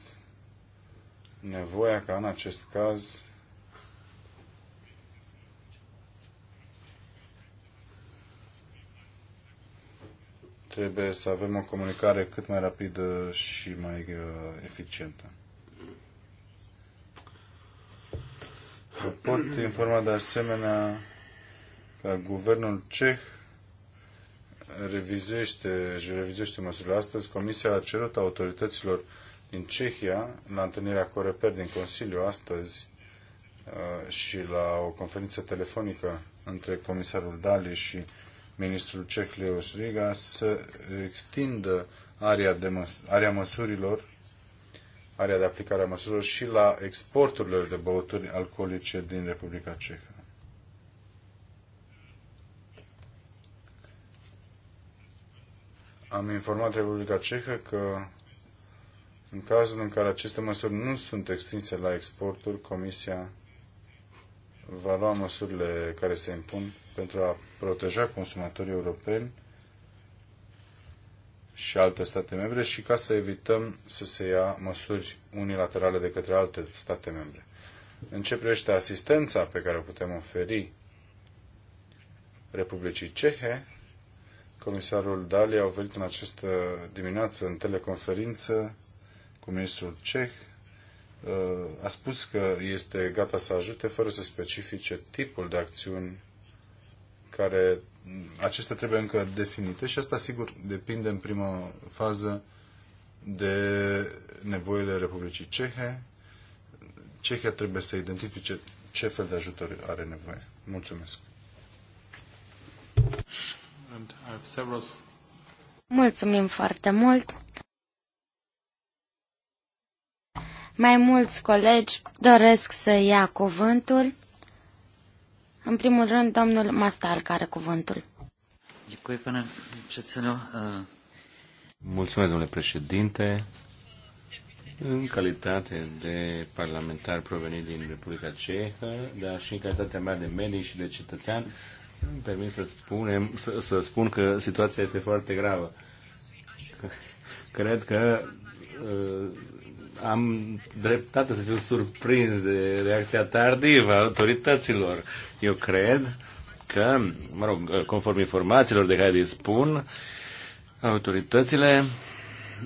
nevoia ca în acest caz trebuie să avem o comunicare cât mai rapidă și mai uh, eficientă. Pot informa de asemenea că guvernul ceh revizește își revizește măsurile. Astăzi Comisia a cerut autorităților din Cehia, la întâlnirea Coreper din Consiliu astăzi uh, și la o conferință telefonică între comisarul Dali și ministrul ceh Leo Riga, să extindă area, de măs- area măsurilor, area de aplicare a măsurilor și la exporturile de băuturi alcoolice din Republica Cehă. Am informat Republica Cehă că în cazul în care aceste măsuri nu sunt extinse la exporturi, Comisia va lua măsurile care se impun pentru a proteja consumatorii europeni și alte state membre și ca să evităm să se ia măsuri unilaterale de către alte state membre. În ce privește asistența pe care o putem oferi Republicii Cehe, comisarul Dali a oferit în această dimineață în teleconferință cu ministrul ceh, a spus că este gata să ajute fără să specifice tipul de acțiuni care acestea trebuie încă definite și asta sigur depinde în prima fază de nevoile Republicii Cehe. Cehia trebuie să identifice ce fel de ajutor are nevoie. Mulțumesc. Mulțumim foarte mult. Mai mulți colegi doresc să ia cuvântul. În primul rând, domnul Mastal, care cuvântul. Mulțumesc, domnule președinte. În calitate de parlamentar provenit din Republica Cehă, dar și în calitatea mea de medic și de cetățean, îmi permit să, spunem, să, să spun că situația este foarte gravă. Cred că uh, am dreptate să fiu surprins de reacția tardivă a autorităților. Eu cred că, mă rog, conform informațiilor de care dispun, autoritățile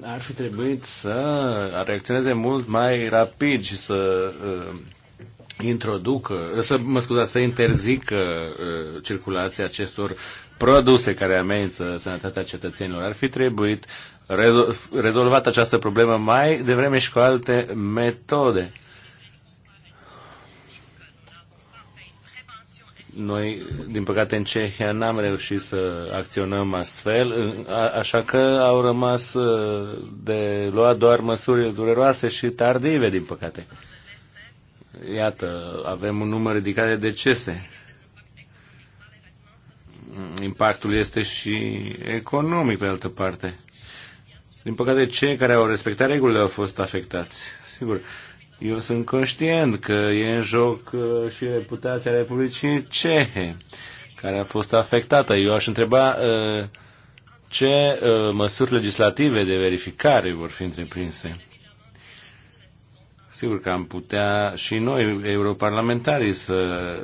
ar fi trebuit să reacționeze mult mai rapid și să uh, introducă, să, mă scuzați, să interzică uh, circulația acestor produse care amenință sănătatea cetățenilor. Ar fi trebuit rezolvat această problemă mai devreme și cu alte metode. Noi, din păcate, în Cehia n-am reușit să acționăm astfel, așa că au rămas uh, de luat doar măsuri dureroase și tardive, din păcate. Iată, avem un număr ridicat de decese impactul este și economic, pe altă parte. Din păcate, cei care au respectat regulile au fost afectați. Sigur, eu sunt conștient că e în joc uh, și reputația Republicii Cehe, care a fost afectată. Eu aș întreba uh, ce uh, măsuri legislative de verificare vor fi întreprinse. Sigur că am putea și noi, europarlamentarii, să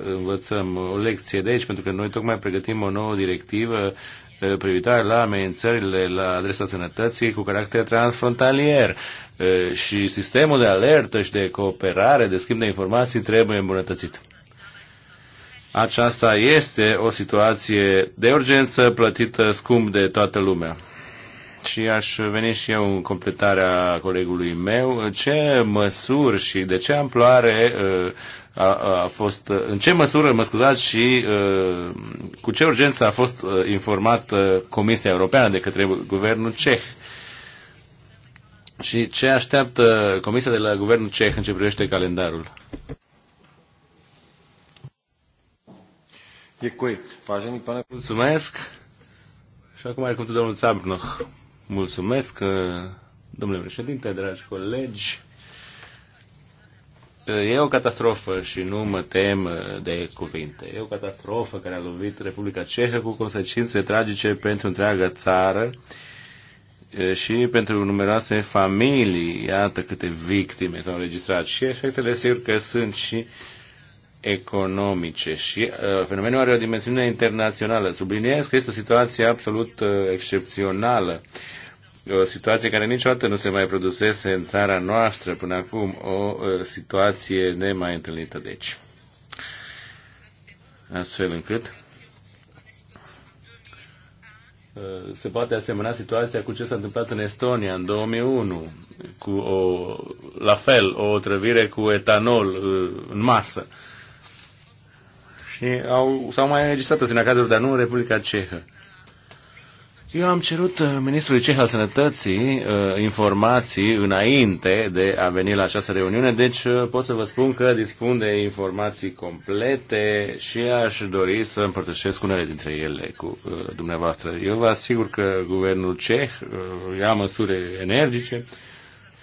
învățăm o lecție de aici, pentru că noi tocmai pregătim o nouă directivă Uh, privitoare la amenințările la adresa sănătății cu caracter transfrontalier uh, și sistemul de alertă și de cooperare, de schimb de informații trebuie îmbunătățit. Aceasta este o situație de urgență plătită scump de toată lumea și aș veni și eu în completarea colegului meu. Ce măsuri și de ce amploare uh, a, a fost, în ce măsură, mă scuzați, și uh, cu ce urgență a fost uh, informată Comisia Europeană de către guvernul ceh? Și ce așteaptă Comisia de la Guvernul Ceh în ce privește calendarul? Mulțumesc. Și acum are cuvântul domnul Țabrnoch. Mulțumesc, uh, domnule președinte, dragi colegi. Uh, e o catastrofă și nu mă tem uh, de cuvinte. E o catastrofă care a lovit Republica Cehă cu consecințe tragice pentru întreaga țară și pentru numeroase familii. Iată câte victime s-au înregistrat și efectele sigur că sunt și economice și uh, fenomenul are o dimensiune internațională. Subliniez că este o situație absolut uh, excepțională. Uh, o situație care niciodată nu se mai produsese în țara noastră până acum, o situație nemai întâlnită deci. Astfel încât se poate asemăna situația cu ce s-a întâmplat în Estonia în 2001, cu o, la fel, o otrăvire cu etanol în masă. Și au, s-au mai înregistrat asemenea cazuri, dar nu în Republica Cehă. Eu am cerut uh, ministrului ceh al sănătății uh, informații înainte de a veni la această reuniune, deci uh, pot să vă spun că dispun de informații complete și aș dori să împărtășesc unele dintre ele cu uh, dumneavoastră. Eu vă asigur că guvernul ceh uh, ia măsuri energice.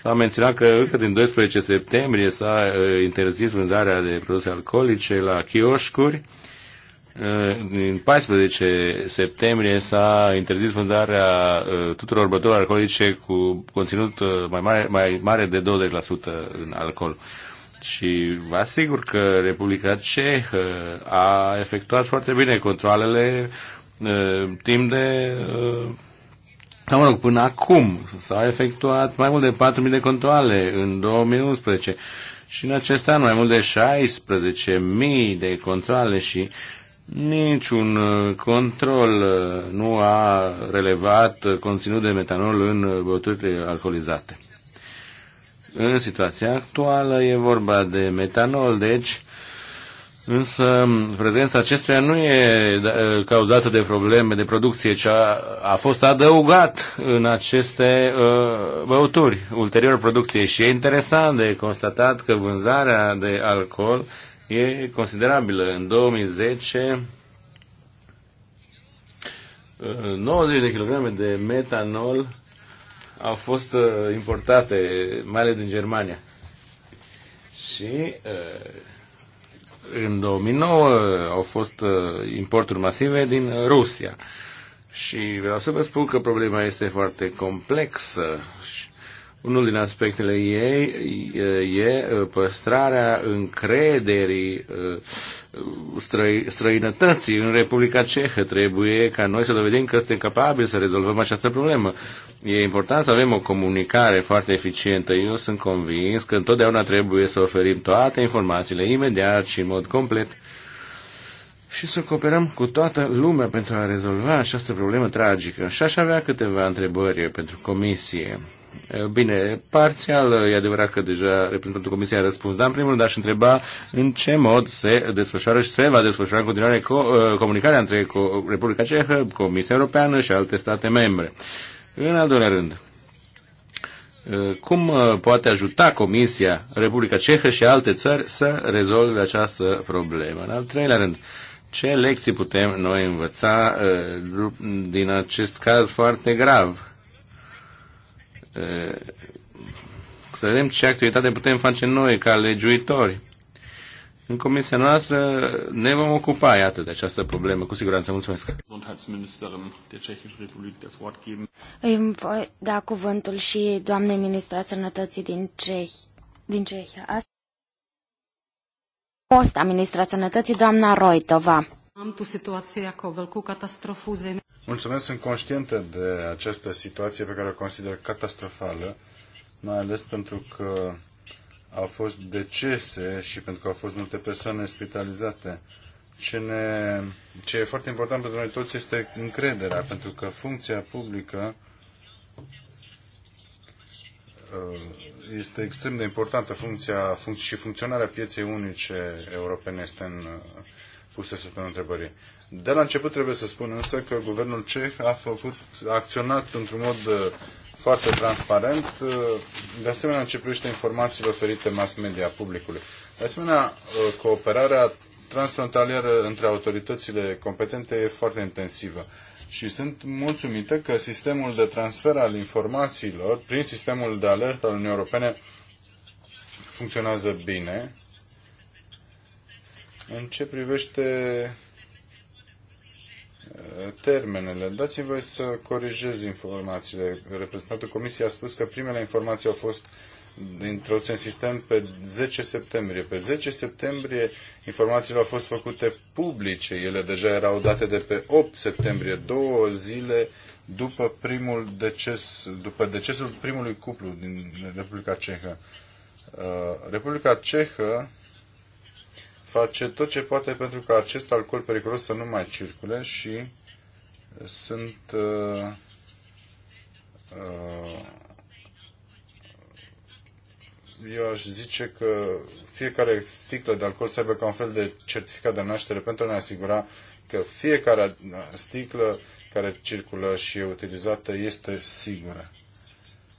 S-a menționat că încă din 12 septembrie s-a uh, interzis vânzarea de produse alcoolice la chioșcuri. Uh, în 14 septembrie s-a interzis fundarea uh, tuturor băuturilor alcoolice cu conținut uh, mai mare, mai mare de 20% în alcool. Și vă asigur că Republica Cehă a efectuat foarte bine controlele uh, timp de da, mă rog, până acum s-au efectuat mai mult de 4.000 de controle în 2011 și în acest an mai mult de 16.000 de controle și Niciun uh, control uh, nu a relevat uh, conținut de metanol în băuturile alcoolizate. În situația actuală e vorba de metanol, deci Însă prezența acestuia nu e da, cauzată de probleme de producție, ci a, a fost adăugat în aceste uh, băuturi ulterior producției și e interesant de constatat că vânzarea de alcool e considerabilă. În 2010, 90 uh, de kilograme de metanol au fost uh, importate, mai ales din Germania. Și uh, în 2009 au fost importuri masive din Rusia. Și vreau să vă spun că problema este foarte complexă unul din aspectele ei e păstrarea încrederii străinătății în Republica Cehă. Trebuie ca noi să dovedim că suntem capabili să rezolvăm această problemă. E important să avem o comunicare foarte eficientă. Eu sunt convins că întotdeauna trebuie să oferim toate informațiile imediat și în mod complet și să cooperăm cu toată lumea pentru a rezolva această problemă tragică. Și aș avea câteva întrebări pentru comisie. Eh, bine, parțial eh, e adevărat că deja reprezentantul Comisiei a răspuns, dar în primul rând aș întreba în ce mod se desfășoară și se va desfășura în continuare co- eh, comunicarea între Republica Cehă, Comisia Europeană și alte state membre. În al doilea rând, cum poate ajuta Comisia Republica Cehă și alte țări să rezolve această problemă? În al treilea rând, ce lecții putem noi învăța din acest caz foarte grav? să vedem ce activitate putem face noi ca legiuitori. În comisia noastră ne vom ocupa, iată, de această problemă, cu siguranță. Mulțumesc. Îi voi da cuvântul și doamnei ministra sănătății din, Cehi, din Cehia. Posta ministra sănătății, doamna Roitova. Am tu situație ca o velcu catastrofu zemi. Mulțumesc, sunt conștientă de această situație pe care o consider catastrofală, mai ales pentru că au fost decese și pentru că au fost multe persoane spitalizate. Ce, ne, ce e foarte important pentru noi toți este încrederea, pentru că funcția publică uh, este extrem de importantă. Funcția func- și funcționarea pieței unice europene este în, uh, pusă sub întrebări. De la început trebuie să spun însă că guvernul ceh a făcut, a acționat într-un mod uh, foarte transparent, uh, de asemenea în ce privește informațiile oferite mass media publicului. De asemenea, uh, cooperarea transfrontalieră între autoritățile competente e foarte intensivă și sunt mulțumită că sistemul de transfer al informațiilor prin sistemul de alertă al Uniunii Europene funcționează bine. În ce privește termenele. Dați-mi voi să corijez informațiile. Reprezentantul Comisiei a spus că primele informații au fost introduse în sistem pe 10 septembrie. Pe 10 septembrie informațiile au fost făcute publice. Ele deja erau date de pe 8 septembrie, două zile după primul deces, după decesul primului cuplu din Republica Cehă. Uh, Republica Cehă face tot ce poate pentru ca acest alcool periculos să nu mai circule și sunt uh, uh, eu aș zice că fiecare sticlă de alcool să aibă ca un fel de certificat de naștere pentru a ne asigura că fiecare sticlă care circulă și e utilizată este sigură.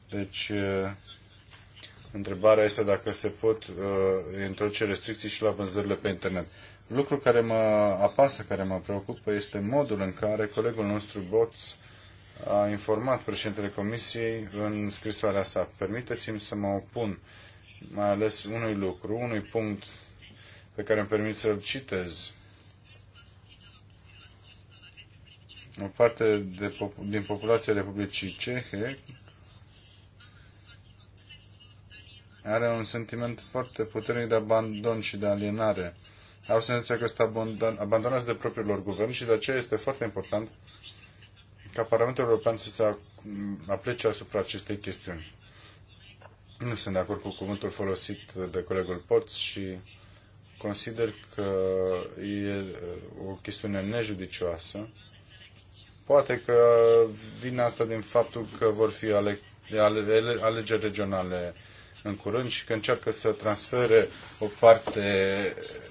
Deci, uh, Întrebarea este dacă se pot uh, introduce restricții și la vânzările pe internet. Lucrul care mă apasă, care mă preocupă, este modul în care colegul nostru Box a informat președintele Comisiei în scrisoarea sa. Permiteți-mi să mă opun mai ales unui lucru, unui punct pe care îmi permit să-l citez. O parte de, din populația Republicii Cehe Are un sentiment foarte puternic de abandon și de alienare. Au senzația că sunt abandonați de propriul lor guvern și de aceea este foarte important ca Parlamentul European să se aplece asupra acestei chestiuni. Nu sunt de acord cu cuvântul folosit de colegul Poț și consider că e uh, o chestiune nejudicioasă. Poate că vine asta din faptul că vor fi alegeri regionale în curând și că încearcă să transfere o parte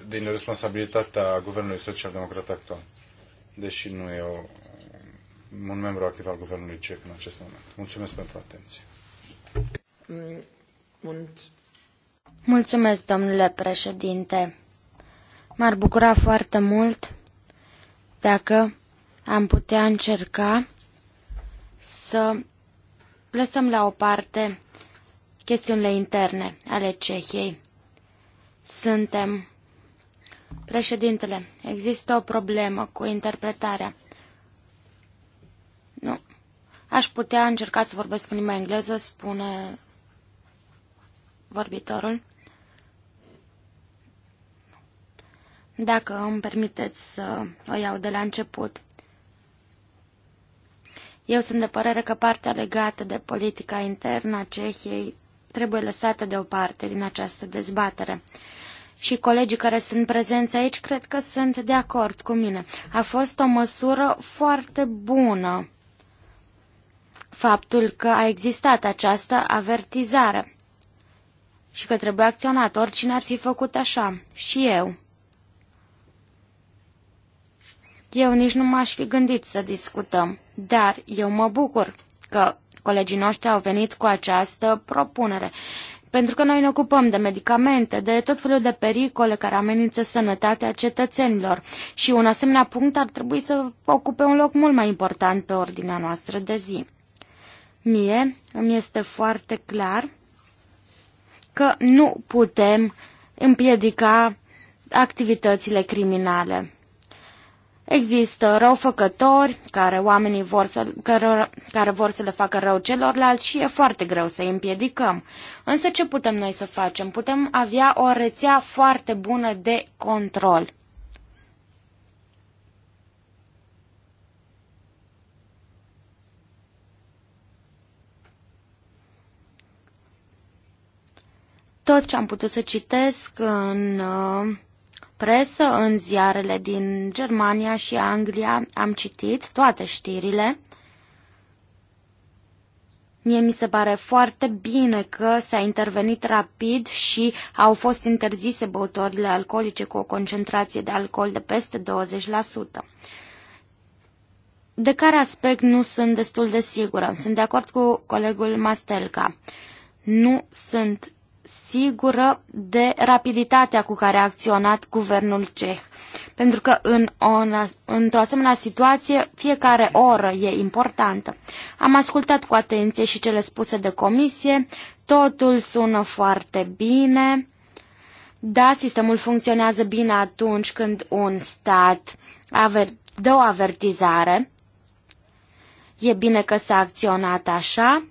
din responsabilitatea guvernului social-democrat actual, deși nu e o, un membru activ al guvernului cec în acest moment. Mulțumesc pentru atenție. Mulțumesc, domnule președinte. M-ar bucura foarte mult dacă am putea încerca să lăsăm la o parte chestiunile interne ale Cehiei. Suntem. Președintele, există o problemă cu interpretarea. Nu. Aș putea încerca să vorbesc în limba engleză, spune vorbitorul. Dacă îmi permiteți să o iau de la început. Eu sunt de părere că partea legată de politica internă a Cehiei trebuie lăsată deoparte din această dezbatere. Și colegii care sunt prezenți aici cred că sunt de acord cu mine. A fost o măsură foarte bună faptul că a existat această avertizare și că trebuie acționat oricine ar fi făcut așa, și eu. Eu nici nu m-aș fi gândit să discutăm, dar eu mă bucur că colegii noștri au venit cu această propunere. Pentru că noi ne ocupăm de medicamente, de tot felul de pericole care amenință sănătatea cetățenilor și un asemenea punct ar trebui să ocupe un loc mult mai important pe ordinea noastră de zi. Mie îmi este foarte clar că nu putem împiedica activitățile criminale. Există răufăcători care, oamenii vor să, care, care vor să le facă rău celorlalți și e foarte greu să îi împiedicăm. Însă ce putem noi să facem? Putem avea o rețea foarte bună de control. Tot ce am putut să citesc în uh, presă, în ziarele din Germania și Anglia, am citit toate știrile. Mie mi se pare foarte bine că s-a intervenit rapid și au fost interzise băutorile alcoolice cu o concentrație de alcool de peste 20%. De care aspect nu sunt destul de sigură. Sunt de acord cu colegul Mastelca. Nu sunt sigură de rapiditatea cu care a acționat guvernul ceh. Pentru că în o, într-o asemenea situație, fiecare oră e importantă. Am ascultat cu atenție și cele spuse de comisie, totul sună foarte bine. Da, sistemul funcționează bine atunci când un stat aver, dă o avertizare. E bine că s-a acționat așa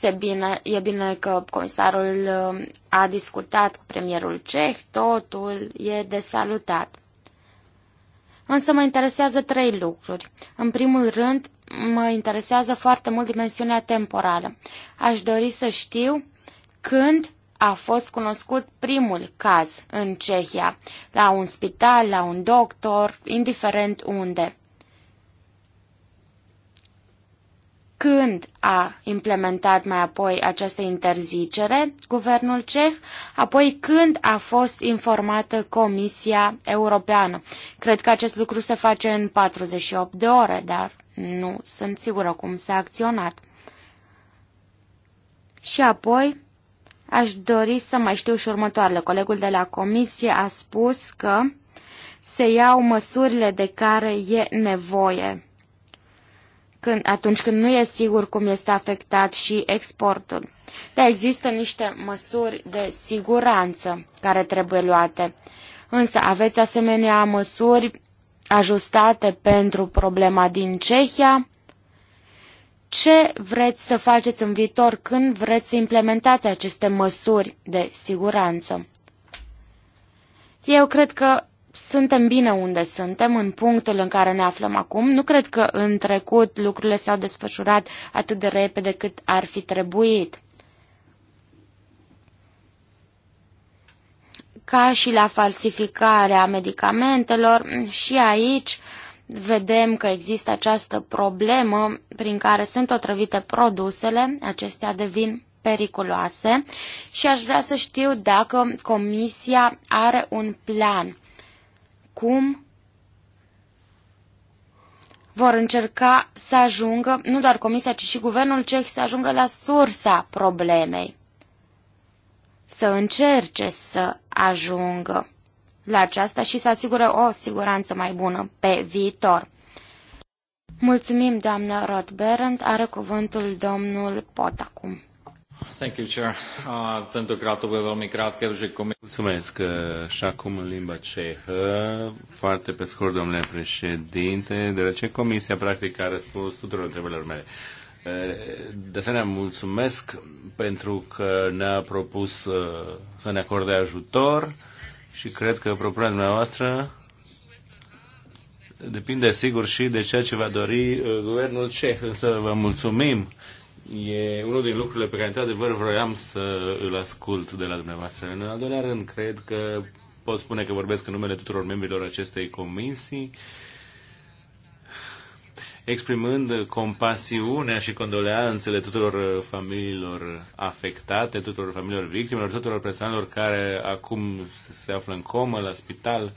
se bine, e bine că comisarul uh, a discutat cu premierul ceh, totul e de salutat. Însă mă interesează trei lucruri. În primul rând, mă interesează foarte mult dimensiunea temporală. Aș dori să știu când a fost cunoscut primul caz în Cehia, la un spital, la un doctor, indiferent unde. când a implementat mai apoi această interzicere guvernul ceh, apoi când a fost informată Comisia Europeană. Cred că acest lucru se face în 48 de ore, dar nu sunt sigură cum s-a acționat. Și apoi aș dori să mai știu și următoarele. Colegul de la Comisie a spus că se iau măsurile de care e nevoie când, atunci când nu e sigur cum este afectat și exportul. Dar există niște măsuri de siguranță care trebuie luate. Însă aveți asemenea măsuri ajustate pentru problema din Cehia? Ce vreți să faceți în viitor când vreți să implementați aceste măsuri de siguranță? Eu cred că suntem bine unde suntem, în punctul în care ne aflăm acum. Nu cred că în trecut lucrurile s-au desfășurat atât de repede cât ar fi trebuit. Ca și la falsificarea medicamentelor, și aici vedem că există această problemă prin care sunt otrăvite produsele, acestea devin periculoase și aș vrea să știu dacă Comisia are un plan acum vor încerca să ajungă, nu doar Comisia, ci și Guvernul Ceh, să ajungă la sursa problemei. Să încerce să ajungă la aceasta și să asigure o siguranță mai bună pe viitor. Mulțumim, doamnă Berend. Are cuvântul domnul Pot acum. Thank you, Chair. Uh, bude velmi krátké, protože Mulțumesc. Uh, și acum în limba cehă, foarte pe scurt, domnule președinte, deoarece comisia practic a răspuns tuturor întrebărilor mele. Uh, de asemenea, mulțumesc pentru că ne-a propus să ne acorde ajutor și cred că propunerea dumneavoastră depinde sigur și de ceea ce va dori guvernul ceh. Însă vă mulțumim e unul din lucrurile pe care, într-adevăr, vroiam să îl ascult de la dumneavoastră. În al doilea rând, cred că pot spune că vorbesc în numele tuturor membrilor acestei comisii, exprimând compasiunea și condoleanțele tuturor familiilor afectate, tuturor familiilor victimelor, tuturor persoanelor care acum se află în comă, la spital,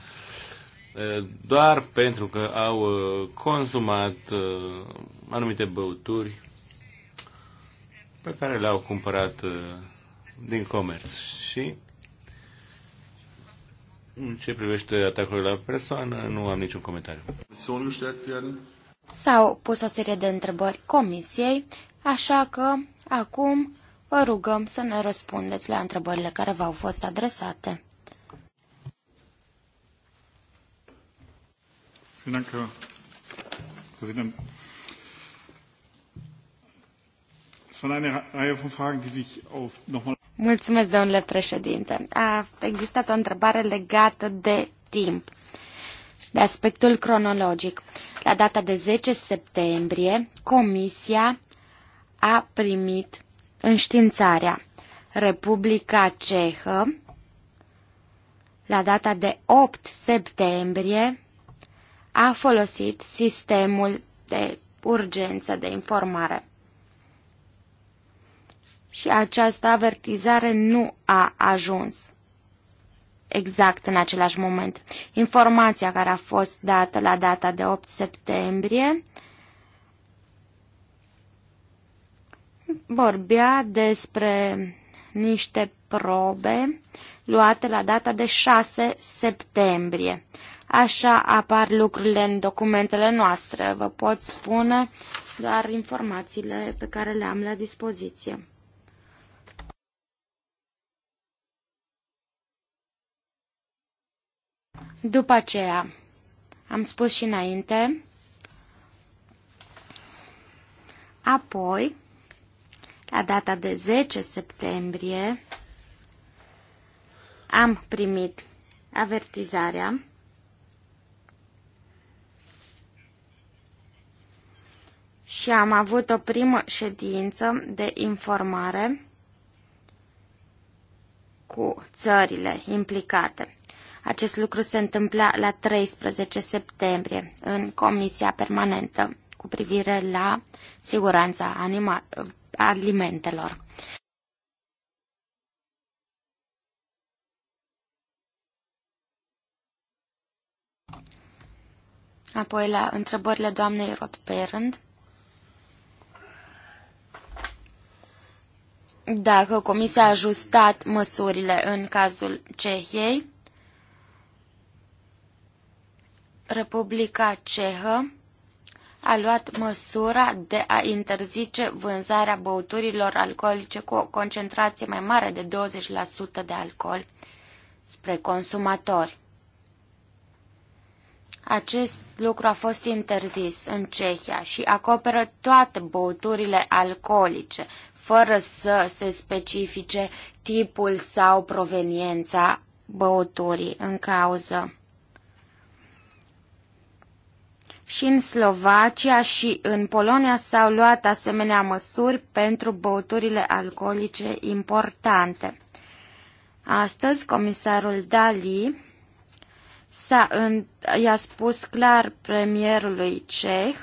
doar pentru că au consumat uh, anumite băuturi pe care le-au cumpărat uh, din comerț. Și în ce privește atacurile la persoană, nu am niciun comentariu. S-au pus o serie de întrebări comisiei, așa că acum vă rugăm să ne răspundeți la întrebările care v-au fost adresate. Mulțumesc. Mulțumesc, domnule președinte. A existat o întrebare legată de timp, de aspectul cronologic. La data de 10 septembrie, Comisia a primit înștiințarea Republica Cehă. La data de 8 septembrie a folosit sistemul de urgență de informare și această avertizare nu a ajuns exact în același moment. Informația care a fost dată la data de 8 septembrie vorbea despre niște probe luate la data de 6 septembrie. Așa apar lucrurile în documentele noastre. Vă pot spune doar informațiile pe care le am la dispoziție. După aceea, am spus și înainte, apoi, la data de 10 septembrie, am primit avertizarea și am avut o primă ședință de informare cu țările implicate. Acest lucru se întâmpla la 13 septembrie în Comisia Permanentă cu privire la siguranța anima- alimentelor. Apoi la întrebările doamnei Rothberend. Dacă Comisia a ajustat măsurile în cazul Cehiei, Republica Cehă a luat măsura de a interzice vânzarea băuturilor alcoolice cu o concentrație mai mare de 20% de alcool spre consumatori. Acest lucru a fost interzis în Cehia și acoperă toate băuturile alcoolice, fără să se specifice tipul sau proveniența băuturii în cauză. Și în Slovacia și în Polonia s-au luat asemenea măsuri pentru băuturile alcoolice importante. Astăzi, comisarul Dali s-a, i-a spus clar premierului ceh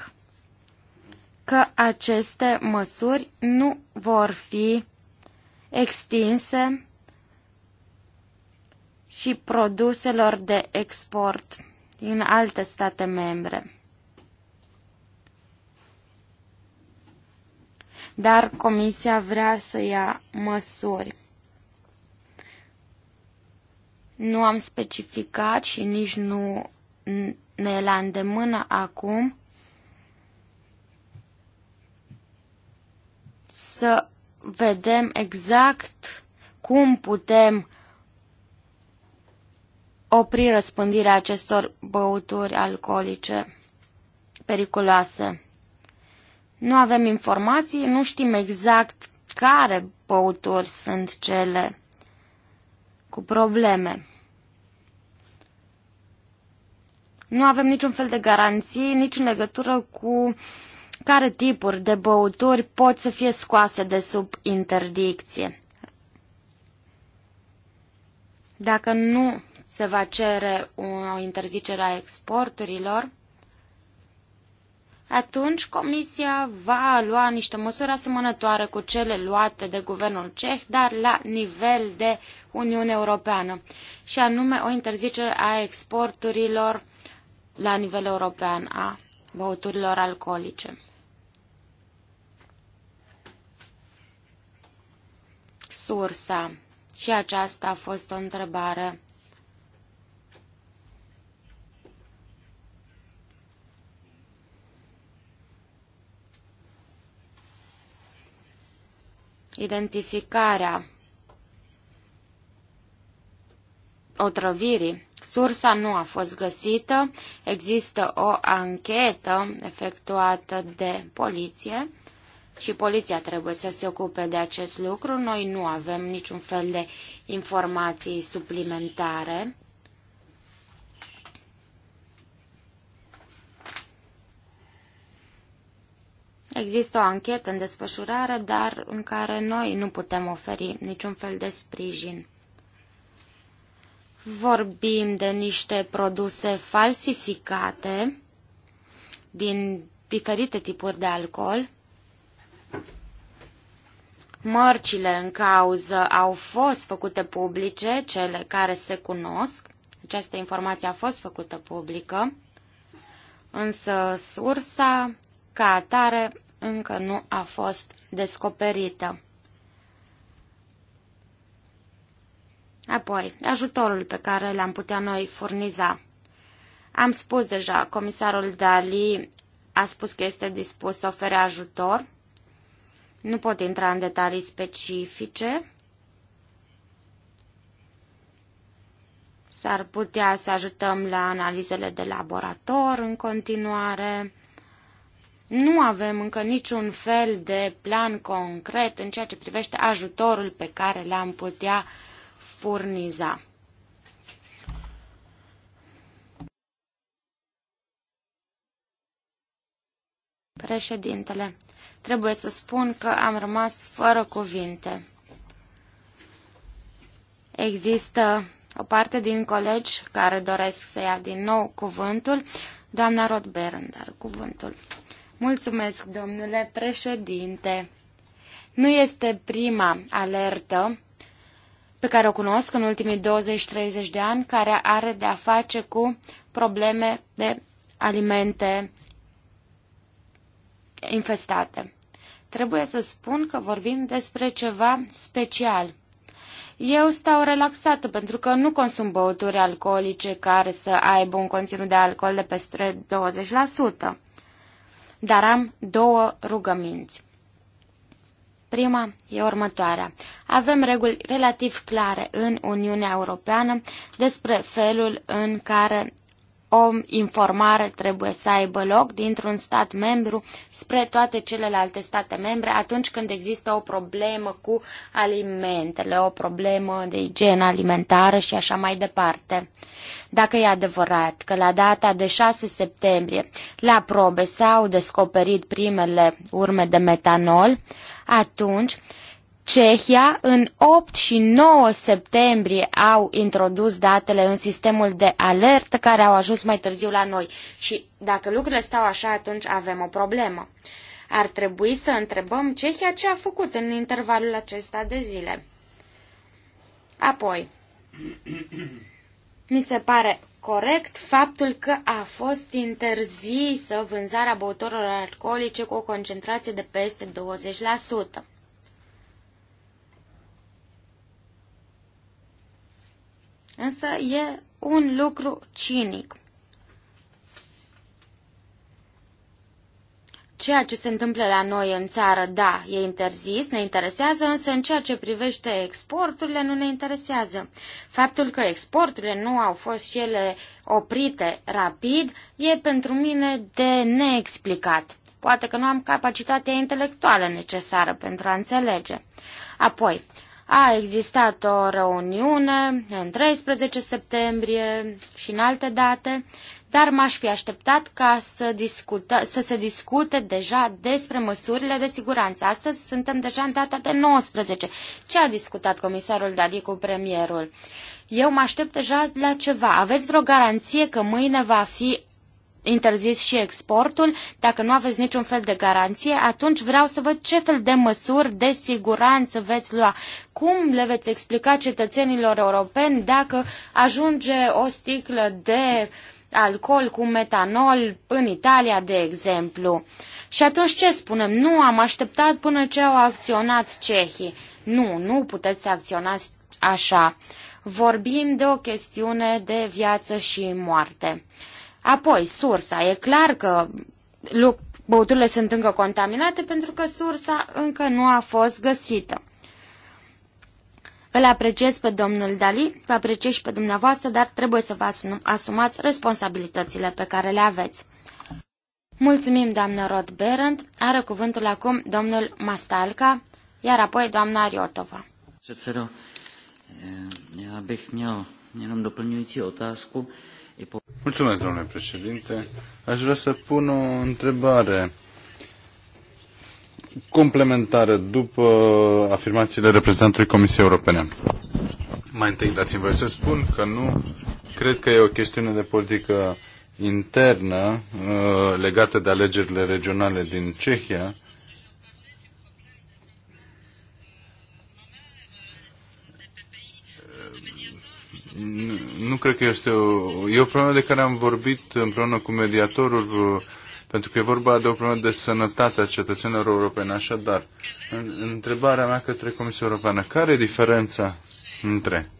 că aceste măsuri nu vor fi extinse și produselor de export din alte state membre. dar Comisia vrea să ia măsuri. Nu am specificat și nici nu ne la îndemână acum să vedem exact cum putem opri răspândirea acestor băuturi alcoolice periculoase. Nu avem informații, nu știm exact care băuturi sunt cele cu probleme. Nu avem niciun fel de garanții, nici în legătură cu care tipuri de băuturi pot să fie scoase de sub interdicție. Dacă nu se va cere o interzicere a exporturilor, atunci Comisia va lua niște măsuri asemănătoare cu cele luate de guvernul ceh, dar la nivel de Uniune Europeană, și anume o interzicere a exporturilor la nivel european a băuturilor alcoolice. Sursa. Și aceasta a fost o întrebare identificarea otrăvirii. Sursa nu a fost găsită, există o anchetă efectuată de poliție și poliția trebuie să se ocupe de acest lucru. Noi nu avem niciun fel de informații suplimentare. Există o anchetă în desfășurare, dar în care noi nu putem oferi niciun fel de sprijin. Vorbim de niște produse falsificate din diferite tipuri de alcool. Mărcile în cauză au fost făcute publice, cele care se cunosc. Această informație a fost făcută publică, însă sursa ca atare încă nu a fost descoperită. Apoi, ajutorul pe care l-am putea noi furniza. Am spus deja, comisarul Dali a spus că este dispus să ofere ajutor. Nu pot intra în detalii specifice. S-ar putea să ajutăm la analizele de laborator în continuare. Nu avem încă niciun fel de plan concret în ceea ce privește ajutorul pe care l-am putea furniza. Președintele, trebuie să spun că am rămas fără cuvinte. Există o parte din colegi care doresc să ia din nou cuvântul. Doamna Rodberend are cuvântul. Mulțumesc, domnule președinte. Nu este prima alertă pe care o cunosc în ultimii 20-30 de ani, care are de a face cu probleme de alimente infestate. Trebuie să spun că vorbim despre ceva special. Eu stau relaxată pentru că nu consum băuturi alcoolice care să aibă un conținut de alcool de peste 20% dar am două rugăminți. Prima e următoarea. Avem reguli relativ clare în Uniunea Europeană despre felul în care o informare trebuie să aibă loc dintr-un stat membru spre toate celelalte state membre atunci când există o problemă cu alimentele, o problemă de igienă alimentară și așa mai departe. Dacă e adevărat că la data de 6 septembrie la probe s-au descoperit primele urme de metanol, atunci Cehia în 8 și 9 septembrie au introdus datele în sistemul de alertă care au ajuns mai târziu la noi și dacă lucrurile stau așa atunci avem o problemă. Ar trebui să întrebăm Cehia ce a făcut în intervalul acesta de zile. Apoi, mi se pare corect faptul că a fost interzisă vânzarea băuturilor alcoolice cu o concentrație de peste 20%. Însă e un lucru cinic ceea ce se întâmplă la noi în țară, da, e interzis, ne interesează, însă în ceea ce privește exporturile nu ne interesează. Faptul că exporturile nu au fost și ele oprite rapid e pentru mine de neexplicat. Poate că nu am capacitatea intelectuală necesară pentru a înțelege. Apoi, a existat o reuniune în 13 septembrie și în alte date dar m-aș fi așteptat ca să, discută, să se discute deja despre măsurile de siguranță. Astăzi suntem deja în data de 19. Ce a discutat comisarul Dadi cu premierul? Eu mă aștept deja la ceva. Aveți vreo garanție că mâine va fi interzis și exportul, dacă nu aveți niciun fel de garanție, atunci vreau să văd ce fel de măsuri de siguranță veți lua. Cum le veți explica cetățenilor europeni dacă ajunge o sticlă de uh, alcool cu metanol în Italia, de exemplu. Și atunci ce spunem? Nu, am așteptat până ce au acționat cehii. Nu, nu puteți să acționați așa. Vorbim de o chestiune de viață și moarte. Apoi, sursa. E clar că băuturile sunt încă contaminate pentru că sursa încă nu a fost găsită. Îl apreciez pe domnul Dali, vă apreciez și pe dumneavoastră, dar trebuie să vă asumați responsabilitățile pe care le aveți. Mulțumim, doamnă Rod Berend. Are cuvântul acum domnul Mastalca, iar apoi doamna Riotova. Předsedo, eh, já bych měl jenom doplňující otázku. Mulțumesc, domnule președinte. Aș vrea să pun o întrebare complementară după afirmațiile reprezentantului Comisiei Europene. Mai întâi dați-mi voi să spun că nu cred că e o chestiune de politică internă uh, legată de alegerile regionale din Cehia. Uh, nu, nu cred că este o, e o problemă de care am vorbit împreună cu mediatorul uh, pentru că e vorba de o problemă de sănătate a cetățenilor europeni. Așadar, întrebarea mea către Comisia Europeană, care e diferența între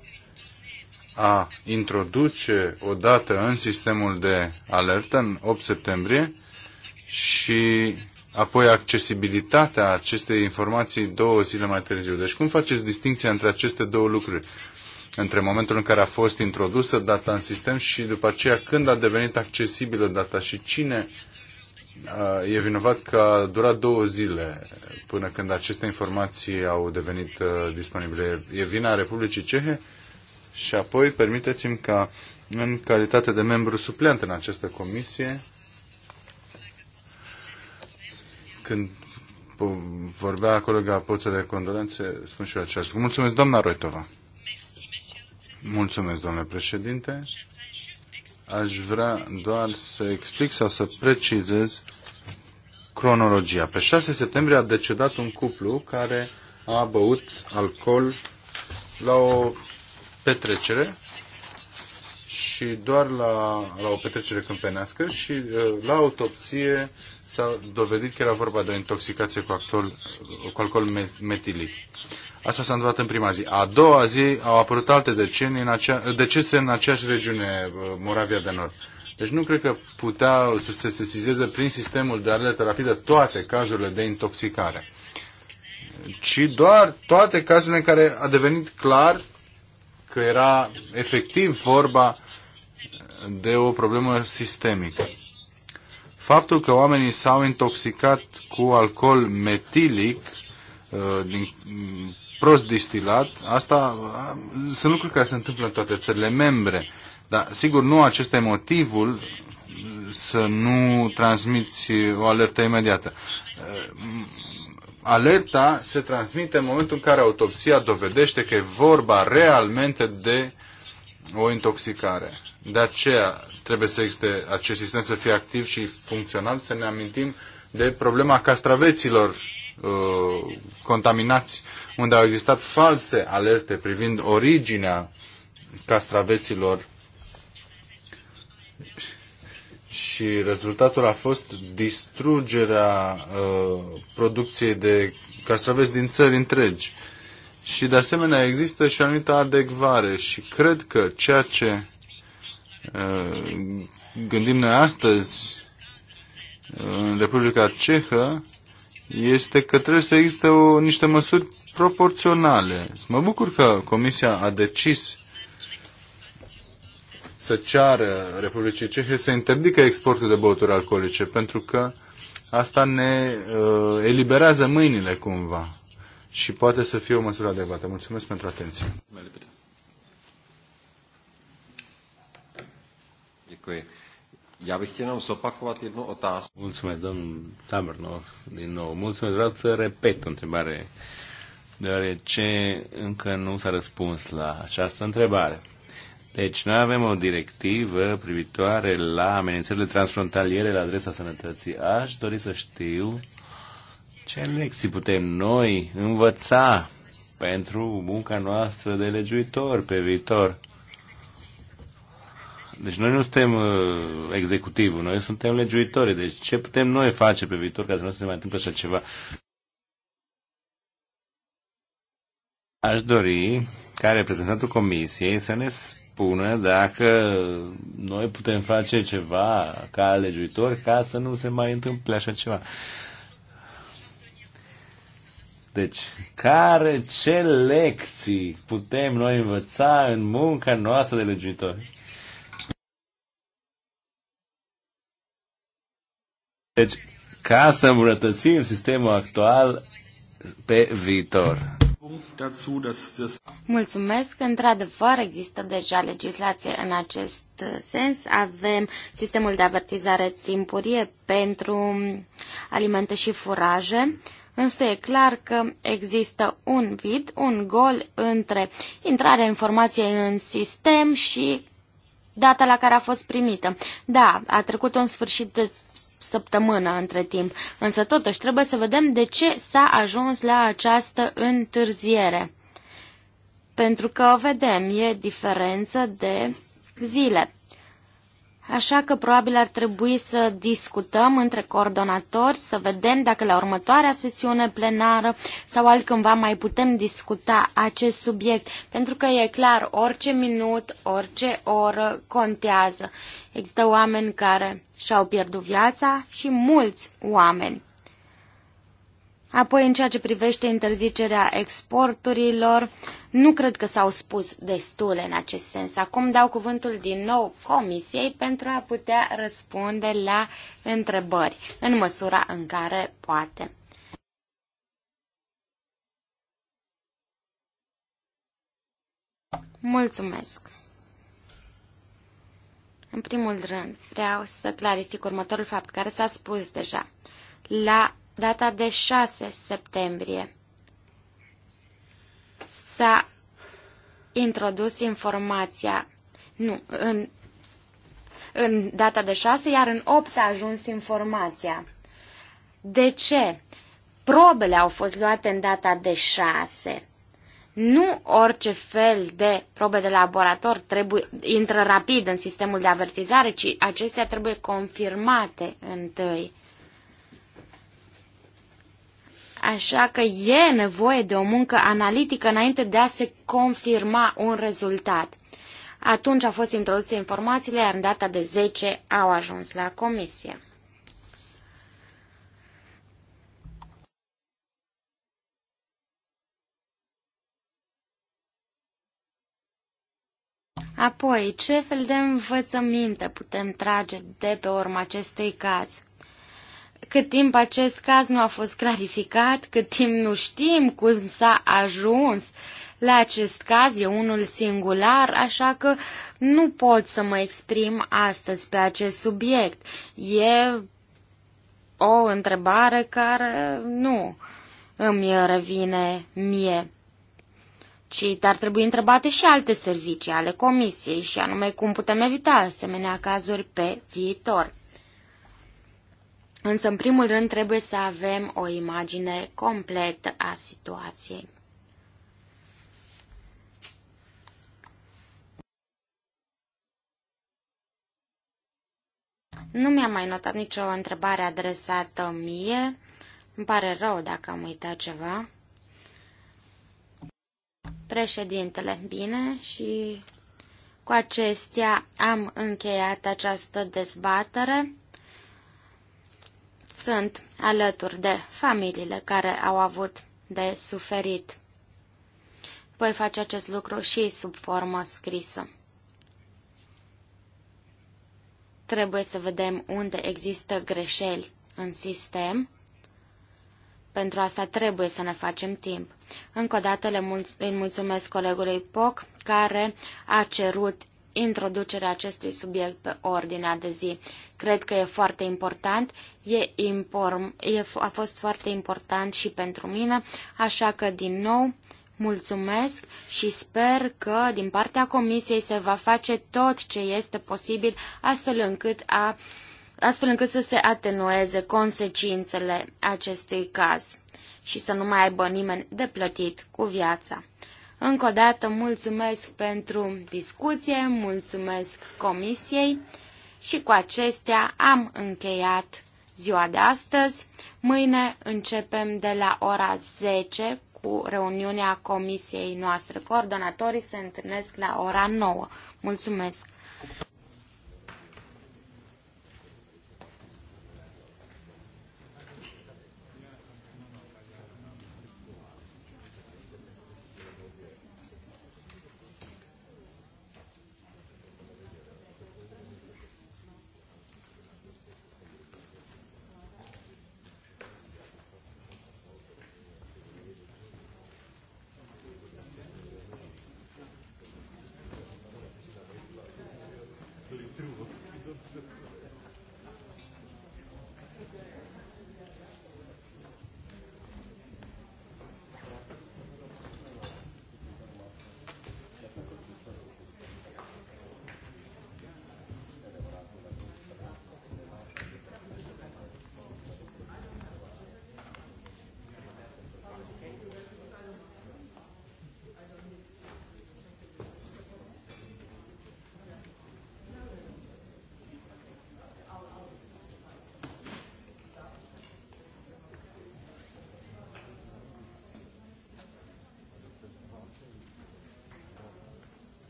a introduce o dată în sistemul de alertă în 8 septembrie și apoi accesibilitatea acestei informații două zile mai târziu. Deci cum faceți distinția între aceste două lucruri? Între momentul în care a fost introdusă data în sistem și după aceea când a devenit accesibilă data și cine Uh, e vinovat că a durat două zile până când aceste informații au devenit uh, disponibile. E vina Republicii Cehe și apoi permiteți-mi ca în calitate de membru supleant în această comisie, când vorbea colega Poță de condolențe, spun și eu același lucru. Mulțumesc, doamna Roitova. Mulțumesc, domnule președinte. Aș vrea doar să explic sau să precizez cronologia. Pe 6 septembrie a decedat un cuplu care a băut alcool la o petrecere și doar la, la o petrecere câmpenească și uh, la autopsie s-a dovedit că era vorba de o intoxicație cu, actol, cu alcool metilic. Asta s-a întâmplat în prima zi. A doua zi au apărut alte decenii în acea, decese în aceeași regiune, uh, Moravia de Nord. Deci nu cred că puteau să se sesizeze prin sistemul de alertă rapidă toate cazurile de intoxicare, ci doar toate cazurile în care a devenit clar că era efectiv vorba de o problemă sistemică. Faptul că oamenii s-au intoxicat cu alcool metilic uh, din prost distilat. Asta sunt lucruri care se întâmplă în toate țările membre. Dar, sigur, nu acesta e motivul să nu transmiți o alertă imediată. Alerta se transmite în momentul în care autopsia dovedește că e vorba realmente de o intoxicare. De aceea trebuie să existe acest sistem să fie activ și funcțional, să ne amintim de problema castraveților uh, contaminați unde au existat false alerte privind originea castraveților și rezultatul a fost distrugerea uh, producției de castraveți din țări întregi. Și de asemenea există și anumită adecvare și cred că ceea ce uh, gândim noi astăzi uh, în Republica Cehă este că trebuie să existe o, niște măsuri proporționale. Mă bucur că Comisia a decis să ceară Republicii Cehe să interdică exportul de băuturi alcoolice, pentru că asta ne uh, eliberează mâinile cumva și poate să fie o măsură adecvată. Mulțumesc pentru atenție. Děkuji. bych chtěl jenom zopakovat jednu otázku. Mulțumesc, domnul Tabernov, din nou. Mulțumesc, vreau să repet o întrebare deoarece încă nu s-a răspuns la această întrebare. Deci, noi avem o directivă privitoare la amenințările transfrontaliere la adresa sănătății. Aș dori să știu ce lecții putem noi învăța pentru munca noastră de legiuitor pe viitor. Deci noi nu suntem uh, executivul, noi suntem legiuitorii. Deci ce putem noi face pe viitor ca să nu se mai întâmple așa ceva? Aș dori ca reprezentantul Comisiei să ne spună dacă noi putem face ceva ca legiuitori ca să nu se mai întâmple așa ceva. Deci, care ce lecții putem noi învăța în munca noastră de legiuitori? Deci, ca să îmbunătățim sistemul actual pe viitor. Mulțumesc. Într-adevăr, există deja legislație în acest sens. Avem sistemul de avertizare timpurie pentru alimente și furaje, însă e clar că există un vid, un gol între intrarea informației în sistem și data la care a fost primită. Da, a trecut un sfârșit de săptămână între timp, însă totuși trebuie să vedem de ce s-a ajuns la această întârziere. Pentru că, vedem, e diferență de zile. Așa că probabil ar trebui să discutăm între coordonatori, să vedem dacă la următoarea sesiune plenară sau altcândva mai putem discuta acest subiect, pentru că e clar, orice minut, orice oră contează. Există oameni care și-au pierdut viața și mulți oameni. Apoi, în ceea ce privește interzicerea exporturilor, nu cred că s-au spus destule în acest sens. Acum dau cuvântul din nou Comisiei pentru a putea răspunde la întrebări, în măsura în care poate. Mulțumesc! În primul rând, vreau să clarific următorul fapt care s-a spus deja. La data de 6 septembrie. S-a introdus informația, nu, în, în data de 6, iar în 8 a ajuns informația. De ce? Probele au fost luate în data de 6. Nu orice fel de probe de laborator trebuie, intră rapid în sistemul de avertizare, ci acestea trebuie confirmate întâi. Așa că e nevoie de o muncă analitică înainte de a se confirma un rezultat. Atunci au fost introduse informațiile, iar în data de 10 au ajuns la comisie. Apoi, ce fel de învățăminte putem trage de pe urma acestui caz? cât timp acest caz nu a fost clarificat, cât timp nu știm cum s-a ajuns la acest caz, e unul singular, așa că nu pot să mă exprim astăzi pe acest subiect. E o întrebare care nu îmi revine mie ci ar trebui întrebate și alte servicii ale comisiei, și anume cum putem evita asemenea cazuri pe viitor. Însă, în primul rând, trebuie să avem o imagine completă a situației. Nu mi-am mai notat nicio întrebare adresată mie. Îmi pare rău dacă am uitat ceva. Președintele, bine și cu acestea am încheiat această dezbatere sunt alături de familiile care au avut de suferit. Voi face acest lucru și sub formă scrisă. Trebuie să vedem unde există greșeli în sistem. Pentru asta trebuie să ne facem timp. Încă o dată le mulț- îi mulțumesc colegului Poc, care a cerut introducerea acestui subiect pe ordinea de zi. Cred că e foarte important, e inform, e, a fost foarte important și pentru mine, așa că din nou mulțumesc și sper că din partea Comisiei se va face tot ce este posibil astfel încât, a, astfel încât să se atenueze consecințele acestui caz și să nu mai aibă nimeni de plătit cu viața. Încă o dată mulțumesc pentru discuție, mulțumesc comisiei și cu acestea am încheiat ziua de astăzi. Mâine începem de la ora 10 cu reuniunea comisiei noastre. Coordonatorii se întâlnesc la ora 9. Mulțumesc!